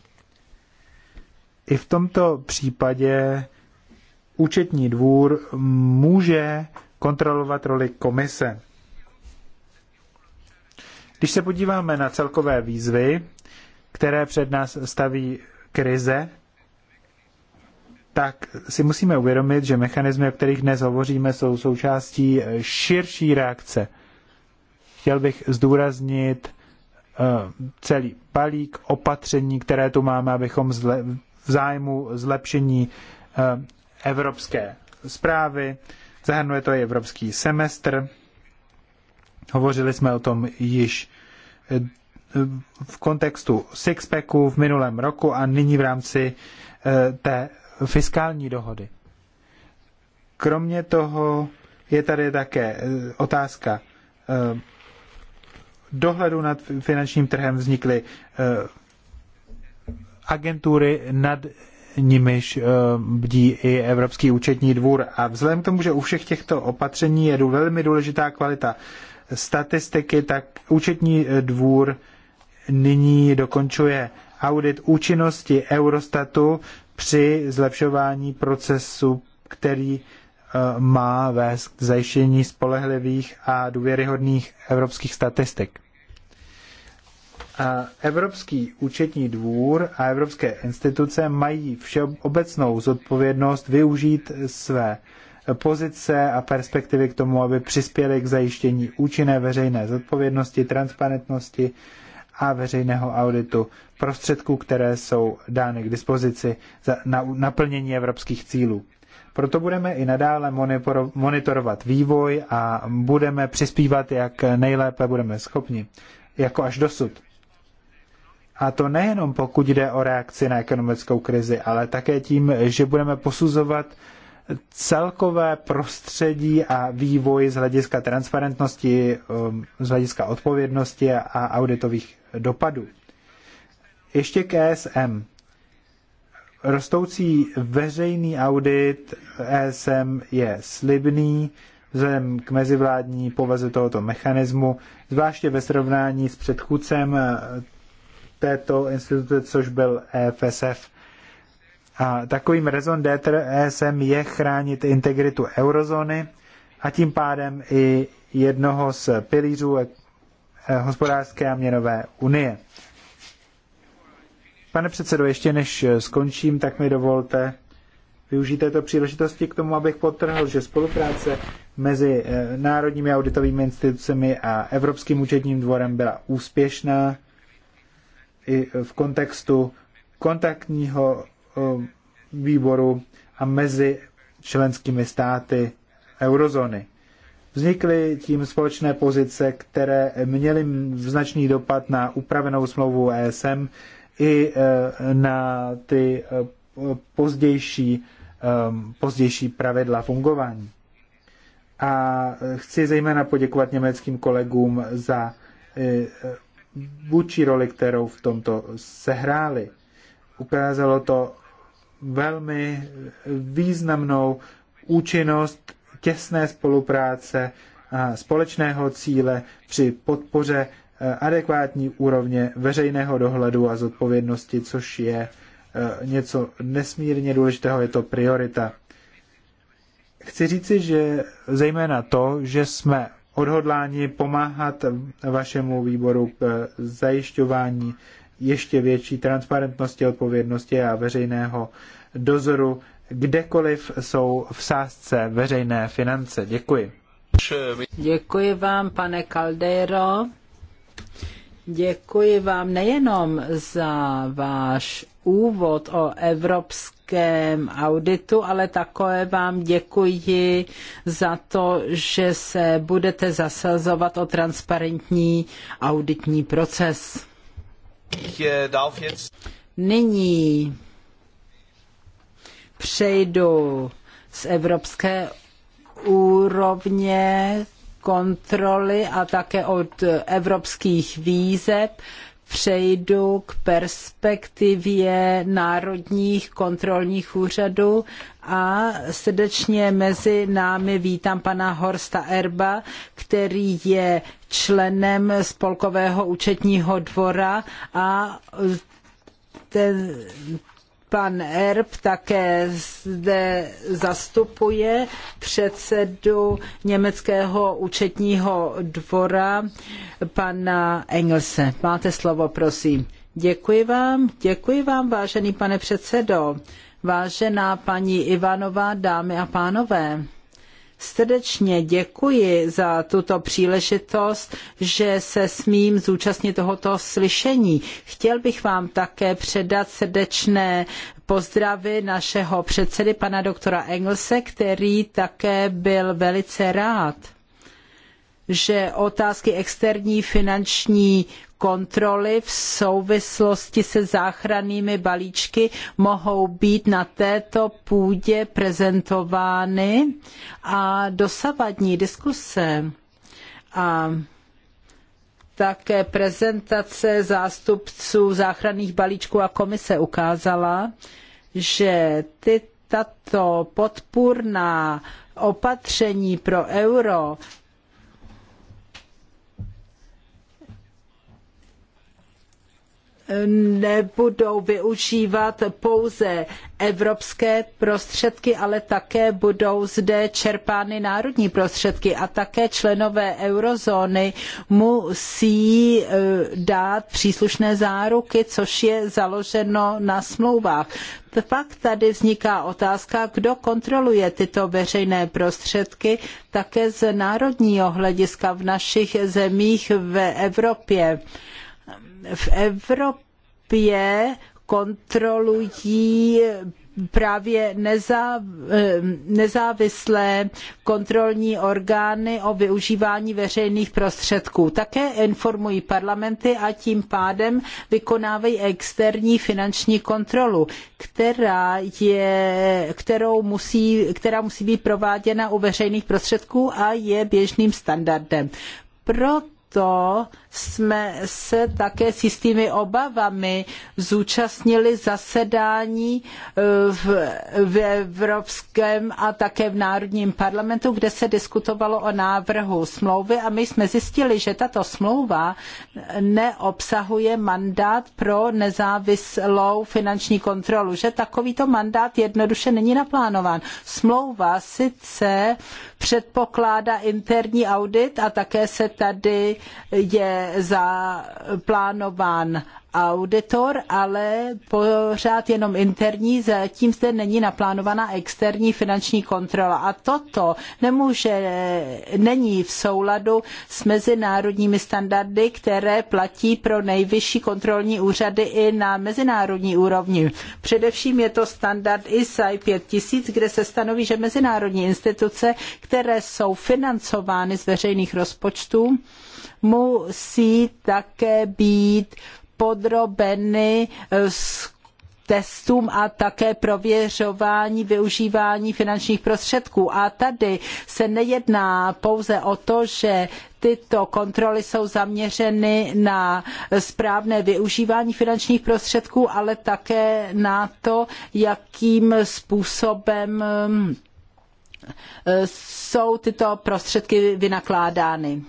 I v tomto případě účetní dvůr může kontrolovat roli komise. Když se podíváme na celkové výzvy, které před nás staví krize, tak si musíme uvědomit, že mechanismy, o kterých dnes hovoříme, jsou součástí širší reakce. Chtěl bych zdůraznit Eh, celý palík opatření, které tu máme, abychom zle, v zájmu zlepšení eh, evropské zprávy. Zahrnuje to i evropský semestr. Hovořili jsme o tom již eh, v kontextu Sixpacku v minulém roku a nyní v rámci té fiskální dohody. Kromě toho je tady také otázka dohledu nad finančním trhem vznikly eh, agentury nad nimiž eh, bdí i Evropský účetní dvůr. A vzhledem k tomu, že u všech těchto opatření je velmi důležitá kvalita statistiky, tak účetní eh, dvůr nyní dokončuje audit účinnosti Eurostatu při zlepšování procesu, který Eh, má vést k zajištění spolehlivých a důvěryhodných evropských statistik. Evropský účetní dvůr a evropské instituce mají všeobecnou zodpovědnost využít své pozice a perspektivy k tomu, aby přispěli k zajištění účinné veřejné zodpovědnosti, transparentnosti a veřejného auditu prostředků, které jsou dány k dispozici na naplnění evropských cílů. Proto budeme i nadále monitorovat vývoj a budeme přispívat, jak nejlépe budeme schopni, jako až dosud. A to nejenom pokud jde o reakci na ekonomickou krizi, ale také tím, že budeme posuzovat celkové prostředí a vývoj z hlediska transparentnosti, um, z hlediska odpovědnosti a auditových dopadů. Ještě k ESM. Rostoucí veřejný audit ESM je slibný vzhledem k mezivládní povaze tohoto mechanismu, zvláště ve srovnání s předchůdcem eh, této instituce, což byl EFSF. A takovým raison d'être ESM je chránit integritu eurozóny a tím pádem i jednoho z pilířů eh, hospodářské a měnové unie. Pane předsedo, ještě než eh, skončím, tak mi dovolte využít této příležitosti k tomu, abych potrhl, že spolupráce mezi eh, národními auditovými institucemi a Evropským účetním dvorem byla úspěšná i v kontextu kontaktního eh, výboru a mezi členskými státy eurozóny. Vznikly tím společné pozice, které měly značný dopad na upravenou smlouvu ESM i e, na ty e, pozdější, e, pozdější pravidla fungování. A chci zejména poděkovat německým kolegům za vůči roli, kterou v tomto sehráli. Ukázalo to velmi významnou účinnost těsné spolupráce a společného cíle při podpoře Eh, adekvátní úrovně veřejného dohledu a zodpovědnosti, což je eh, něco nesmírně důležitého, je to priorita. Chci říci, že zejména to, že jsme odhodláni pomáhat vašemu výboru k eh, zajišťování ještě větší transparentnosti, odpovědnosti a veřejného dozoru, kdekoliv jsou v sázce veřejné finance. Děkuji. Děkuji vám, pane Caldero. Děkuji vám nejenom za váš úvod o evropském auditu, ale také vám děkuji za to, že se budete zasazovat o transparentní auditní proces. Nyní přejdu z evropské úrovně kontroly a také od evropských výzev přejdu k perspektivě národních kontrolních úřadů a srdečně mezi námi vítám pana Horsta Erba, který je členem Spolkového účetního dvora a ten, pan Erb také zde zastupuje předsedu německého účetního dvora pana Engelse. Máte slovo, prosím. Děkuji vám, děkuji vám, vážený pane předsedo, vážená paní Ivanová, dámy a pánové. Srdečně děkuji za tuto příležitost, že se smím zúčastnit tohoto slyšení. Chtěl bych vám také předat srdečné pozdravy našeho předsedy, pana doktora Engelse, který také byl velice rád že otázky externí finanční kontroly v souvislosti se záchrannými balíčky mohou být na této půdě prezentovány a dosavadní diskuse a také prezentace zástupců záchranných balíčků a komise ukázala, že ty, tato podpůrná opatření pro euro nebudou využívat pouze evropské prostředky, ale také budou zde čerpány národní prostředky a také členové eurozóny musí eh, dát příslušné záruky, což je založeno na smlouvách. Pak tady vzniká otázka, kdo kontroluje tyto veřejné prostředky také z národního hlediska v našich zemích v Evropě v Evropě kontrolují právě eh, nezávislé kontrolní orgány o využívání veřejných prostředků. Také informují parlamenty a tím pádem vykonávají externí finanční kontrolu, která, je, kterou musí, která musí být prováděna u veřejných prostředků a je běžným standardem. Proto jsme se také s jistými obavami zúčastnili zasedání e, v, v Evropském a také v Národním parlamentu, kde se diskutovalo o návrhu smlouvy a my jsme zjistili, že tato smlouva neobsahuje mandát pro nezávislou finanční kontrolu, že takovýto mandát jednoduše není naplánován. Smlouva sice předpokládá interní audit a také se tady je zaplánován auditor, ale pořád jenom interní, zatím zde není naplánovaná externí finanční kontrola. A toto nemůže, není v souladu s mezinárodními standardy, které platí pro nejvyšší kontrolní úřady i na mezinárodní úrovni. Především je to standard ISAI 5000, kde se stanoví, že mezinárodní instituce, které jsou financovány z veřejných rozpočtů, musí také být podrobeny eh, testům a také prověřování využívání finančních prostředků. A tady se nejedná pouze o to, že tyto kontroly jsou zaměřeny na správné využívání finančních prostředků, ale také na to, jakým způsobem eh, jsou tyto prostředky vynakládány.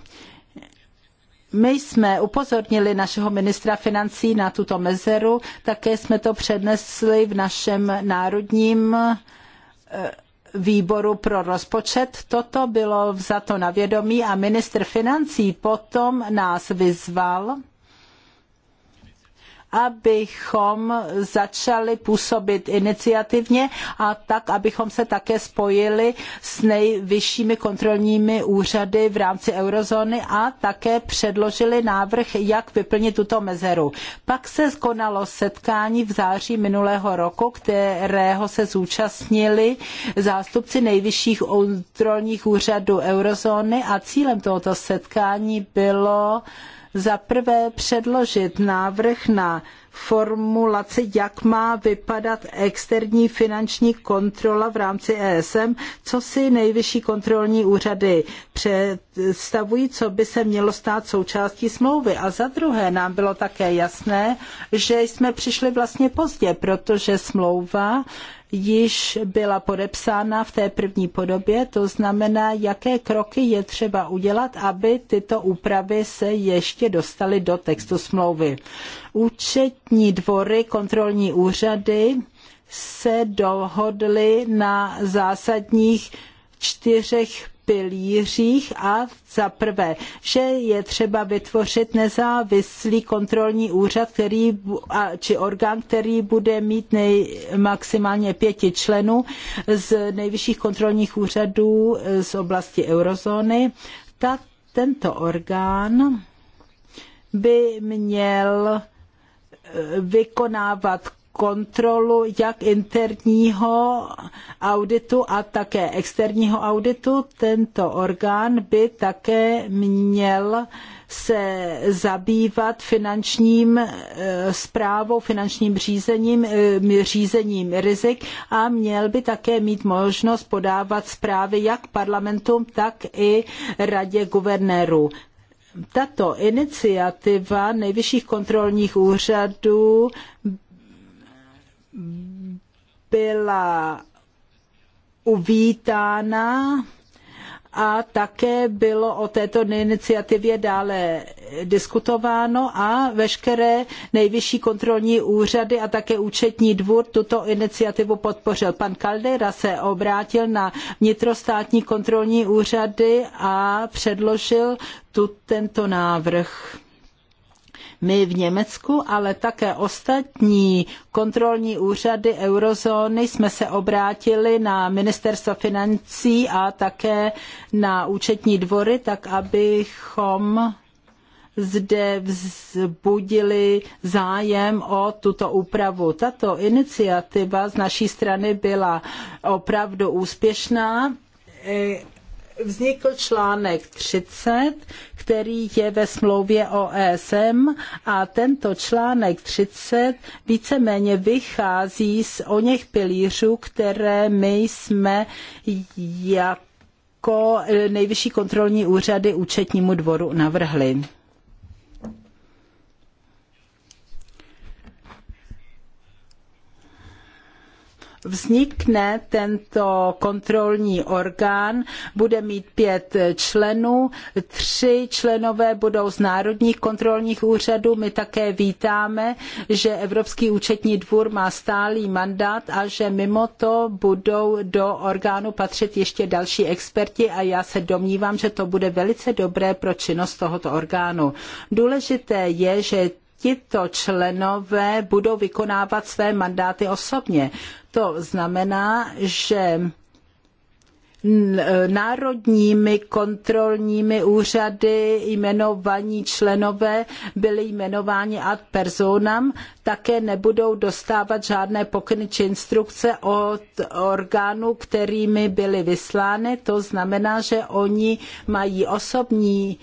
My jsme upozornili našeho ministra financí na tuto mezeru, také jsme to přednesli v našem národním eh, výboru pro rozpočet. Toto bylo vzato na vědomí a ministr financí potom nás vyzval, abychom začali působit iniciativně a tak, abychom se také spojili s nejvyššími kontrolními úřady v rámci eurozóny a také předložili návrh, jak vyplnit tuto mezeru. Pak se konalo setkání v září minulého roku, kterého se zúčastnili zástupci nejvyšších kontrolních úřadů eurozóny a cílem tohoto setkání bylo za prvé předložit návrh na formulaci, jak má vypadat externí finanční kontrola v rámci ESM, co si nejvyšší kontrolní úřady představují, co by se mělo stát součástí smlouvy. A za druhé nám bylo také jasné, že jsme přišli vlastně pozdě, protože smlouva již byla podepsána v té první podobě, to znamená, jaké kroky je třeba udělat, aby tyto úpravy se ještě dostaly do textu smlouvy. Účetní dvory, kontrolní úřady se dohodly na zásadních čtyřech pilířích a za prvé, že je třeba vytvořit nezávislý kontrolní úřad, který, či orgán, který bude mít nej, maximálně pěti členů z nejvyšších kontrolních úřadů e, z oblasti eurozóny, tak tento orgán by měl e, vykonávat kontrolu jak interního auditu a také externího auditu. Tento orgán by také měl se zabývat finančním zprávou, eh, finančním řízením, eh, řízením rizik a měl by také mít možnost podávat zprávy jak parlamentům, tak i radě guvernérů. Tato iniciativa nejvyšších kontrolních úřadů byla uvítána a také bylo o této iniciativě dále diskutováno a veškeré nejvyšší kontrolní úřady a také účetní dvůr tuto iniciativu podpořil. Pan Caldera se obrátil na vnitrostátní kontrolní úřady a předložil tu, tento návrh. My v Německu, ale také ostatní kontrolní úřady eurozóny jsme se obrátili na ministerstvo financí a také na účetní dvory, tak abychom zde vzbudili zájem o tuto úpravu. Tato iniciativa z naší strany byla opravdu úspěšná vznikl článek 30, který je ve smlouvě o ESM a tento článek 30 víceméně vychází z o něch pilířů, které my jsme jako eh, nejvyšší kontrolní úřady účetnímu dvoru navrhli. vznikne tento kontrolní orgán, bude mít pět členů, tři členové budou z národních kontrolních úřadů. My také vítáme, že Evropský účetní dvůr má stálý mandát a že mimo to budou do orgánu patřit ještě další experti a já se domnívám, že to bude velice dobré pro činnost tohoto orgánu. Důležité je, že tito členové budou vykonávat své mandáty osobně. To znamená, že E, národními kontrolními úřady jmenovaní členové byli jmenováni ad personam, také nebudou dostávat žádné pokyny či instrukce od orgánů, kterými byly vyslány. To znamená, že oni mají osobní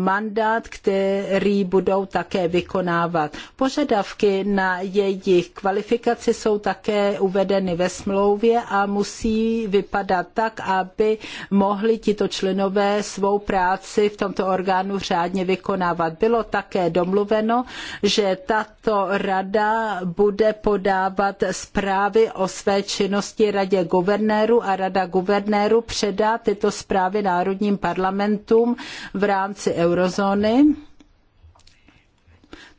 mandát, který budou také vykonávat. Požadavky na jejich kvalifikaci jsou také uvedeny ve smlouvě a musí vypadat tak, a aby mohli tito členové svou práci v tomto orgánu řádně vykonávat. Bylo také domluveno, že tato rada bude podávat zprávy o své činnosti radě guvernéru a rada guvernéru předá tyto zprávy národním parlamentům v rámci eurozóny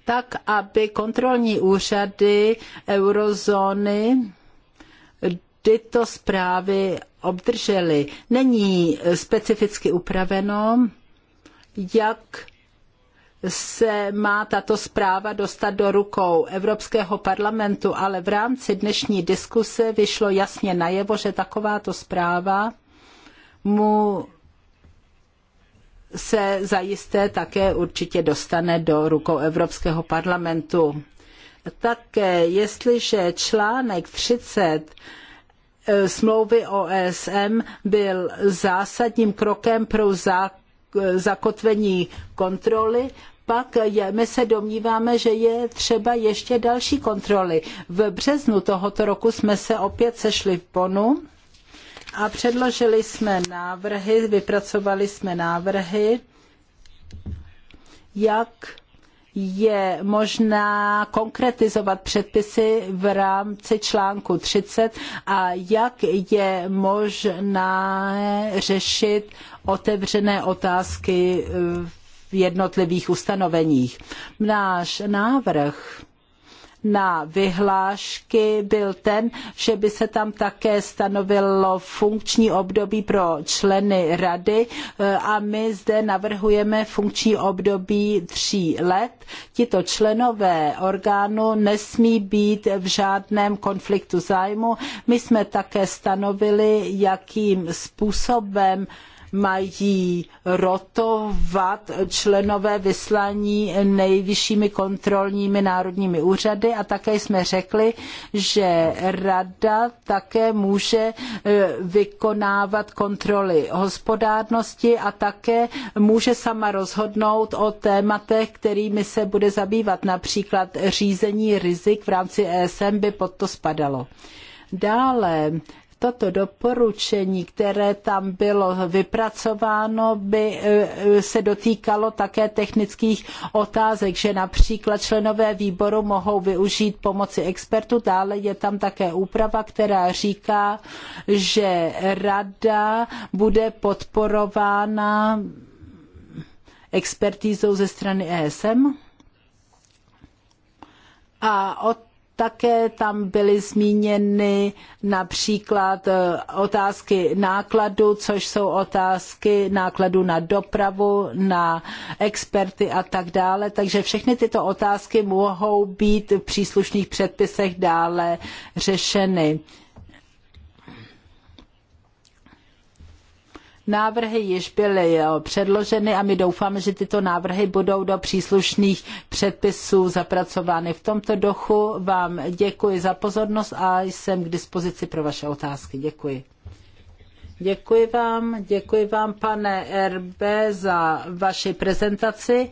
tak, aby kontrolní úřady eurozóny tyto zprávy obdrželi, není eh, specificky upraveno, jak se má tato zpráva dostat do rukou Evropského parlamentu, ale v rámci dnešní diskuse vyšlo jasně najevo, že takováto zpráva mu se zajisté také určitě dostane do rukou Evropského parlamentu. Také jestliže článek 30 Eh, smlouvy OSM byl zásadním krokem pro eh, zakotvení kontroly, pak eh, my se domníváme, že je třeba ještě další kontroly. V březnu tohoto roku jsme se opět sešli v Bonu a předložili jsme návrhy, vypracovali jsme návrhy, jak je možná konkretizovat předpisy v rámci článku 30 a jak je možné řešit otevřené otázky v jednotlivých ustanoveních. Náš návrh na vyhlášky byl ten, že by se tam také stanovilo funkční období pro členy rady eh, a my zde navrhujeme funkční období tří let. Tito členové orgánu nesmí být v žádném konfliktu zájmu. My jsme také stanovili, jakým způsobem mají rotovat členové vyslaní nejvyššími kontrolními národními úřady a také jsme řekli, že rada také může e, vykonávat kontroly hospodárnosti a také může sama rozhodnout o tématech, kterými se bude zabývat. Například řízení rizik v rámci ESM by pod to spadalo. Dále toto doporučení, které tam bylo vypracováno, by eh, se dotýkalo také technických otázek, že například členové výboru mohou využít pomoci expertů. Dále je tam také úprava, která říká, že rada bude podporována expertízou ze strany ESM. A od také tam byly zmíněny například e, otázky nákladu, což jsou otázky nákladu na dopravu, na experty a tak dále. Takže všechny tyto otázky mohou být v příslušných předpisech dále řešeny. Návrhy již byly eh, předloženy a my doufáme, že tyto návrhy budou do příslušných předpisů zapracovány. V tomto duchu vám děkuji za pozornost a jsem k dispozici pro vaše otázky. Děkuji. Děkuji vám, děkuji vám, pane RB, za vaši prezentaci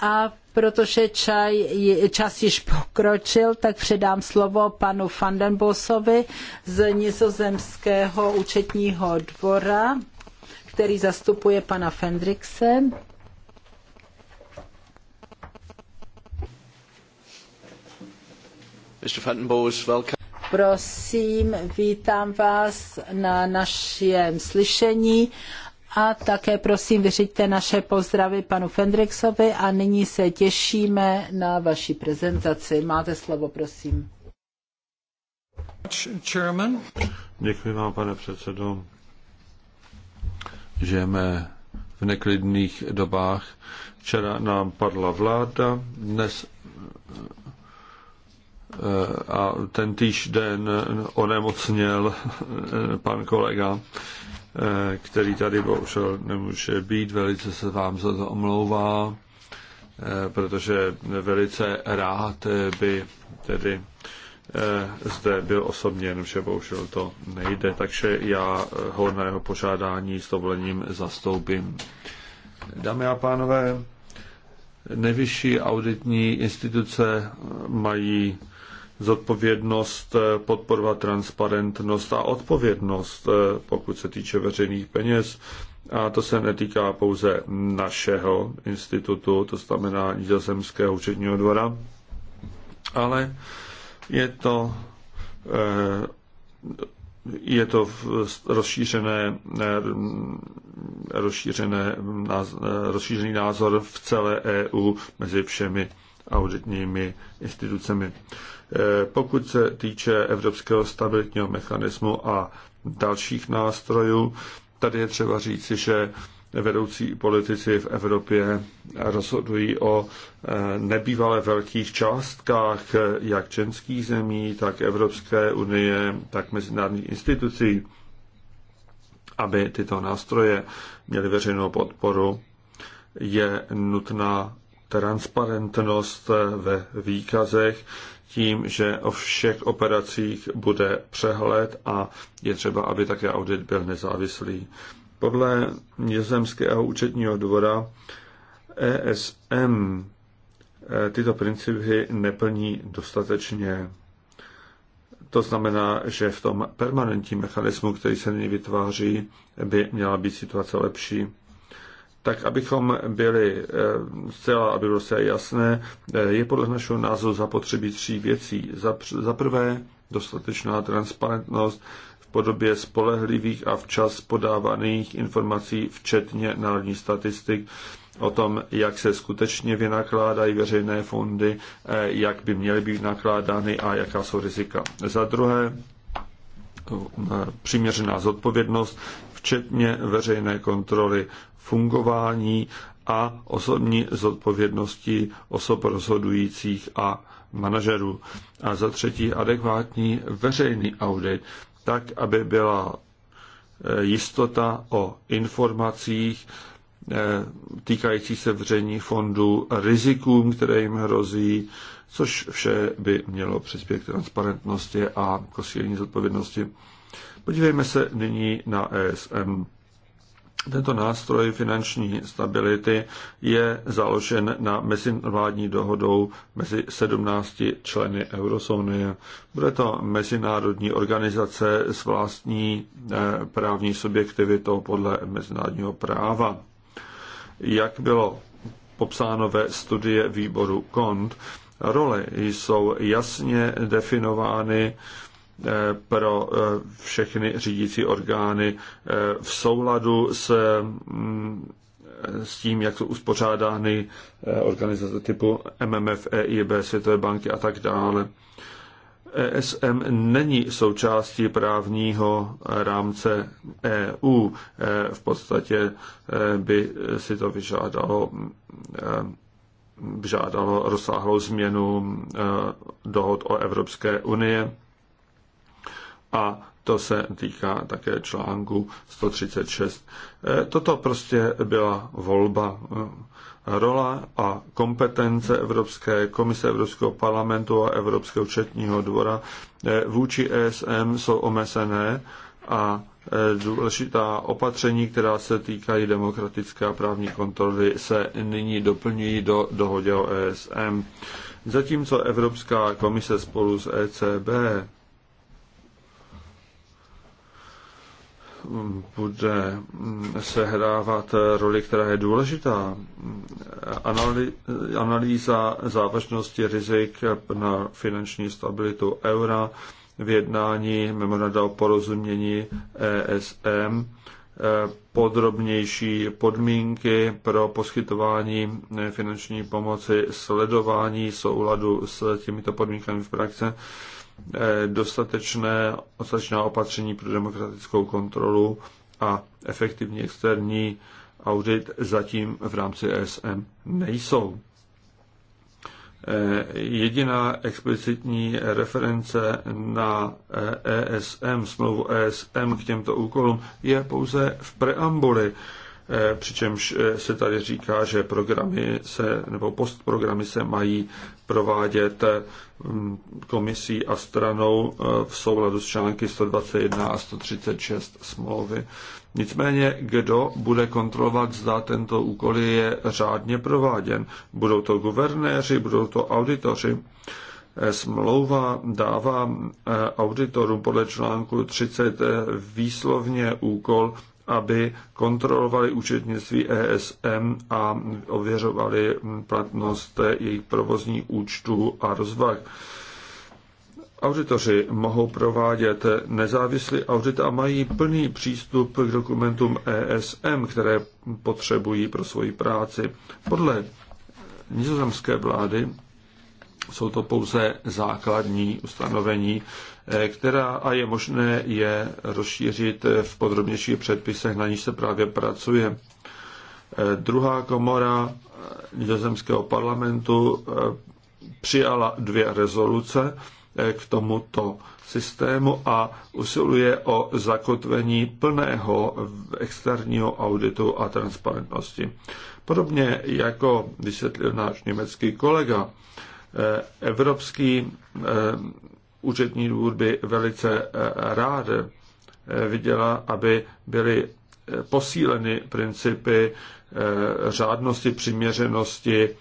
a protože čaj, čas již pokročil, tak předám slovo panu Vandenbosovi z nizozemského účetního dvora který zastupuje pana Fendrixe. Prosím, vítám vás na našem slyšení a také prosím vyřiďte naše pozdravy panu Fendrixovi a nyní se těšíme na vaši prezentaci. Máte slovo, prosím. Děkuji vám, pane předsedo žijeme v neklidných dobách. Včera nám padla vláda, dnes eh, a ten týžden den onemocněl eh, pan kolega, eh, který tady bohužel nemůže být. Velice se vám za to omlouvá, protože velice rád by tedy Eh, zde byl osobně, že bohužel to nejde, takže já eh, ho na jeho požádání s dovolením zastoupím. Dámy a pánové, nejvyšší auditní instituce eh, mají zodpovědnost podporovat transparentnost a odpovědnost, pokud se týče veřejných peněz. A to se netýká pouze našeho institutu, to znamená Nizozemského účetního dvora, ale je to, eh, je to rozšířené, eh, rozšířené, eh, rozšířený názor v celé EU mezi všemi auditními institucemi. Pokud se týče Evropského stabilitního mechanismu a dalších nástrojů, tady je třeba říci, že vedoucí politici v Evropě rozhodují o eh, nebývale velkých částkách eh, jak českých zemí, tak Evropské unie, tak mezinárodních institucí, aby tyto nástroje měly veřejnou podporu, je nutná transparentnost eh, ve výkazech tím, že o všech operacích bude přehled a je třeba, aby také audit byl nezávislý. Podle Nizozemského účetního dvora ESM eh, tyto principy neplní dostatečně. To znamená, že v tom permanentním mechanismu, který se nyní vytváří, by měla být situace lepší. Tak abychom byli eh, zcela, aby bylo se jasné, eh, je podle našeho názoru zapotřebí tří věcí. Za prvé dostatečná transparentnost, podobě spolehlivých a včas podávaných informací, včetně národních statistik, o tom, jak se skutečně vynakládají veřejné fondy, eh, jak by měly být nakládány a jaká jsou rizika. Za druhé, eh, přiměřená zodpovědnost, včetně veřejné kontroly fungování a osobní zodpovědnosti osob rozhodujících a manažerů. A za třetí adekvátní veřejný audit, tak aby byla eh, jistota o informacích eh, týkající se vření fondů, rizikům, které jim hrozí, což vše by mělo přispět k transparentnosti a k zodpovědnosti. Podívejme se nyní na ESM. Tento nástroj finanční stability je založen na mezinárodní dohodou mezi 17 členy eurozóny. Bude to mezinárodní organizace s vlastní eh, právní subjektivitou podle mezinárodního práva. Jak bylo popsáno ve studie výboru KONT, role jsou jasně definovány Eh, pro eh, všechny řídící orgány eh, v souladu s, mm, s tím, jak jsou uspořádány organizace typu MMF, EIB, Světové banky a tak dále. ESM není součástí právního rámce EU. V podstatě by si to vyžádalo, vyžádalo rozsáhlou změnu dohod o Evropské unie a to se týká také článku 136. E, toto prostě byla volba e, rola a kompetence Evropské komise, Evropského parlamentu a Evropského četního dvora e, vůči ESM jsou omezené a důležitá opatření, která se týkají demokratické a právní kontroly, se nyní doplňují do dohodě o ESM. Zatímco Evropská komise spolu s ECB bude sehrávat roli, která je důležitá. Analýza závažnosti rizik na finanční stabilitu eura, jednání memoranda o porozumění ESM, podrobnější podmínky pro poskytování finanční pomoci, sledování souladu s těmito podmínkami v praxi Eh, dostatečné, dostatečná opatření pro demokratickou kontrolu a efektivní externí audit zatím v rámci ESM nejsou. Eh, jediná explicitní reference na ESM, eh, e smlouvu ESM k těmto úkolům je pouze v preambuli Eh, přičemž eh, se tady říká, že programy se, nebo postprogramy se mají provádět mm, komisí a stranou eh, v souladu s články 121 a 136 smlouvy. Nicméně, kdo bude kontrolovat, zda tento úkol je řádně prováděn? Budou to guvernéři, budou to auditoři? Smlouva dává auditorům podle článku 30 výslovně úkol aby kontrolovali účetnictví ESM a ověřovali platnost jejich provozní účtu a rozvah. Auditoři mohou provádět nezávislý audit a mají plný přístup k dokumentům ESM, které potřebují pro svoji práci. Podle nizozemské vlády jsou to pouze základní ustanovení, eh, která a je možné je rozšířit v podrobnějších předpisech, na níž se právě pracuje. Eh, druhá komora eh, nizozemského parlamentu přijala dvě rezoluce k tomuto systému a usiluje o zakotvení plného externího auditu a transparentnosti. Podobně jako vysvětlil náš německý kolega, Eh, Evropský eh, účetní dvůr by velice eh, rád viděla, aby byly posíleny principy řádnosti, přiměřenosti,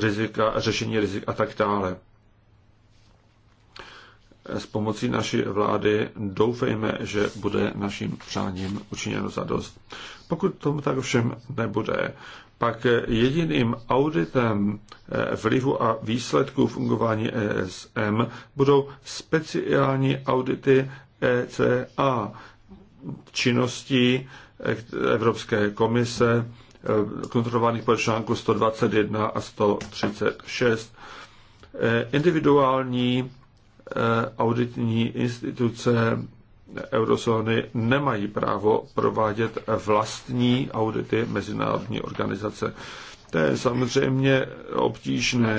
rizika, řešení rizik a tak dále. S pomocí naší vlády doufejme, že bude naším přáním učiněno zadost. Pokud tomu tak všem nebude, pak jediným auditem eh, vlivu a výsledků fungování ESM budou speciální audity ECA činností eh, Evropské komise eh, kontrolovaných pod článku 121 a 136. Individuální auditní instituce eurozóny nemají právo provádět vlastní audity mezinárodní organizace. To je samozřejmě obtížné.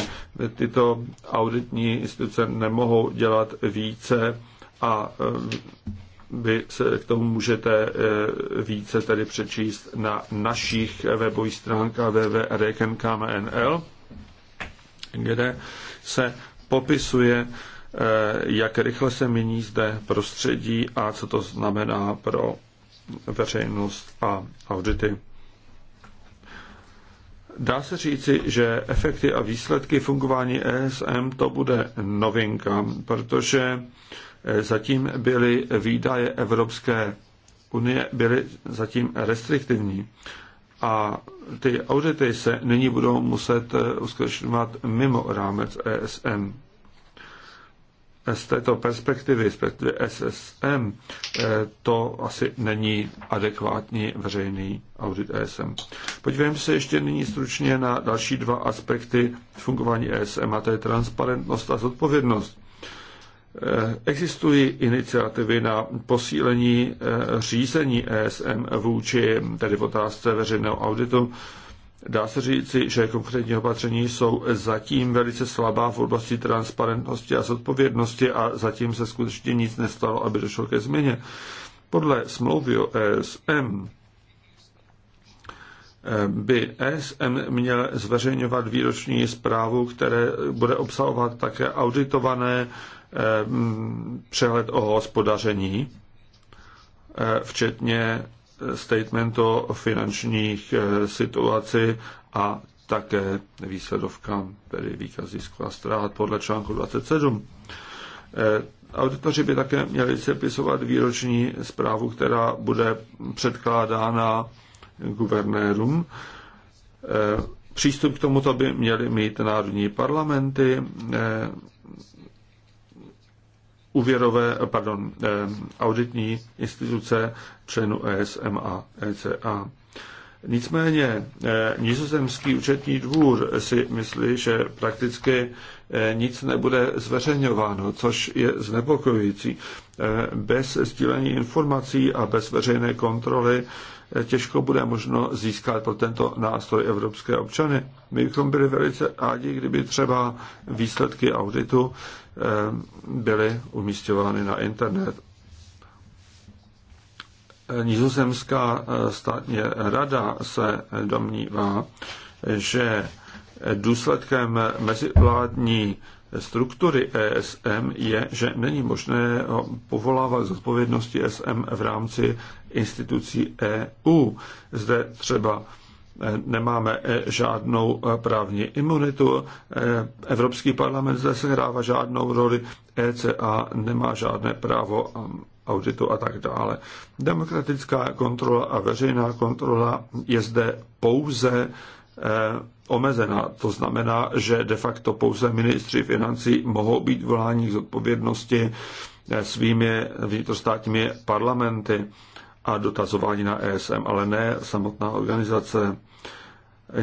Tyto auditní instituce nemohou dělat více a eh, vy se k tomu můžete eh, více tedy přečíst na našich webových stránkách www.rekenkmnl, kde se popisuje Eh, jak rychle se mění zde prostředí a co to znamená pro veřejnost a audity. Dá se říci, že efekty a výsledky fungování ESM to bude novinka, protože eh, zatím byly výdaje Evropské unie byly zatím restriktivní. A ty audity se nyní budou muset eh, uskutečňovat mimo rámec ESM z této perspektivy, z perspektivy SSM, eh, to asi není adekvátní veřejný audit ESM. Podívejme se ještě nyní stručně na další dva aspekty fungování ESM, a to je transparentnost a zodpovědnost. Eh, existují iniciativy na posílení eh, řízení ESM vůči, tedy v otázce veřejného auditu, Dá se říci, že konkrétní opatření jsou zatím velice slabá v oblasti transparentnosti a zodpovědnosti a zatím se skutečně nic nestalo, aby došlo ke změně. Podle smlouvy o ESM by ESM měl zveřejňovat výroční zprávu, které bude obsahovat také auditované eh, přehled o hospodaření, eh, včetně statement o finančních eh, situaci a také výsledovka, tedy výkaz zisku a ztrát podle článku 27. Eh, auditoři by také měli sepisovat výroční zprávu, která bude předkládána guvernérům. Eh, přístup k tomuto by měly mít národní parlamenty, úvěrové, pardon, eh, auditní instituce členů ESM a ECA. Nicméně eh, nizozemský účetní dvůr si myslí, že prakticky eh, nic nebude zveřejňováno, což je znepokojující. Bez sdílení informací a bez veřejné kontroly těžko bude možno získat pro tento nástroj evropské občany. My bychom byli velice rádi, kdyby třeba výsledky auditu eh, byly umístěvány na internet. Nizozemská eh, státní rada se domnívá, že důsledkem mezivládní struktury ESM je, že není možné povolávat zodpovědnosti odpovědnosti e SM v rámci institucí EU. Zde třeba eh, nemáme eh, žádnou eh, právní imunitu, Evropský parlament zde hrává žádnou roli, ECA nemá žádné právo um, auditu a tak dále. Demokratická kontrola a veřejná kontrola je zde pouze omezená. To znamená, že de facto pouze ministři financí mohou být voláni k zodpovědnosti svými vnitrostátními parlamenty a dotazování na ESM, ale ne samotná organizace.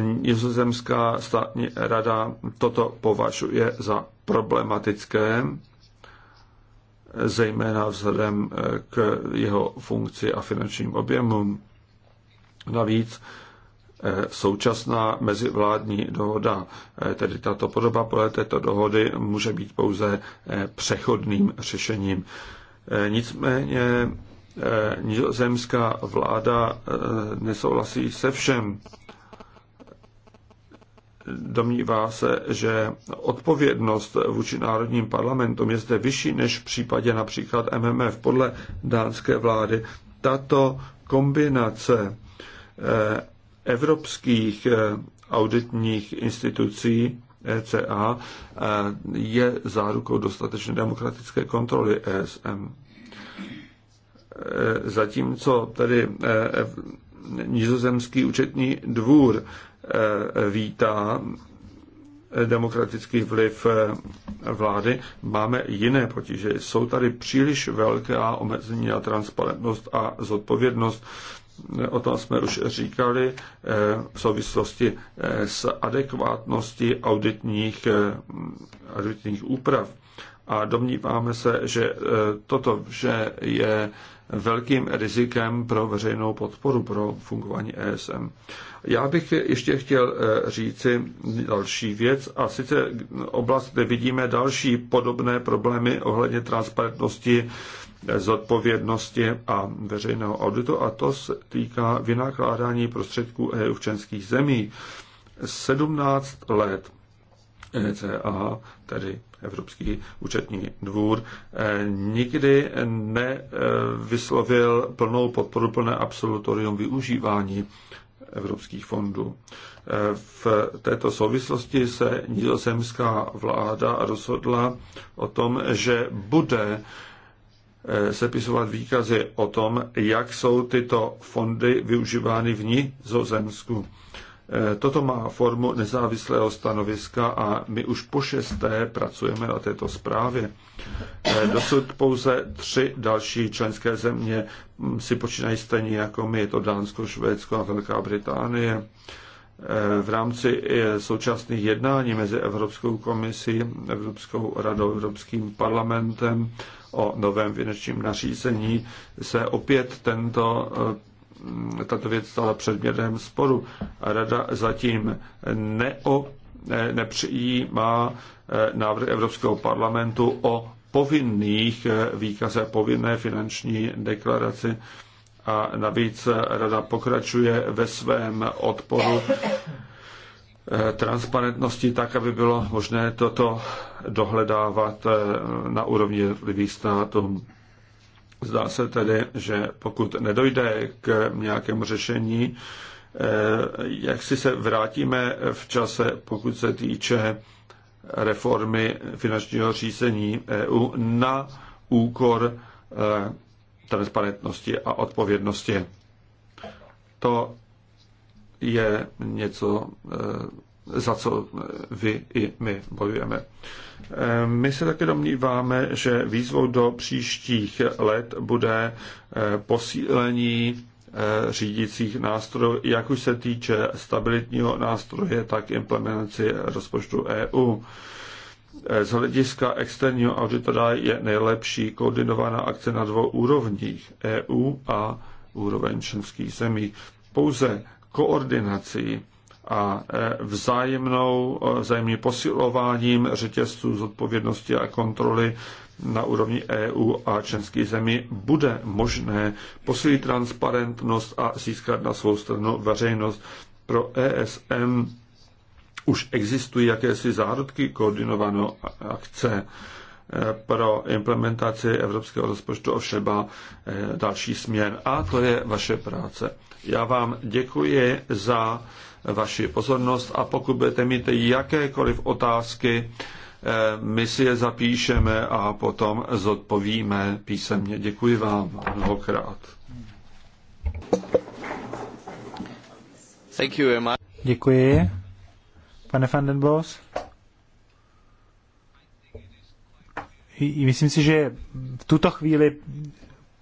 Nizozemská státní rada toto považuje za problematické, zejména vzhledem k jeho funkci a finančním objemům. Navíc eh, současná mezivládní dohoda, eh, tedy tato podoba podle této dohody, může být pouze eh, přechodným řešením. Nicméně Eh, nizozemská vláda eh, nesouhlasí se všem. Domnívá se, že odpovědnost vůči národním parlamentům je zde vyšší než v případě například MMF. Podle dánské vlády tato kombinace eh, evropských auditních institucí ECA je zárukou dostatečné demokratické kontroly ESM. Eh, zatímco tedy eh, nizozemský účetní dvůr eh, vítá demokratický vliv vlády, máme jiné potíže. Jsou tady příliš a omezení na transparentnost a zodpovědnost. O tom jsme už říkali v souvislosti s adekvátností auditních, auditních úprav. A domníváme se, že toto vše je velkým rizikem pro veřejnou podporu pro fungování ESM. Já bych ještě chtěl eh, říci další věc, a sice oblast, kde vidíme další podobné problémy ohledně transparentnosti, zodpovědnosti a veřejného auditu, a to se týká vynakládání prostředků EU v českých zemí. 17 let ECA, tedy Evropský účetní dvůr, eh, nikdy nevyslovil plnou podporu, plné absolutorium využívání evropských fondů. Eh, v této souvislosti se nizozemská vláda rozhodla o tom, že bude eh, sepisovat výkazy o tom, jak jsou tyto fondy využívány v Nizozemsku. Eh, toto má formu nezávislého stanoviska a my už po šesté pracujeme na této zprávě. Eh, dosud pouze tři další členské země hm, si počínají stejně jako my, je to Dánsko, Švédsko a Velká Británie. Eh, v rámci současných jednání mezi Evropskou komisí, Evropskou radou, Evropským parlamentem o novém finančním nařízení se opět tento tato věc stala předmětem sporu. Rada zatím neo, nepřijímá eh, návrh Evropského parlamentu o povinných eh, výkaze, povinné finanční deklaraci. A navíc rada pokračuje ve svém odporu eh, transparentnosti tak, aby bylo možné toto dohledávat na úrovni jednotlivých států. Zdá se tedy, že pokud nedojde k nějakému řešení, eh, jak si se vrátíme v čase, pokud se týče reformy finančního řízení EU na úkor eh, transparentnosti a odpovědnosti. To je něco, eh, za co vy i my bojujeme. Ehm, my se také domníváme, že výzvou do příštích let bude eh, posílení eh, řídících nástrojů, jak už se týče stabilitního nástroje, tak implementaci rozpočtu EU. Eh, z hlediska externího auditora je nejlepší koordinovaná akce na dvou úrovních EU a úroveň členských zemí. Pouze koordinací a e, vzájemnou, e, vzájemným posilováním řetězců zodpovědnosti a kontroly na úrovni EU a členských zemí bude možné posílit transparentnost a získat na svou stranu veřejnost. Pro ESM už existují jakési zárodky koordinované akce e, pro implementaci evropského rozpočtu ovšeba další směr. A to je vaše práce. Já vám děkuji za vaši pozornost a pokud budete mít jakékoliv otázky, eh, my si je zapíšeme a potom zodpovíme písemně. Děkuji vám mnohokrát. Thank you, Emma. Děkuji. Pane Vandenbos? Myslím si, že v tuto chvíli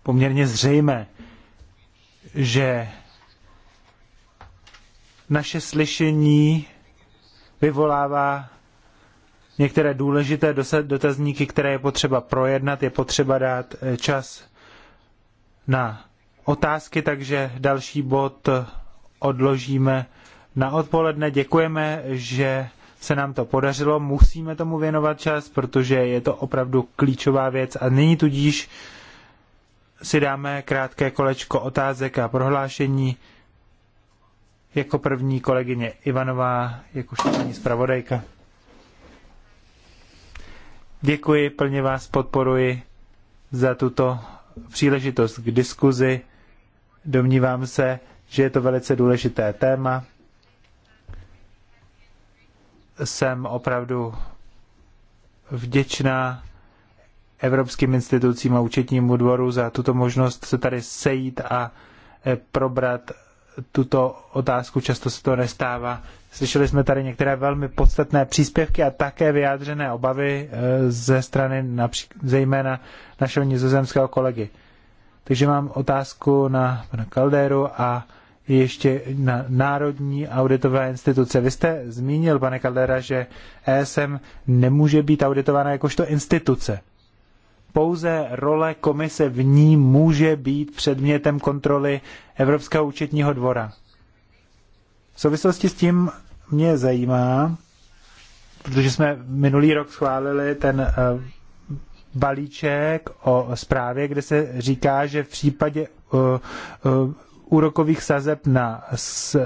poměrně zřejmé, že naše slyšení vyvolává některé důležité dotazníky, které je potřeba projednat, je potřeba dát eh, čas na otázky, takže další bod odložíme na odpoledne. Děkujeme, že se nám to podařilo. Musíme tomu věnovat čas, protože je to opravdu klíčová věc. A nyní tudíž si dáme krátké kolečko otázek a prohlášení. Jako první kolegyně Ivanová, jako paní zpravodajka. Děkuji, plně vás podporuji za tuto příležitost k diskuzi. Domnívám se, že je to velice důležité téma. Jsem opravdu vděčná evropským institucím a účetnímu dvoru za tuto možnost se tady sejít a e, probrat tuto otázku, často se to nestává. Slyšeli jsme tady některé velmi podstatné příspěvky a také vyjádřené obavy eh, ze strany zejména našeho nizozemského kolegy. Takže mám otázku na pana Kalderu a ještě na Národní auditové instituce. Vy jste zmínil, pane Kaldera, že ESM nemůže být auditována jakožto instituce pouze role komise v ní může být předmětem kontroly Evropského účetního dvora. V souvislosti s tím mě zajímá, protože jsme minulý rok schválili ten eh, balíček o zprávě, kde se říká, že v případě eh, eh, úrokových sazeb na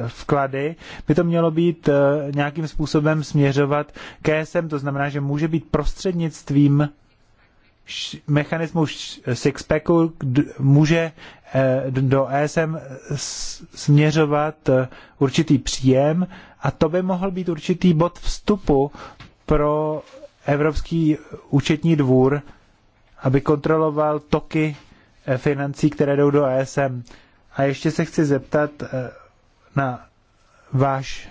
vklady by to mělo být nějakým způsobem směřovat k ESM, to znamená, že může být prostřednictvím Mechanismus Sixpacku může eh, do ESM směřovat eh, určitý příjem a to by mohl být určitý bod vstupu pro Evropský účetní dvůr, aby kontroloval toky eh, financí, které jdou do ESM. A ještě se chci zeptat na váš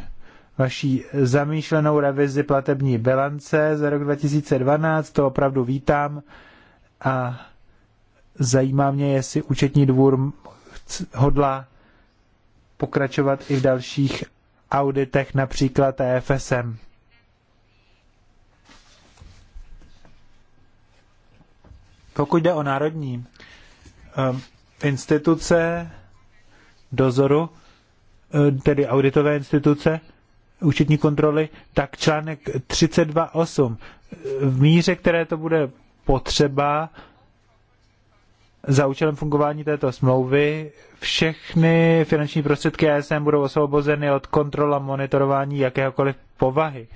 vaší zamýšlenou revizi platební bilance za rok 2012, to opravdu vítám a zajímá mě, jestli účetní dvůr hodla pokračovat i v dalších auditech, například EFSM. Pokud jde o národní um, instituce dozoru, ehm, tedy auditové instituce, účetní kontroly, tak článek 32.8 v míře, které to bude potřeba za účelem fungování této smlouvy, všechny finanční prostředky ESM budou osvobozeny od a monitorování jakéhokoliv povahy.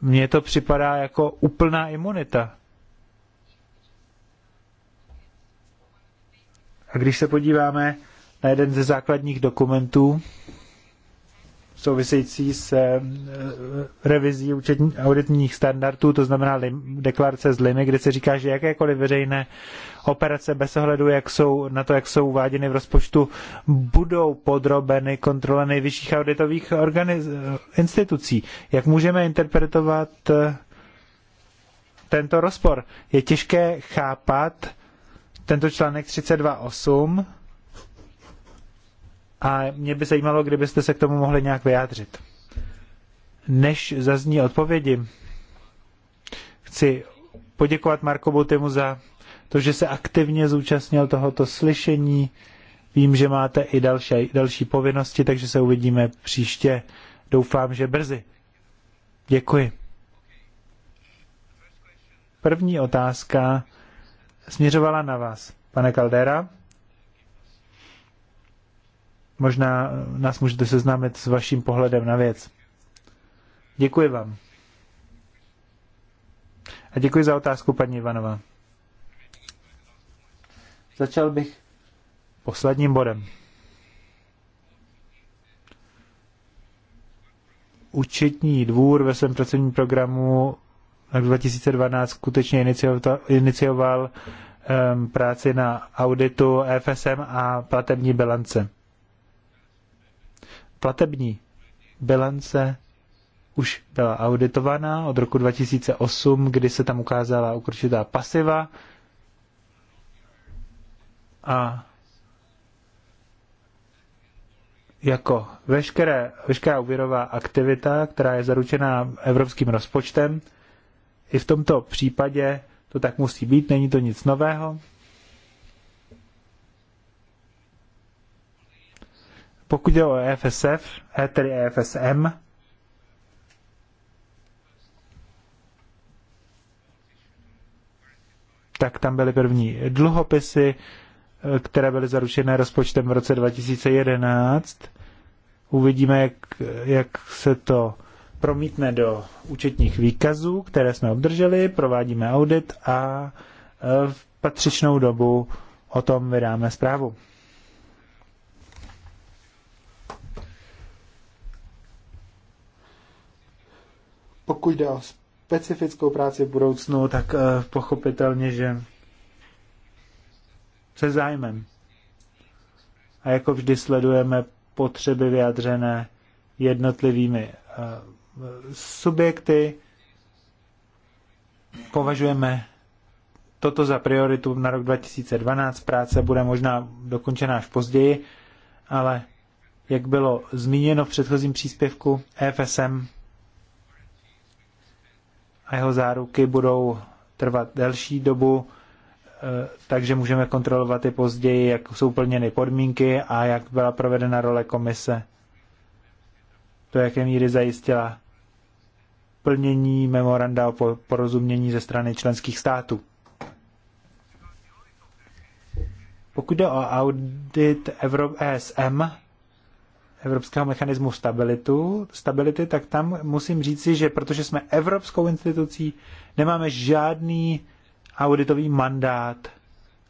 Mně to připadá jako úplná imunita. A když se podíváme na jeden ze základních dokumentů, související s eh, revizí účetní, auditních standardů, to znamená lim, deklarace z Limy, kde se říká, že jakékoliv veřejné operace bez ohledu jak jsou, na to, jak jsou uváděny v rozpočtu, budou podrobeny kontrole nejvyšších auditových organiz, eh, institucí. Jak můžeme interpretovat eh, tento rozpor? Je těžké chápat tento článek 32.8, a mě by zajímalo, kdybyste se k tomu mohli nějak vyjádřit. Než zazní odpovědi, chci poděkovat Marko Boutemu za to, že se aktivně zúčastnil tohoto slyšení. Vím, že máte i další, další povinnosti, takže se uvidíme příště. Doufám, že brzy. Děkuji. První otázka směřovala na vás, pane Caldera možná eh, nás můžete seznámit s vaším pohledem na věc. Děkuji vám. A děkuji za otázku, paní Ivanová. Začal bych posledním bodem. Učetní dvůr ve svém pracovním programu v 2012 skutečně inicioval um, práci na auditu FSM a platební bilance. Platební bilance už byla auditovaná od roku 2008, kdy se tam ukázala určitá pasiva a jako veškeré, veškerá úvěrová aktivita, která je zaručená evropským rozpočtem, i v tomto případě to tak musí být, není to nic nového. Pokud je o EFSF, e, tedy EFSM, tak tam byly první dluhopisy, které byly zaručené rozpočtem v roce 2011. Uvidíme, jak, jak se to promítne do účetních výkazů, které jsme obdrželi, provádíme audit a e, v patřičnou dobu o tom vydáme zprávu. Pokud jde o specifickou práci v budoucnu, tak eh, pochopitelně, že se zájmem. A jako vždy sledujeme potřeby vyjadřené jednotlivými eh, subjekty. Považujeme toto za prioritu na rok 2012. Práce bude možná dokončena až později, ale jak bylo zmíněno v předchozím příspěvku, EFSM a jeho záruky budou trvat delší dobu, e, takže můžeme kontrolovat i později, jak jsou plněny podmínky a jak byla provedena role komise. to jaké míry zajistila plnění memoranda o porozumění ze strany členských států. Pokud jde o audit ESM, e Evropského mechanismu stabilitu, stability, tak tam musím říci, že protože jsme evropskou institucí, nemáme žádný auditový mandát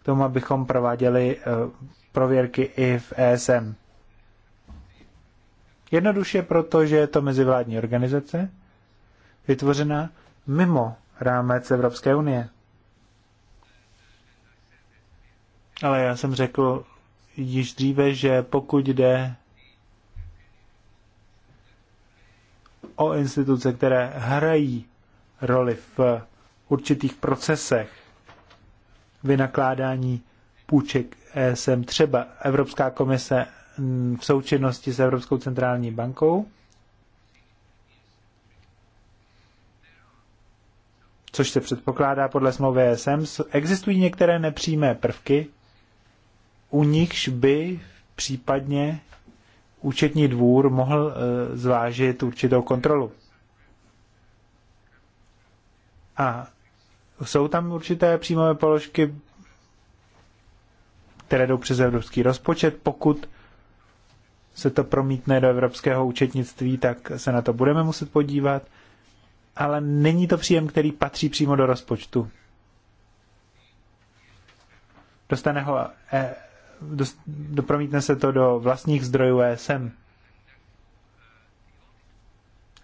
k tomu, abychom prováděli eh, prověrky i v ESM. Jednoduše proto, že je to mezivládní organizace, vytvořena mimo rámec Evropské unie. Ale já jsem řekl již dříve, že pokud jde o instituce, které hrají roli v určitých procesech vynakládání půjček ESM, třeba Evropská komise v součinnosti s Evropskou centrální bankou, což se předpokládá podle smlouvy ESM, existují některé nepřímé prvky, u nichž by případně účetní dvůr mohl eh, zvážit určitou kontrolu. A jsou tam určité příjmové položky, které jdou přes evropský rozpočet. Pokud se to promítne do evropského účetnictví, tak se na to budeme muset podívat. Ale není to příjem, který patří přímo do rozpočtu. Dostane ho eh, dopromítne se to do vlastních zdrojů ESM.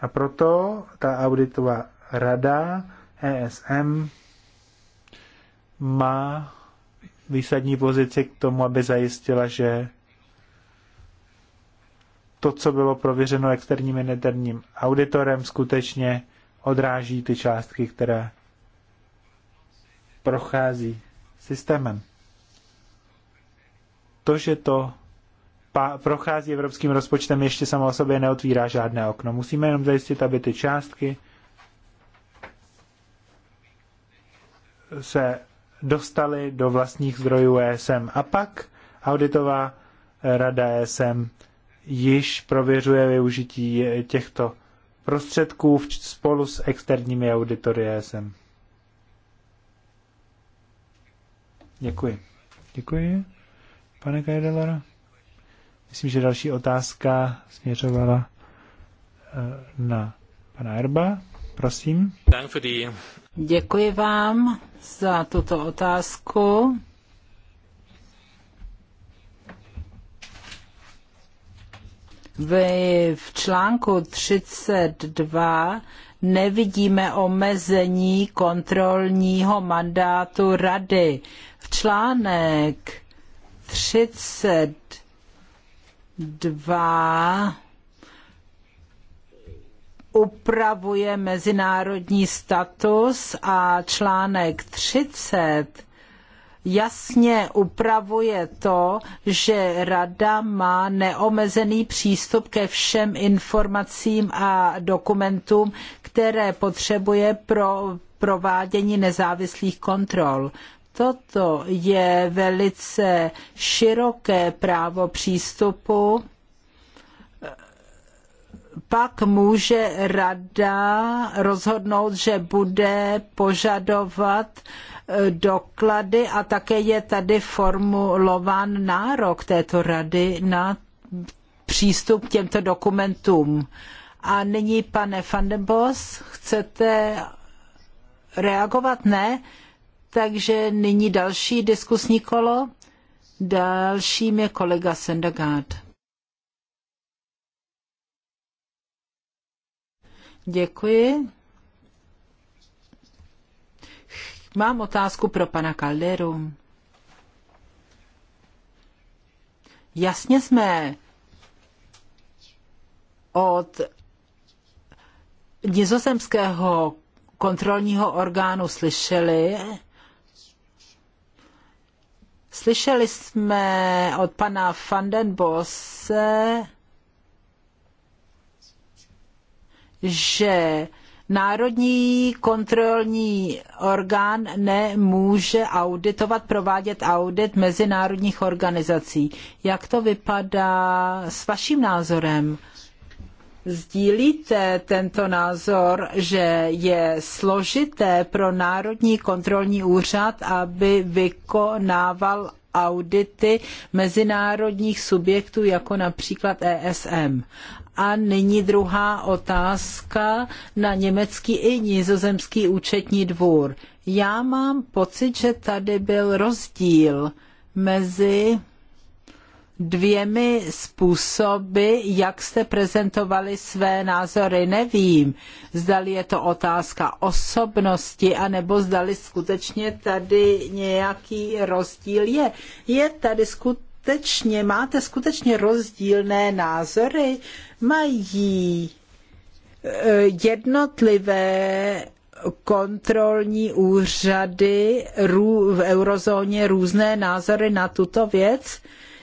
A proto ta auditová rada ESM má výsadní pozici k tomu, aby zajistila, že to, co bylo prověřeno externím interním auditorem, skutečně odráží ty částky, které prochází systémem to, že to prochází evropským rozpočtem, ještě samo o sobě neotvírá žádné okno. Musíme jenom zajistit, aby ty částky se dostaly do vlastních zdrojů ESM. A pak auditová rada ESM již prověřuje využití těchto prostředků spolu s externími auditory ESM. Děkuji. Děkuji. Pane Kajdelera? Myslím, že další otázka směřovala eh, na pana Erba. Prosím. Děkuji vám za tuto otázku. Vy v článku 32 nevidíme omezení kontrolního mandátu rady. V článek 32 upravuje mezinárodní status a článek 30 jasně upravuje to, že Rada má neomezený přístup ke všem informacím a dokumentům, které potřebuje pro provádění nezávislých kontrol. Toto je velice široké právo přístupu. Pak může rada rozhodnout, že bude požadovat eh, doklady a také je tady formulován nárok této rady na přístup k těmto dokumentům. A nyní, pane Van den Bos, chcete reagovat? Ne? Takže nyní další diskusní kolo. Dalším je kolega Sendagard. Děkuji. Mám otázku pro pana Calderu. Jasně jsme od nizozemského kontrolního orgánu slyšeli, Slyšeli jsme od pana van den Bosse, že Národní kontrolní orgán nemůže auditovat, provádět audit mezinárodních organizací. Jak to vypadá s vaším názorem? Sdílíte tento názor, že je složité pro Národní kontrolní úřad, aby vykonával audity mezinárodních subjektů, jako například ESM. A nyní druhá otázka na německý i nizozemský účetní dvůr. Já mám pocit, že tady byl rozdíl mezi dvěmi způsoby, jak jste prezentovali své názory. Nevím, zdali je to otázka osobnosti, anebo zdali skutečně tady nějaký rozdíl je. Je tady skutečně, máte skutečně rozdílné názory? Mají eh, jednotlivé kontrolní úřady v eurozóně různé názory na tuto věc?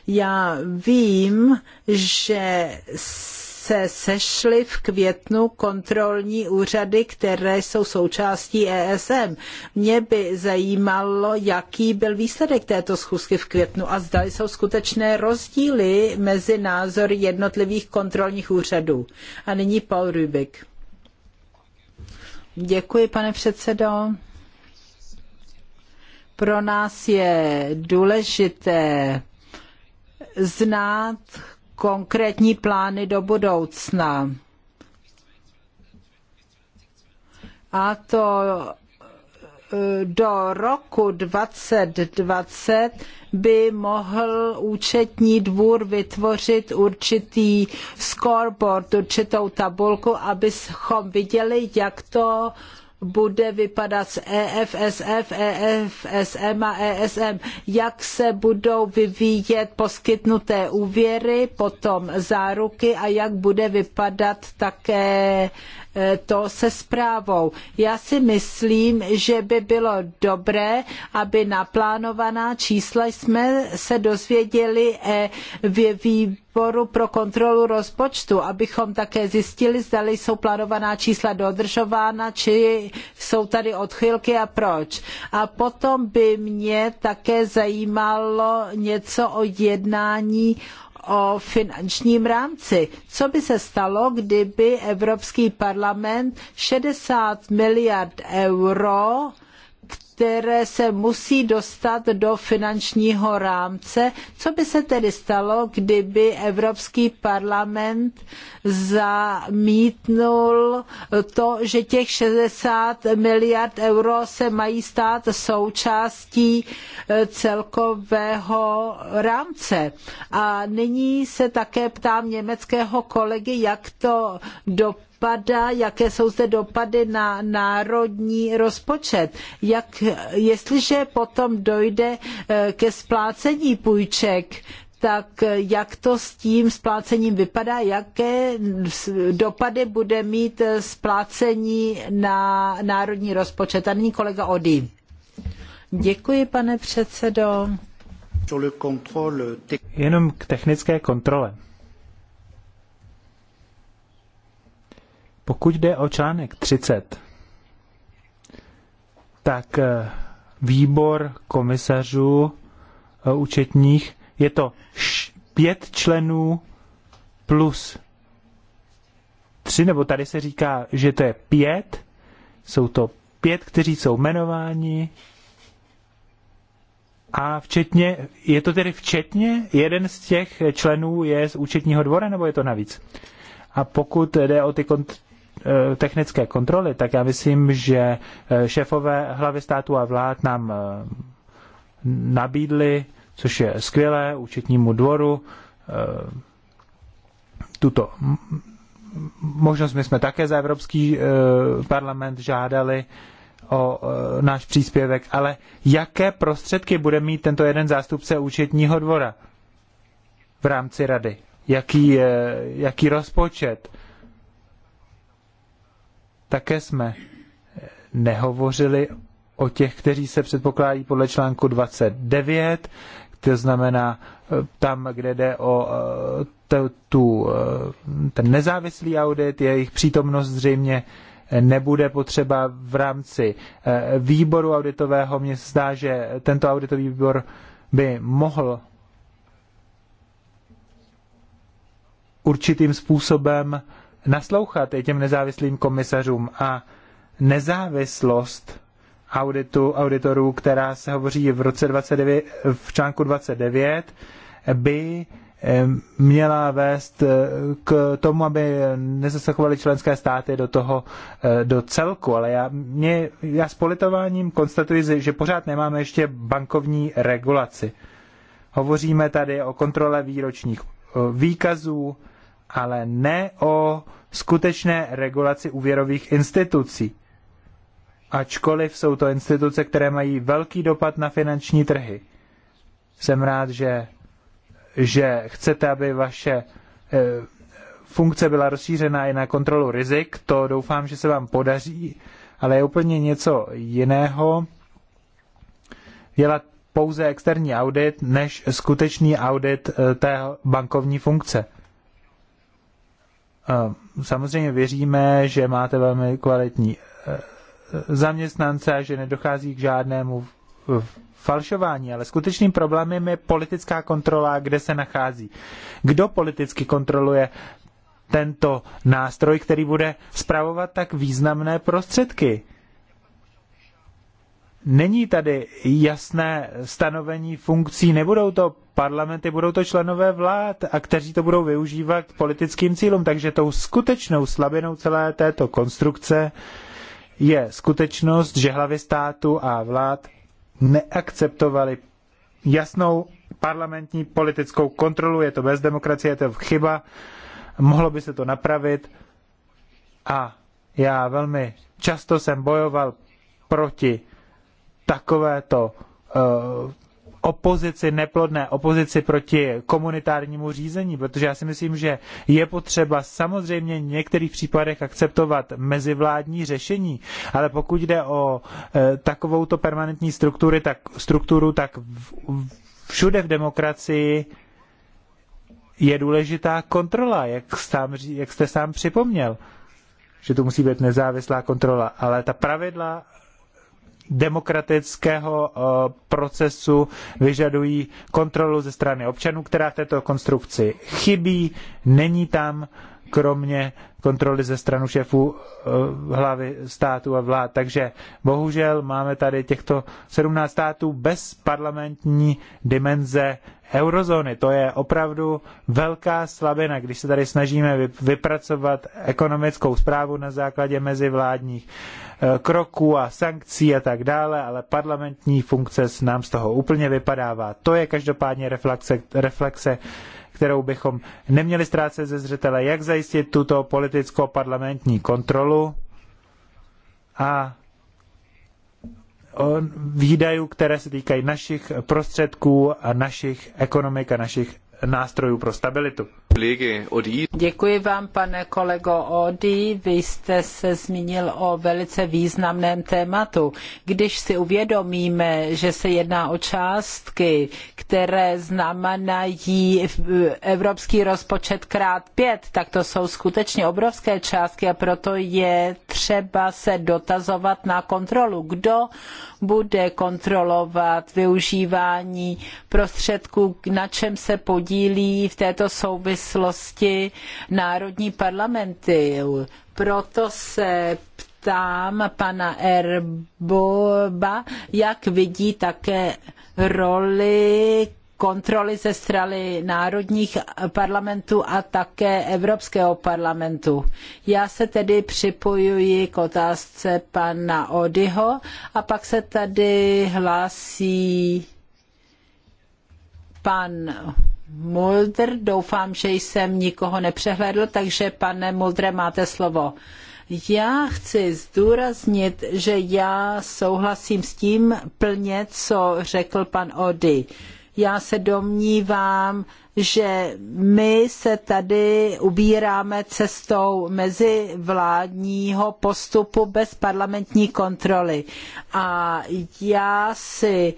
Já vím, že se sešly v květnu kontrolní úřady, které jsou součástí ESM. Mě by zajímalo, jaký byl výsledek této schůzky v květnu a zda jsou skutečné rozdíly mezi názory jednotlivých kontrolních úřadů. A nyní Paul Rubik. Děkuji, pane předsedo. Pro nás je důležité znát konkrétní plány do budoucna. A to eh, do roku 2020 by mohl účetní dvůr vytvořit určitý scoreboard, určitou tabulku, abychom viděli, jak to bude vypadat s EFSF, EFSM a ESM, jak se budou vyvíjet poskytnuté úvěry, potom záruky a jak bude vypadat také Eh, to se zprávou. Já si myslím, že by bylo dobré, aby naplánovaná čísla jsme se dozvěděli eh, v výboru pro kontrolu rozpočtu, abychom také zjistili, zda jsou plánovaná čísla dodržována, či jsou tady odchylky a proč. A potom by mě také zajímalo něco o jednání o finančním rámci. Co by se stalo, kdyby Evropský parlament 60 miliard euro které se musí dostat do finančního rámce. Co by se tedy stalo, kdyby Evropský parlament zamítnul to, že těch 60 miliard euro se mají stát součástí eh, celkového rámce. A nyní se také ptám německého kolegy, jak to dopadne dopadá, jaké jsou zde dopady na národní rozpočet. Jak, jestliže potom dojde eh, ke splácení půjček, tak eh, jak to s tím splácením vypadá, jaké dopady bude mít eh, splácení na národní rozpočet. A nyní kolega Děkuji, pane předsedo. Jenom k technické kontrole. Pokud jde o článek 30, tak eh, výbor komisařů eh, účetních je to pět členů plus tři, nebo tady se říká, že to je pět, jsou to pět, kteří jsou jmenováni a včetně, je to tedy včetně, jeden z těch členů je z účetního dvora, nebo je to navíc? A pokud jde o ty kont- Eh, technické kontroly, tak já myslím, že eh, šéfové hlavy státu a vlád nám eh, nabídli, což je skvělé, účetnímu dvoru, tuto možnost my jsme také za Evropský parlament žádali o náš příspěvek, ale jaké prostředky bude mít tento jeden zástupce účetního dvora v rámci rady? Jaký, jaký rozpočet? Také jsme nehovořili o těch, kteří se předpokládají podle článku 29, to znamená eh, tam, kde jde o eh, tu, eh, ten nezávislý audit, jejich přítomnost zřejmě nebude potřeba v rámci výboru auditového. Mně se zdá, že tento auditový výbor by mohl určitým způsobem naslouchat i těm nezávislým komisařům a nezávislost auditu, auditorů, která se hovoří v roce 29, v článku 29, by eh, měla vést eh, k tomu, aby nezasahovaly členské státy do toho, eh, do celku, ale já, mě, já s politováním konstatuji, že pořád nemáme ještě bankovní regulaci. Hovoříme tady o kontrole výročních výkazů, ale ne o skutečné regulaci úvěrových institucí. Ačkoliv jsou to instituce, které mají velký dopad na finanční trhy. Jsem rád, že, že chcete, aby vaše e, funkce byla rozšířena i na kontrolu rizik. To doufám, že se vám podaří, ale je úplně něco jiného dělat pouze externí audit, než skutečný audit eh, té bankovní funkce. Samozřejmě věříme, že máte velmi kvalitní eh, zaměstnance a že nedochází k žádnému falšování, ale skutečným problémem je politická kontrola, kde se nachází. Kdo politicky kontroluje tento nástroj, který bude spravovat tak významné prostředky? Není tady jasné stanovení funkcí, nebudou to parlamenty, budou to členové vlád a kteří to budou využívat k politickým cílům. Takže tou skutečnou slabinou celé této konstrukce je skutečnost, že hlavy státu a vlád neakceptovali jasnou parlamentní politickou kontrolu. Je to bez demokracie, je to chyba, mohlo by se to napravit. A já velmi často jsem bojoval proti takovéto eh, opozici, neplodné opozici proti komunitárnímu řízení, protože já si myslím, že je potřeba samozřejmě v některých případech akceptovat mezivládní řešení, ale pokud jde o eh, takovouto permanentní struktury, tak, strukturu, tak všude v demokracii je důležitá kontrola, jak, sám, jak jste sám připomněl, že tu musí být nezávislá kontrola, ale ta pravidla demokratického eh, procesu vyžadují kontrolu ze strany občanů, která v této konstrukci chybí, není tam, kromě kontroly ze stranu šéfů eh, hlavy států a vlád. Takže bohužel máme tady těchto 17 států bez parlamentní dimenze eurozóny. To je opravdu velká slabina, když se tady snažíme vypracovat ekonomickou zprávu na základě mezivládních eh, kroků a sankcí a tak dále, ale parlamentní funkce nám z toho úplně vypadává. To je každopádně reflexe, reflexe kterou bychom neměli ztrácet ze zřetele, jak zajistit tuto politickou parlamentní kontrolu a výdajů, které se týkají našich prostředků a našich ekonomik a našich nástrojů pro stabilitu. Děkuji vám, pane kolego Odi. Vy jste se zmínil o velice významném tématu. Když si uvědomíme, že se jedná o částky, které znamenají evropský rozpočet krát pět, tak to jsou skutečně obrovské částky a proto je třeba se dotazovat na kontrolu. Kdo bude kontrolovat využívání prostředků, na čem se podílí v této souvislosti nezávislosti národní parlamenty. Proto se ptám pana Erboba, jak vidí také roli kontroly ze strany národních parlamentů a také Evropského parlamentu. Já se tedy připojuji k otázce pana Odyho a pak se tady hlásí pan Mulder. Doufám, že jsem nikoho nepřehlédl, takže pane Mulder máte slovo. Já chci zdůraznit, že já souhlasím s tím plně, co řekl pan Ody. Já se domnívám, že my se tady ubíráme cestou mezi vládního postupu bez parlamentní kontroly. A já si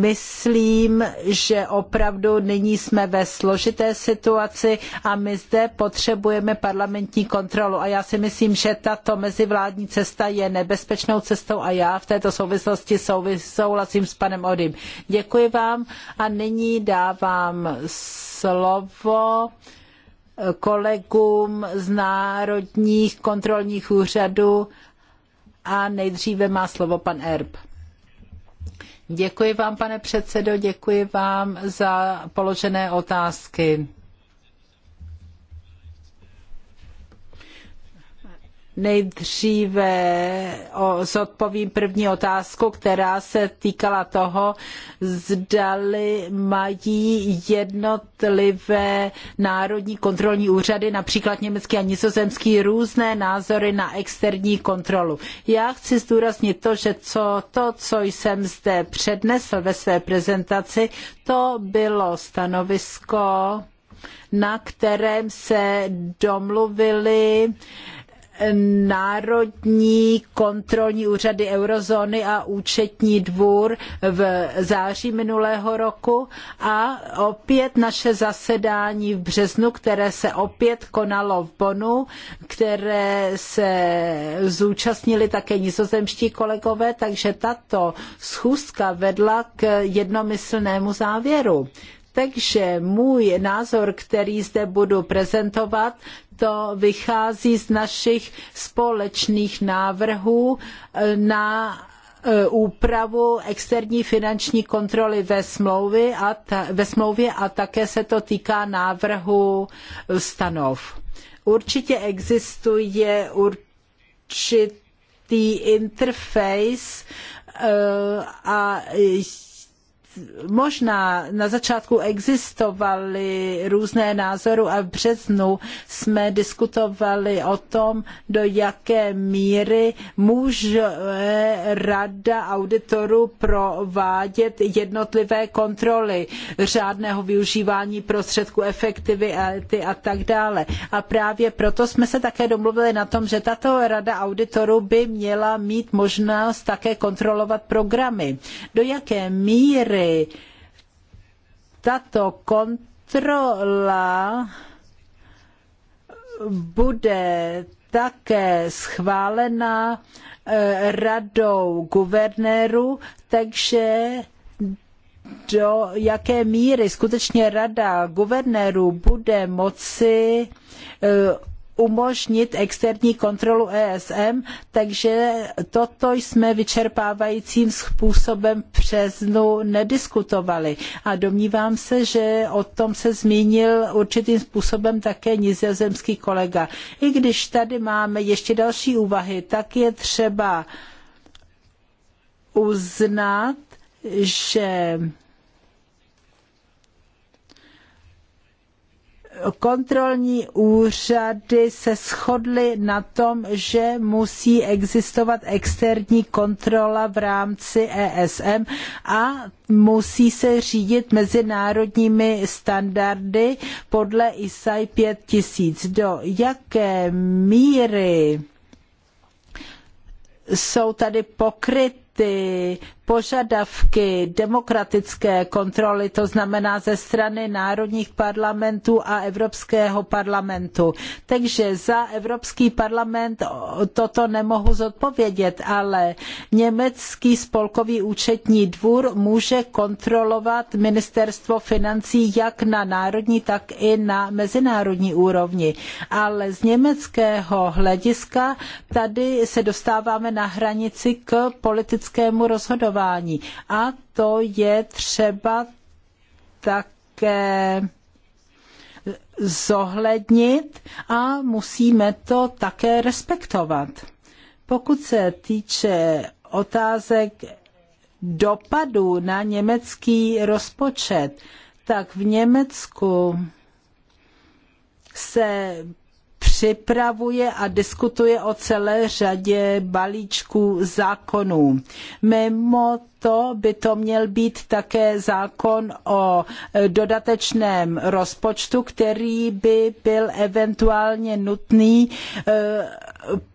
myslím, že opravdu nyní jsme ve složité situaci a my zde potřebujeme parlamentní kontrolu. A já si myslím, že tato mezivládní cesta je nebezpečnou cestou a já v této souvislosti souhlasím s panem Odym. Děkuji vám a nyní dávám slovo kolegům z národních kontrolních úřadů a nejdříve má slovo pan Erb. Děkuji vám, pane předsedo, děkuji vám za položené otázky. Nejdříve zodpovím první otázku, která se týkala toho, zdali mají jednotlivé národní kontrolní úřady, například německý a nizozemský, různé názory na externí kontrolu. Já chci zdůraznit to, že co, to, co jsem zde přednesl ve své prezentaci, to bylo stanovisko na kterém se domluvili národní kontrolní úřady eurozóny a účetní dvůr v září minulého roku a opět naše zasedání v březnu, které se opět konalo v Bonu, které se zúčastnili také nizozemští kolegové, takže tato schůzka vedla k jednomyslnému závěru. Takže můj názor, který zde budu prezentovat, to vychází z našich společných návrhů na e, úpravu externí finanční kontroly ve smlouvě a, ta, ve smlouvě a také se to týká návrhu stanov. Určitě existuje určitý interface e, a možná na začátku existovaly různé názory a v březnu jsme diskutovali o tom, do jaké míry může rada auditorů provádět jednotlivé kontroly řádného využívání prostředků efektivity a tak dále. A právě proto jsme se také domluvili na tom, že tato rada auditorů by měla mít možnost také kontrolovat programy. Do jaké míry firmy. Tato kontrola bude také schválena eh, radou guvernéru. takže do jaké míry skutečně rada guvernéru bude moci eh, umožnit externí kontrolu ESM, takže toto jsme vyčerpávajícím způsobem v březnu nediskutovali. A domnívám se, že o tom se zmínil určitým způsobem také nizozemský kolega. I když tady máme ještě další úvahy, tak je třeba uznat, že kontrolní úřady se shodly na tom, že musí existovat externí kontrola v rámci ESM a musí se řídit mezinárodními standardy podle ISAI 5000. Do jaké míry jsou tady pokryty požadavky demokratické kontroly, to znamená ze strany národních parlamentů a Evropského parlamentu. Takže za Evropský parlament toto nemohu zodpovědět, ale německý spolkový účetní dvůr může kontrolovat ministerstvo financí jak na národní, tak i na mezinárodní úrovni. Ale z německého hlediska tady se dostáváme na hranici k politickému rozhodování hlasování. A to je třeba také zohlednit a musíme to také respektovat. Pokud se týče otázek dopadu na německý rozpočet, tak v Německu se připravuje a diskutuje o celé řadě balíčků zákonů. Mimo proto by to měl být také zákon o e, dodatečném rozpočtu, který by byl eventuálně nutný e,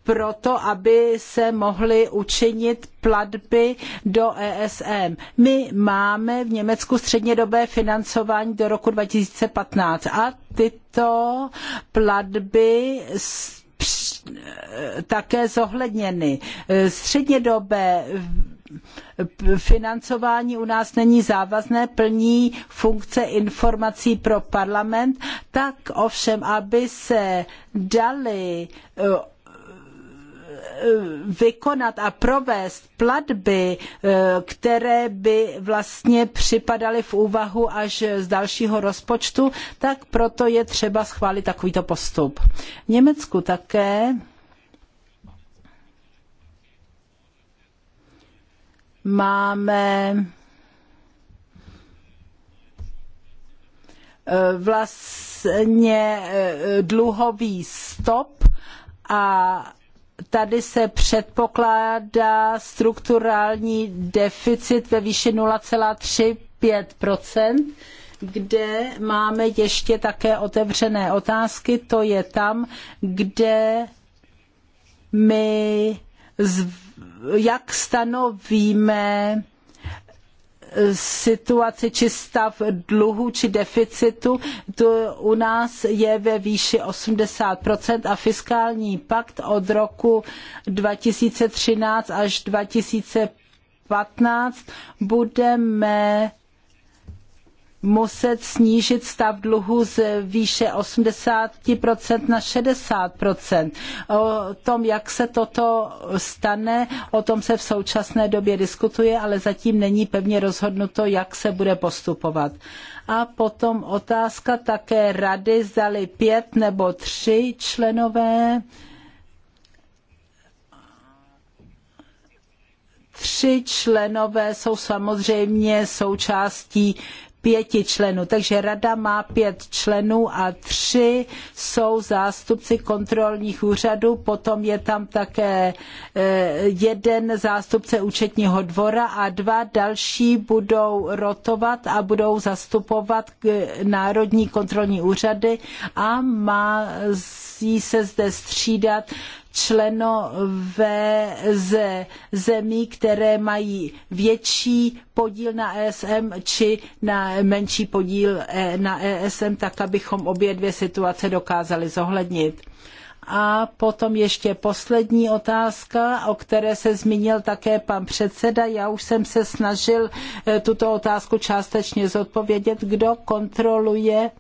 proto, aby se mohly učinit platby do ESM. My máme v Německu střednědobé financování do roku 2015 a tyto platby e, také zohledněny. Střednědobé financování u nás není závazné, plní funkce informací pro parlament, tak ovšem, aby se dali eh, vykonat a provést platby, eh, které by vlastně připadaly v úvahu až z dalšího rozpočtu, tak proto je třeba schválit takovýto postup. V Německu také máme e, vlastně e, dluhový stop a tady se předpokládá strukturální deficit ve výši 0,35 kde máme ještě také otevřené otázky, to je tam, kde my jak stanovíme eh, situaci či stav dluhu či deficitu, to u nás je ve výši 80% a fiskální pakt od roku 2013 až 2015 budeme muset snížit stav dluhu z výše 80% na 60%. O tom, jak se toto stane, o tom se v současné době diskutuje, ale zatím není pevně rozhodnuto, jak se bude postupovat. A potom otázka také rady, zdali pět nebo tři členové. Tři členové jsou samozřejmě součástí pěti členů. Takže rada má pět členů a tři jsou zástupci kontrolních úřadů, potom je tam také eh, jeden zástupce účetního dvora a dva další budou rotovat a budou zastupovat eh, národní kontrolní úřady a má se zde střídat členové ze zemí, které mají větší podíl na ESM či na menší podíl eh, na ESM, tak abychom obě dvě situace dokázali zohlednit. A potom ještě poslední otázka, o které se zmínil také pan předseda. Já už jsem se snažil eh, tuto otázku částečně zodpovědět. Kdo kontroluje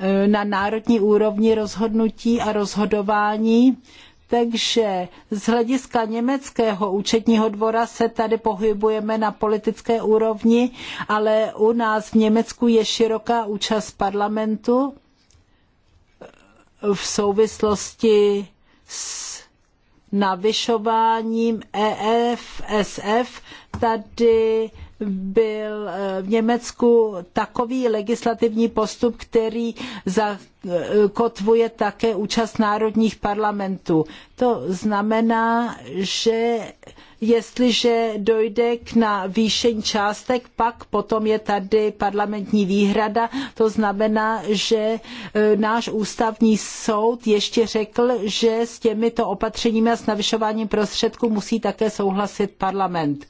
Eh, na národní úrovni rozhodnutí a rozhodování. Takže z hlediska německého účetního dvora se tady pohybujeme na politické úrovni, ale u nás v Německu je široká účast parlamentu v souvislosti s navyšováním EFSF. Tady byl eh, v Německu takový legislativní postup, který zakotvuje také účast národních parlamentů. To znamená, že jestliže dojde k navýšení částek, pak potom je tady parlamentní výhrada. To znamená, že eh, náš ústavní soud ještě řekl, že s těmito opatřeními a s navyšováním prostředků musí také souhlasit parlament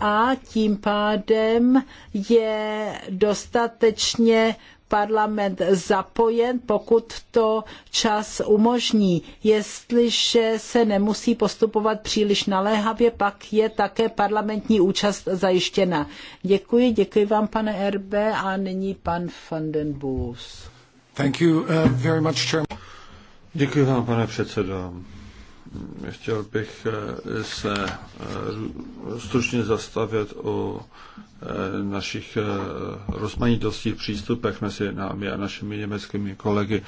a tím pádem je dostatečně parlament zapojen, pokud to čas umožní. Jestliže se nemusí postupovat příliš naléhavě, pak je také parlamentní účast zajištěna. Děkuji, děkuji vám, pane RB, a nyní pan van den Boos. Thank you, uh, very much, chairman. Děkuji vám, pane předsedo chtěl bych eh, se eh, stručně zastavit o eh, našich rozmanitostí v přístupech mezi námi a našimi německými kolegy.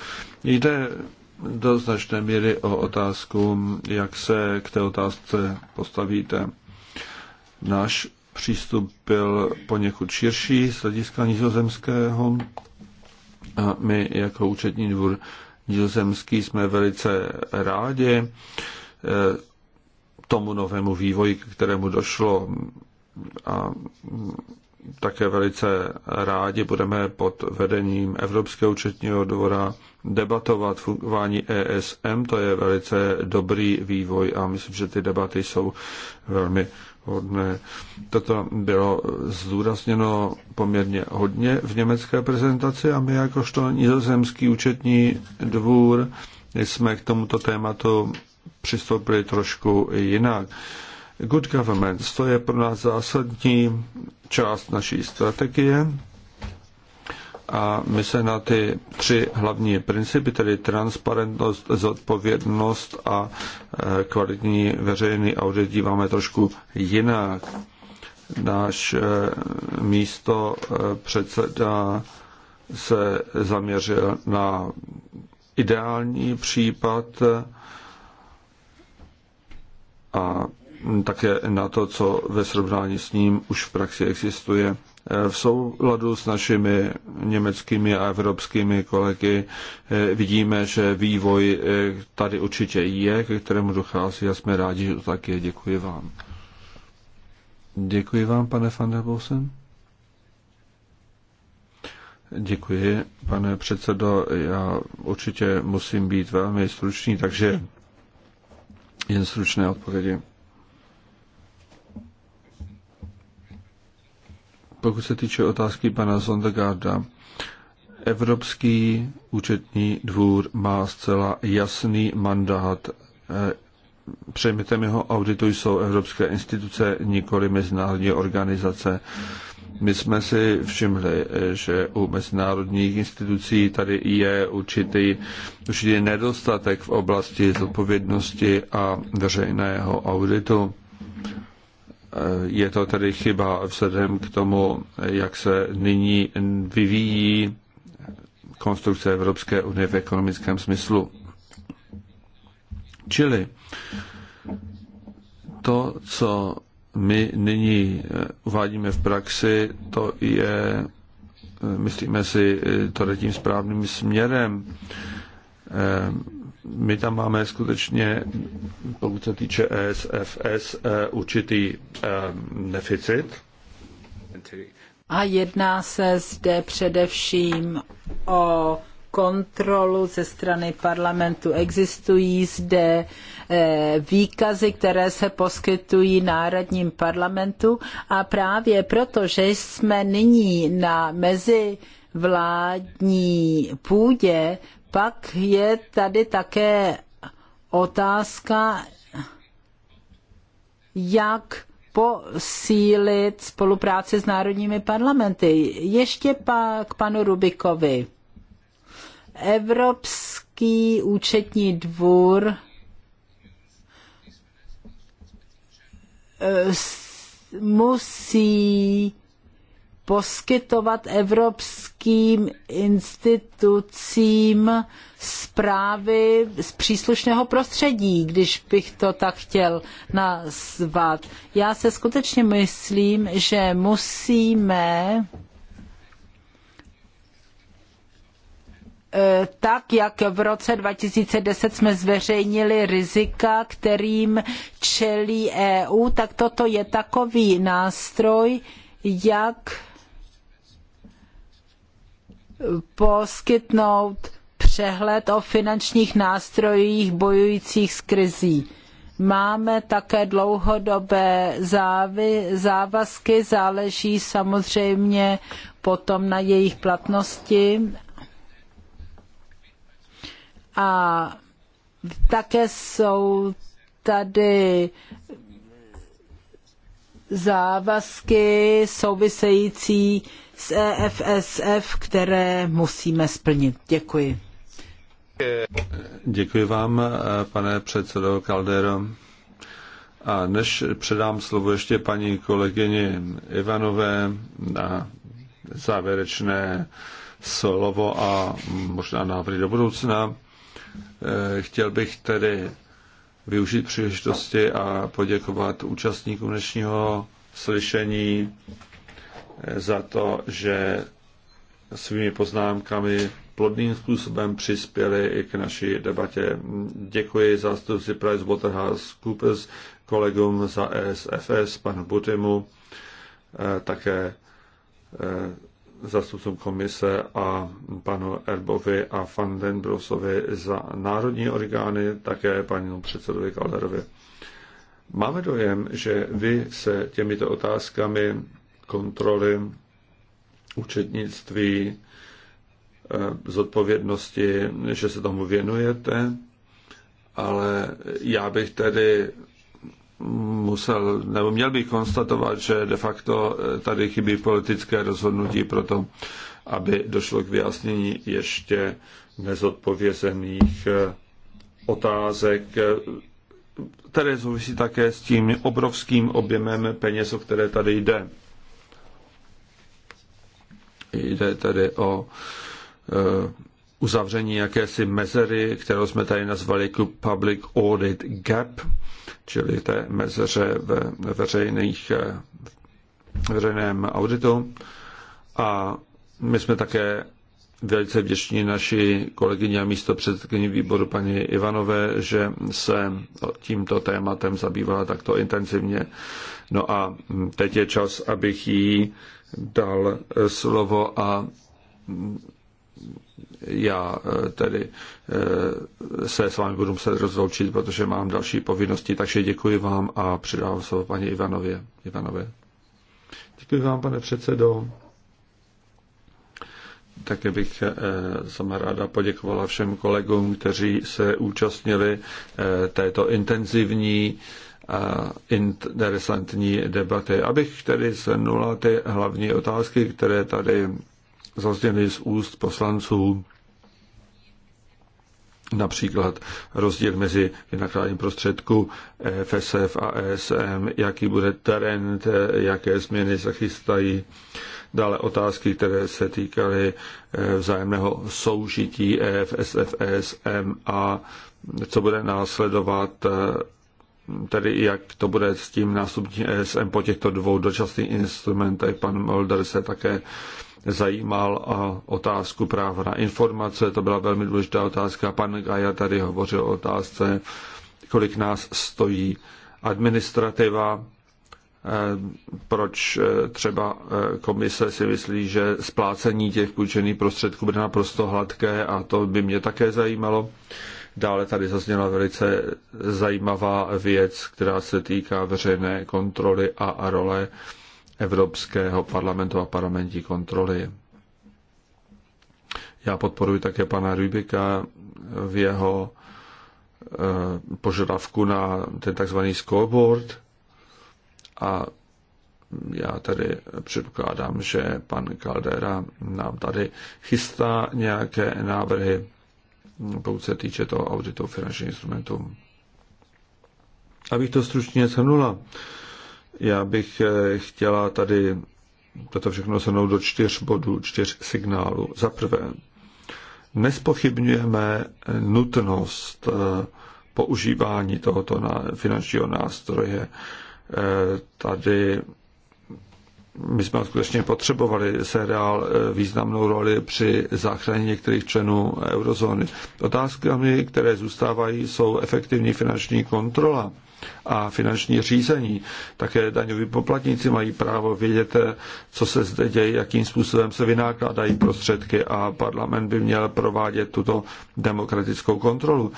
Jde do značné míry o otázku, jak se k té otázce postavíte. Náš přístup byl poněkud širší z hlediska nizozemského a my jako účetní dvůr nizozemský jsme velice rádi, Eh, tomu novému vývoji, k kterému došlo. A také velice rádi budeme pod vedením Evropského účetního dvora debatovat fungování ESM. To je velice dobrý vývoj a myslím, že ty debaty jsou velmi hodné. Toto bylo zdůrazněno poměrně hodně v německé prezentaci a my jakožto nizozemský účetní dvůr jsme k tomuto tématu přistoupili trošku jinak. Good government to je pro nás zásadní část naší strategie a my se na ty tři hlavní principy, tedy transparentnost, zodpovědnost a e, kvalitní veřejný audit díváme trošku jinak. Náš e, místo e, předseda se zaměřil na ideální případ a také na to, co ve srovnání s ním už v praxi existuje. E, v souladu s našimi německými a evropskými kolegy e, vidíme, že vývoj e, tady určitě je, ke kterému dochází a jsme rádi, že to tak je. Děkuji vám. Děkuji vám, pane van der Bosen. Děkuji, pane předsedo. Já určitě musím být velmi stručný, takže jen stručné odpovědi. Pokud se týče otázky pana Zondegarda, Evropský účetní dvůr má zcela jasný mandát. Eh, předmětem jeho auditu jsou evropské instituce, nikoli mezinárodní organizace. Hmm my jsme si všimli, že u mezinárodních institucí tady je určitý, určitý nedostatek v oblasti zodpovědnosti a veřejného auditu. Je to tedy chyba vzhledem k tomu, jak se nyní vyvíjí konstrukce Evropské unie v ekonomickém smyslu. Čili to, co my nyní eh, uvádíme v praxi, to je, eh, myslíme si, eh, to je tím správným směrem. My tam máme skutečně, pokud se týče ESFS, určitý deficit. A jedná se zde především o kontrolu ze strany parlamentu. Existují zde uh, Eh, výkazy, které se poskytují národním parlamentu a právě proto, že jsme nyní na mezivládní půdě, pak je tady také otázka, jak posílit spolupráci s národními parlamenty. Ještě pak panu Rubikovi. Evropský účetní dvůr Eh, musí poskytovat evropským institucím zprávy z příslušného prostředí, když bych to tak chtěl nazvat. Já se skutečně myslím, že musíme E, tak, jak v roce 2010 jsme zveřejnili rizika, kterým čelí EU, tak toto je takový nástroj, jak poskytnout přehled o finančních nástrojích bojujících s krizí. Máme také dlouhodobé závy, závazky, záleží samozřejmě potom na jejich platnosti a také jsou tady závazky související s EFSF, které musíme splnit. Děkuji. Děkuji vám, pane předsedo Caldero. A než předám slovo ještě paní kolegyni Ivanové na závěrečné slovo a možná návrhy do budoucna, Eh, chtěl bych tedy využít příležitosti a poděkovat účastníkům dnešního slyšení eh, za to, že svými poznámkami plodným způsobem přispěli i k naší debatě. Děkuji zástupci PricewaterhouseCoopers, kolegům za ESFS, panu Butimu, eh, také zastupcům komise a panu Erbovi a van den Brosovi za národní orgány, také panu předsedovi Kalerovi. Máme dojem, že vy se těmito otázkami kontroly účetnictví, eh, zodpovědnosti, že se tomu věnujete, ale já bych tedy musel, nebo měl by konstatovat, že de facto eh, tady chybí politické rozhodnutí pro to, aby došlo k vyjasnění ještě nezodpovězených eh, otázek, eh, které souvisí také s tím obrovským objemem peněz, o které tady jde. Jde tedy o uzavření jakési mezery, kterou jsme tady nazvali Public Audit Gap, čili té mezeře ve veřejných, eh, veřejném auditu. A my jsme také velice vděční naší kolegyně a místo předsedkyně výboru paní Ivanové, že se tímto tématem zabývala takto intenzivně. No a teď je čas, abych jí dal slovo a já eh, tedy eh, se s vámi budu muset rozloučit, protože mám další povinnosti, takže děkuji vám a předávám slovo paní Ivanově. Ivanové. Děkuji vám, pane předsedo. Také bych eh, sama ráda poděkovala všem kolegům, kteří se účastnili této intenzivní a interesantní debaty. Abych tedy zhrnula ty hlavní otázky, které tady zazněly z úst poslanců, například rozdíl mezi vynakládáním prostředku FSF a ESM, jaký bude trend, jaké změny se chystají, dále otázky, které se týkaly eh, vzájemného soužití EFSF, ESM a co bude následovat eh, tedy jak to bude s tím nástupní ESM po těchto dvou dočasných instrumentech. Pan Mulder se také zajímal a otázku práva na informace. To byla velmi důležitá otázka. Pan Gaja tady hovořil o otázce, kolik nás stojí administrativa, eh, proč eh, třeba eh, komise si myslí, že splácení těch půjčených prostředků bude naprosto hladké a to by mě také zajímalo. Dále tady zazněla velice zajímavá věc, která se týká veřejné kontroly a role Evropského parlamentu a parlamentní kontroly. Já podporuji také pana Rybika v jeho eh, požadavku na ten takzvaný scoreboard a já tady předpokládám, že pan Caldera nám tady chystá nějaké návrhy, pokud se týče toho auditu finančních instrumentů. Abych to stručně shrnula, já bych eh, chtěla tady toto všechno shrnout do čtyř bodů, čtyř signálů. Za prvé, nespochybňujeme nutnost eh, používání tohoto finančního nástroje. Eh, tady my jsme skutečně potřebovali seriál významnou roli při záchraně některých členů eurozóny. Otázkami, které zůstávají, jsou efektivní finanční kontrola a finanční řízení. Také daňoví poplatníci mají právo vědět, co se zde děje, jakým způsobem se vynákladají prostředky a parlament by měl provádět tuto demokratickou kontrolu.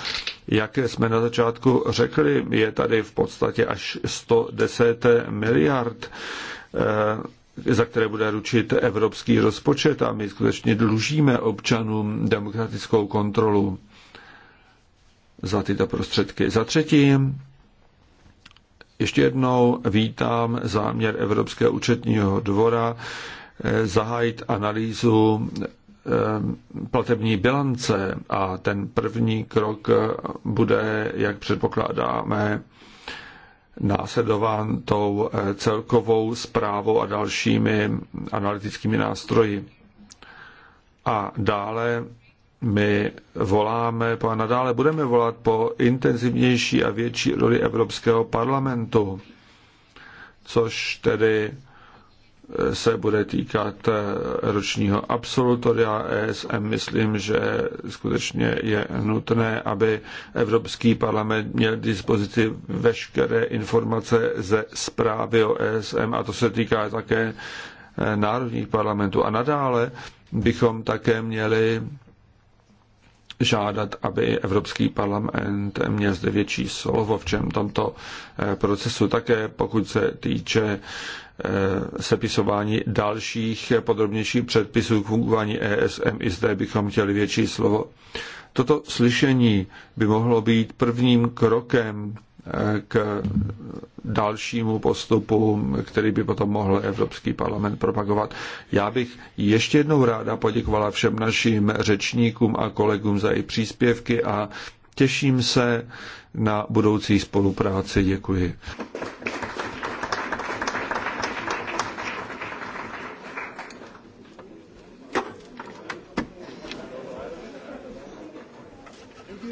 Jak jsme na začátku řekli, je tady v podstatě až 110 miliard eh, za které bude ručit evropský rozpočet a my skutečně dlužíme občanům demokratickou kontrolu za tyto prostředky. Za třetí, ještě jednou vítám záměr Evropského účetního dvora eh, zahájit analýzu eh, platební bilance a ten první krok bude, jak předpokládáme, následován tou eh, celkovou zprávou a dalšími analytickými nástroji. A dále my voláme, a nadále budeme volat po intenzivnější a větší roli Evropského parlamentu, což tedy eh, se bude týkat eh, ročního absolutoria ESM. Myslím, že skutečně je nutné, aby Evropský parlament měl k dispozici veškeré informace ze zprávy o ESM a to se týká také eh, národních parlamentů. A nadále bychom také měli žádat, aby Evropský parlament měl zde větší slovo v čem tomto eh, procesu. Také pokud se týče eh, sepisování dalších podrobnějších předpisů k fungování ESM, i zde bychom chtěli větší slovo. Toto slyšení by mohlo být prvním krokem k dalšímu postupu, který by potom mohl Evropský parlament propagovat. Já bych ještě jednou ráda poděkovala všem našim řečníkům a kolegům za jejich příspěvky a těším se na budoucí spolupráci. Děkuji.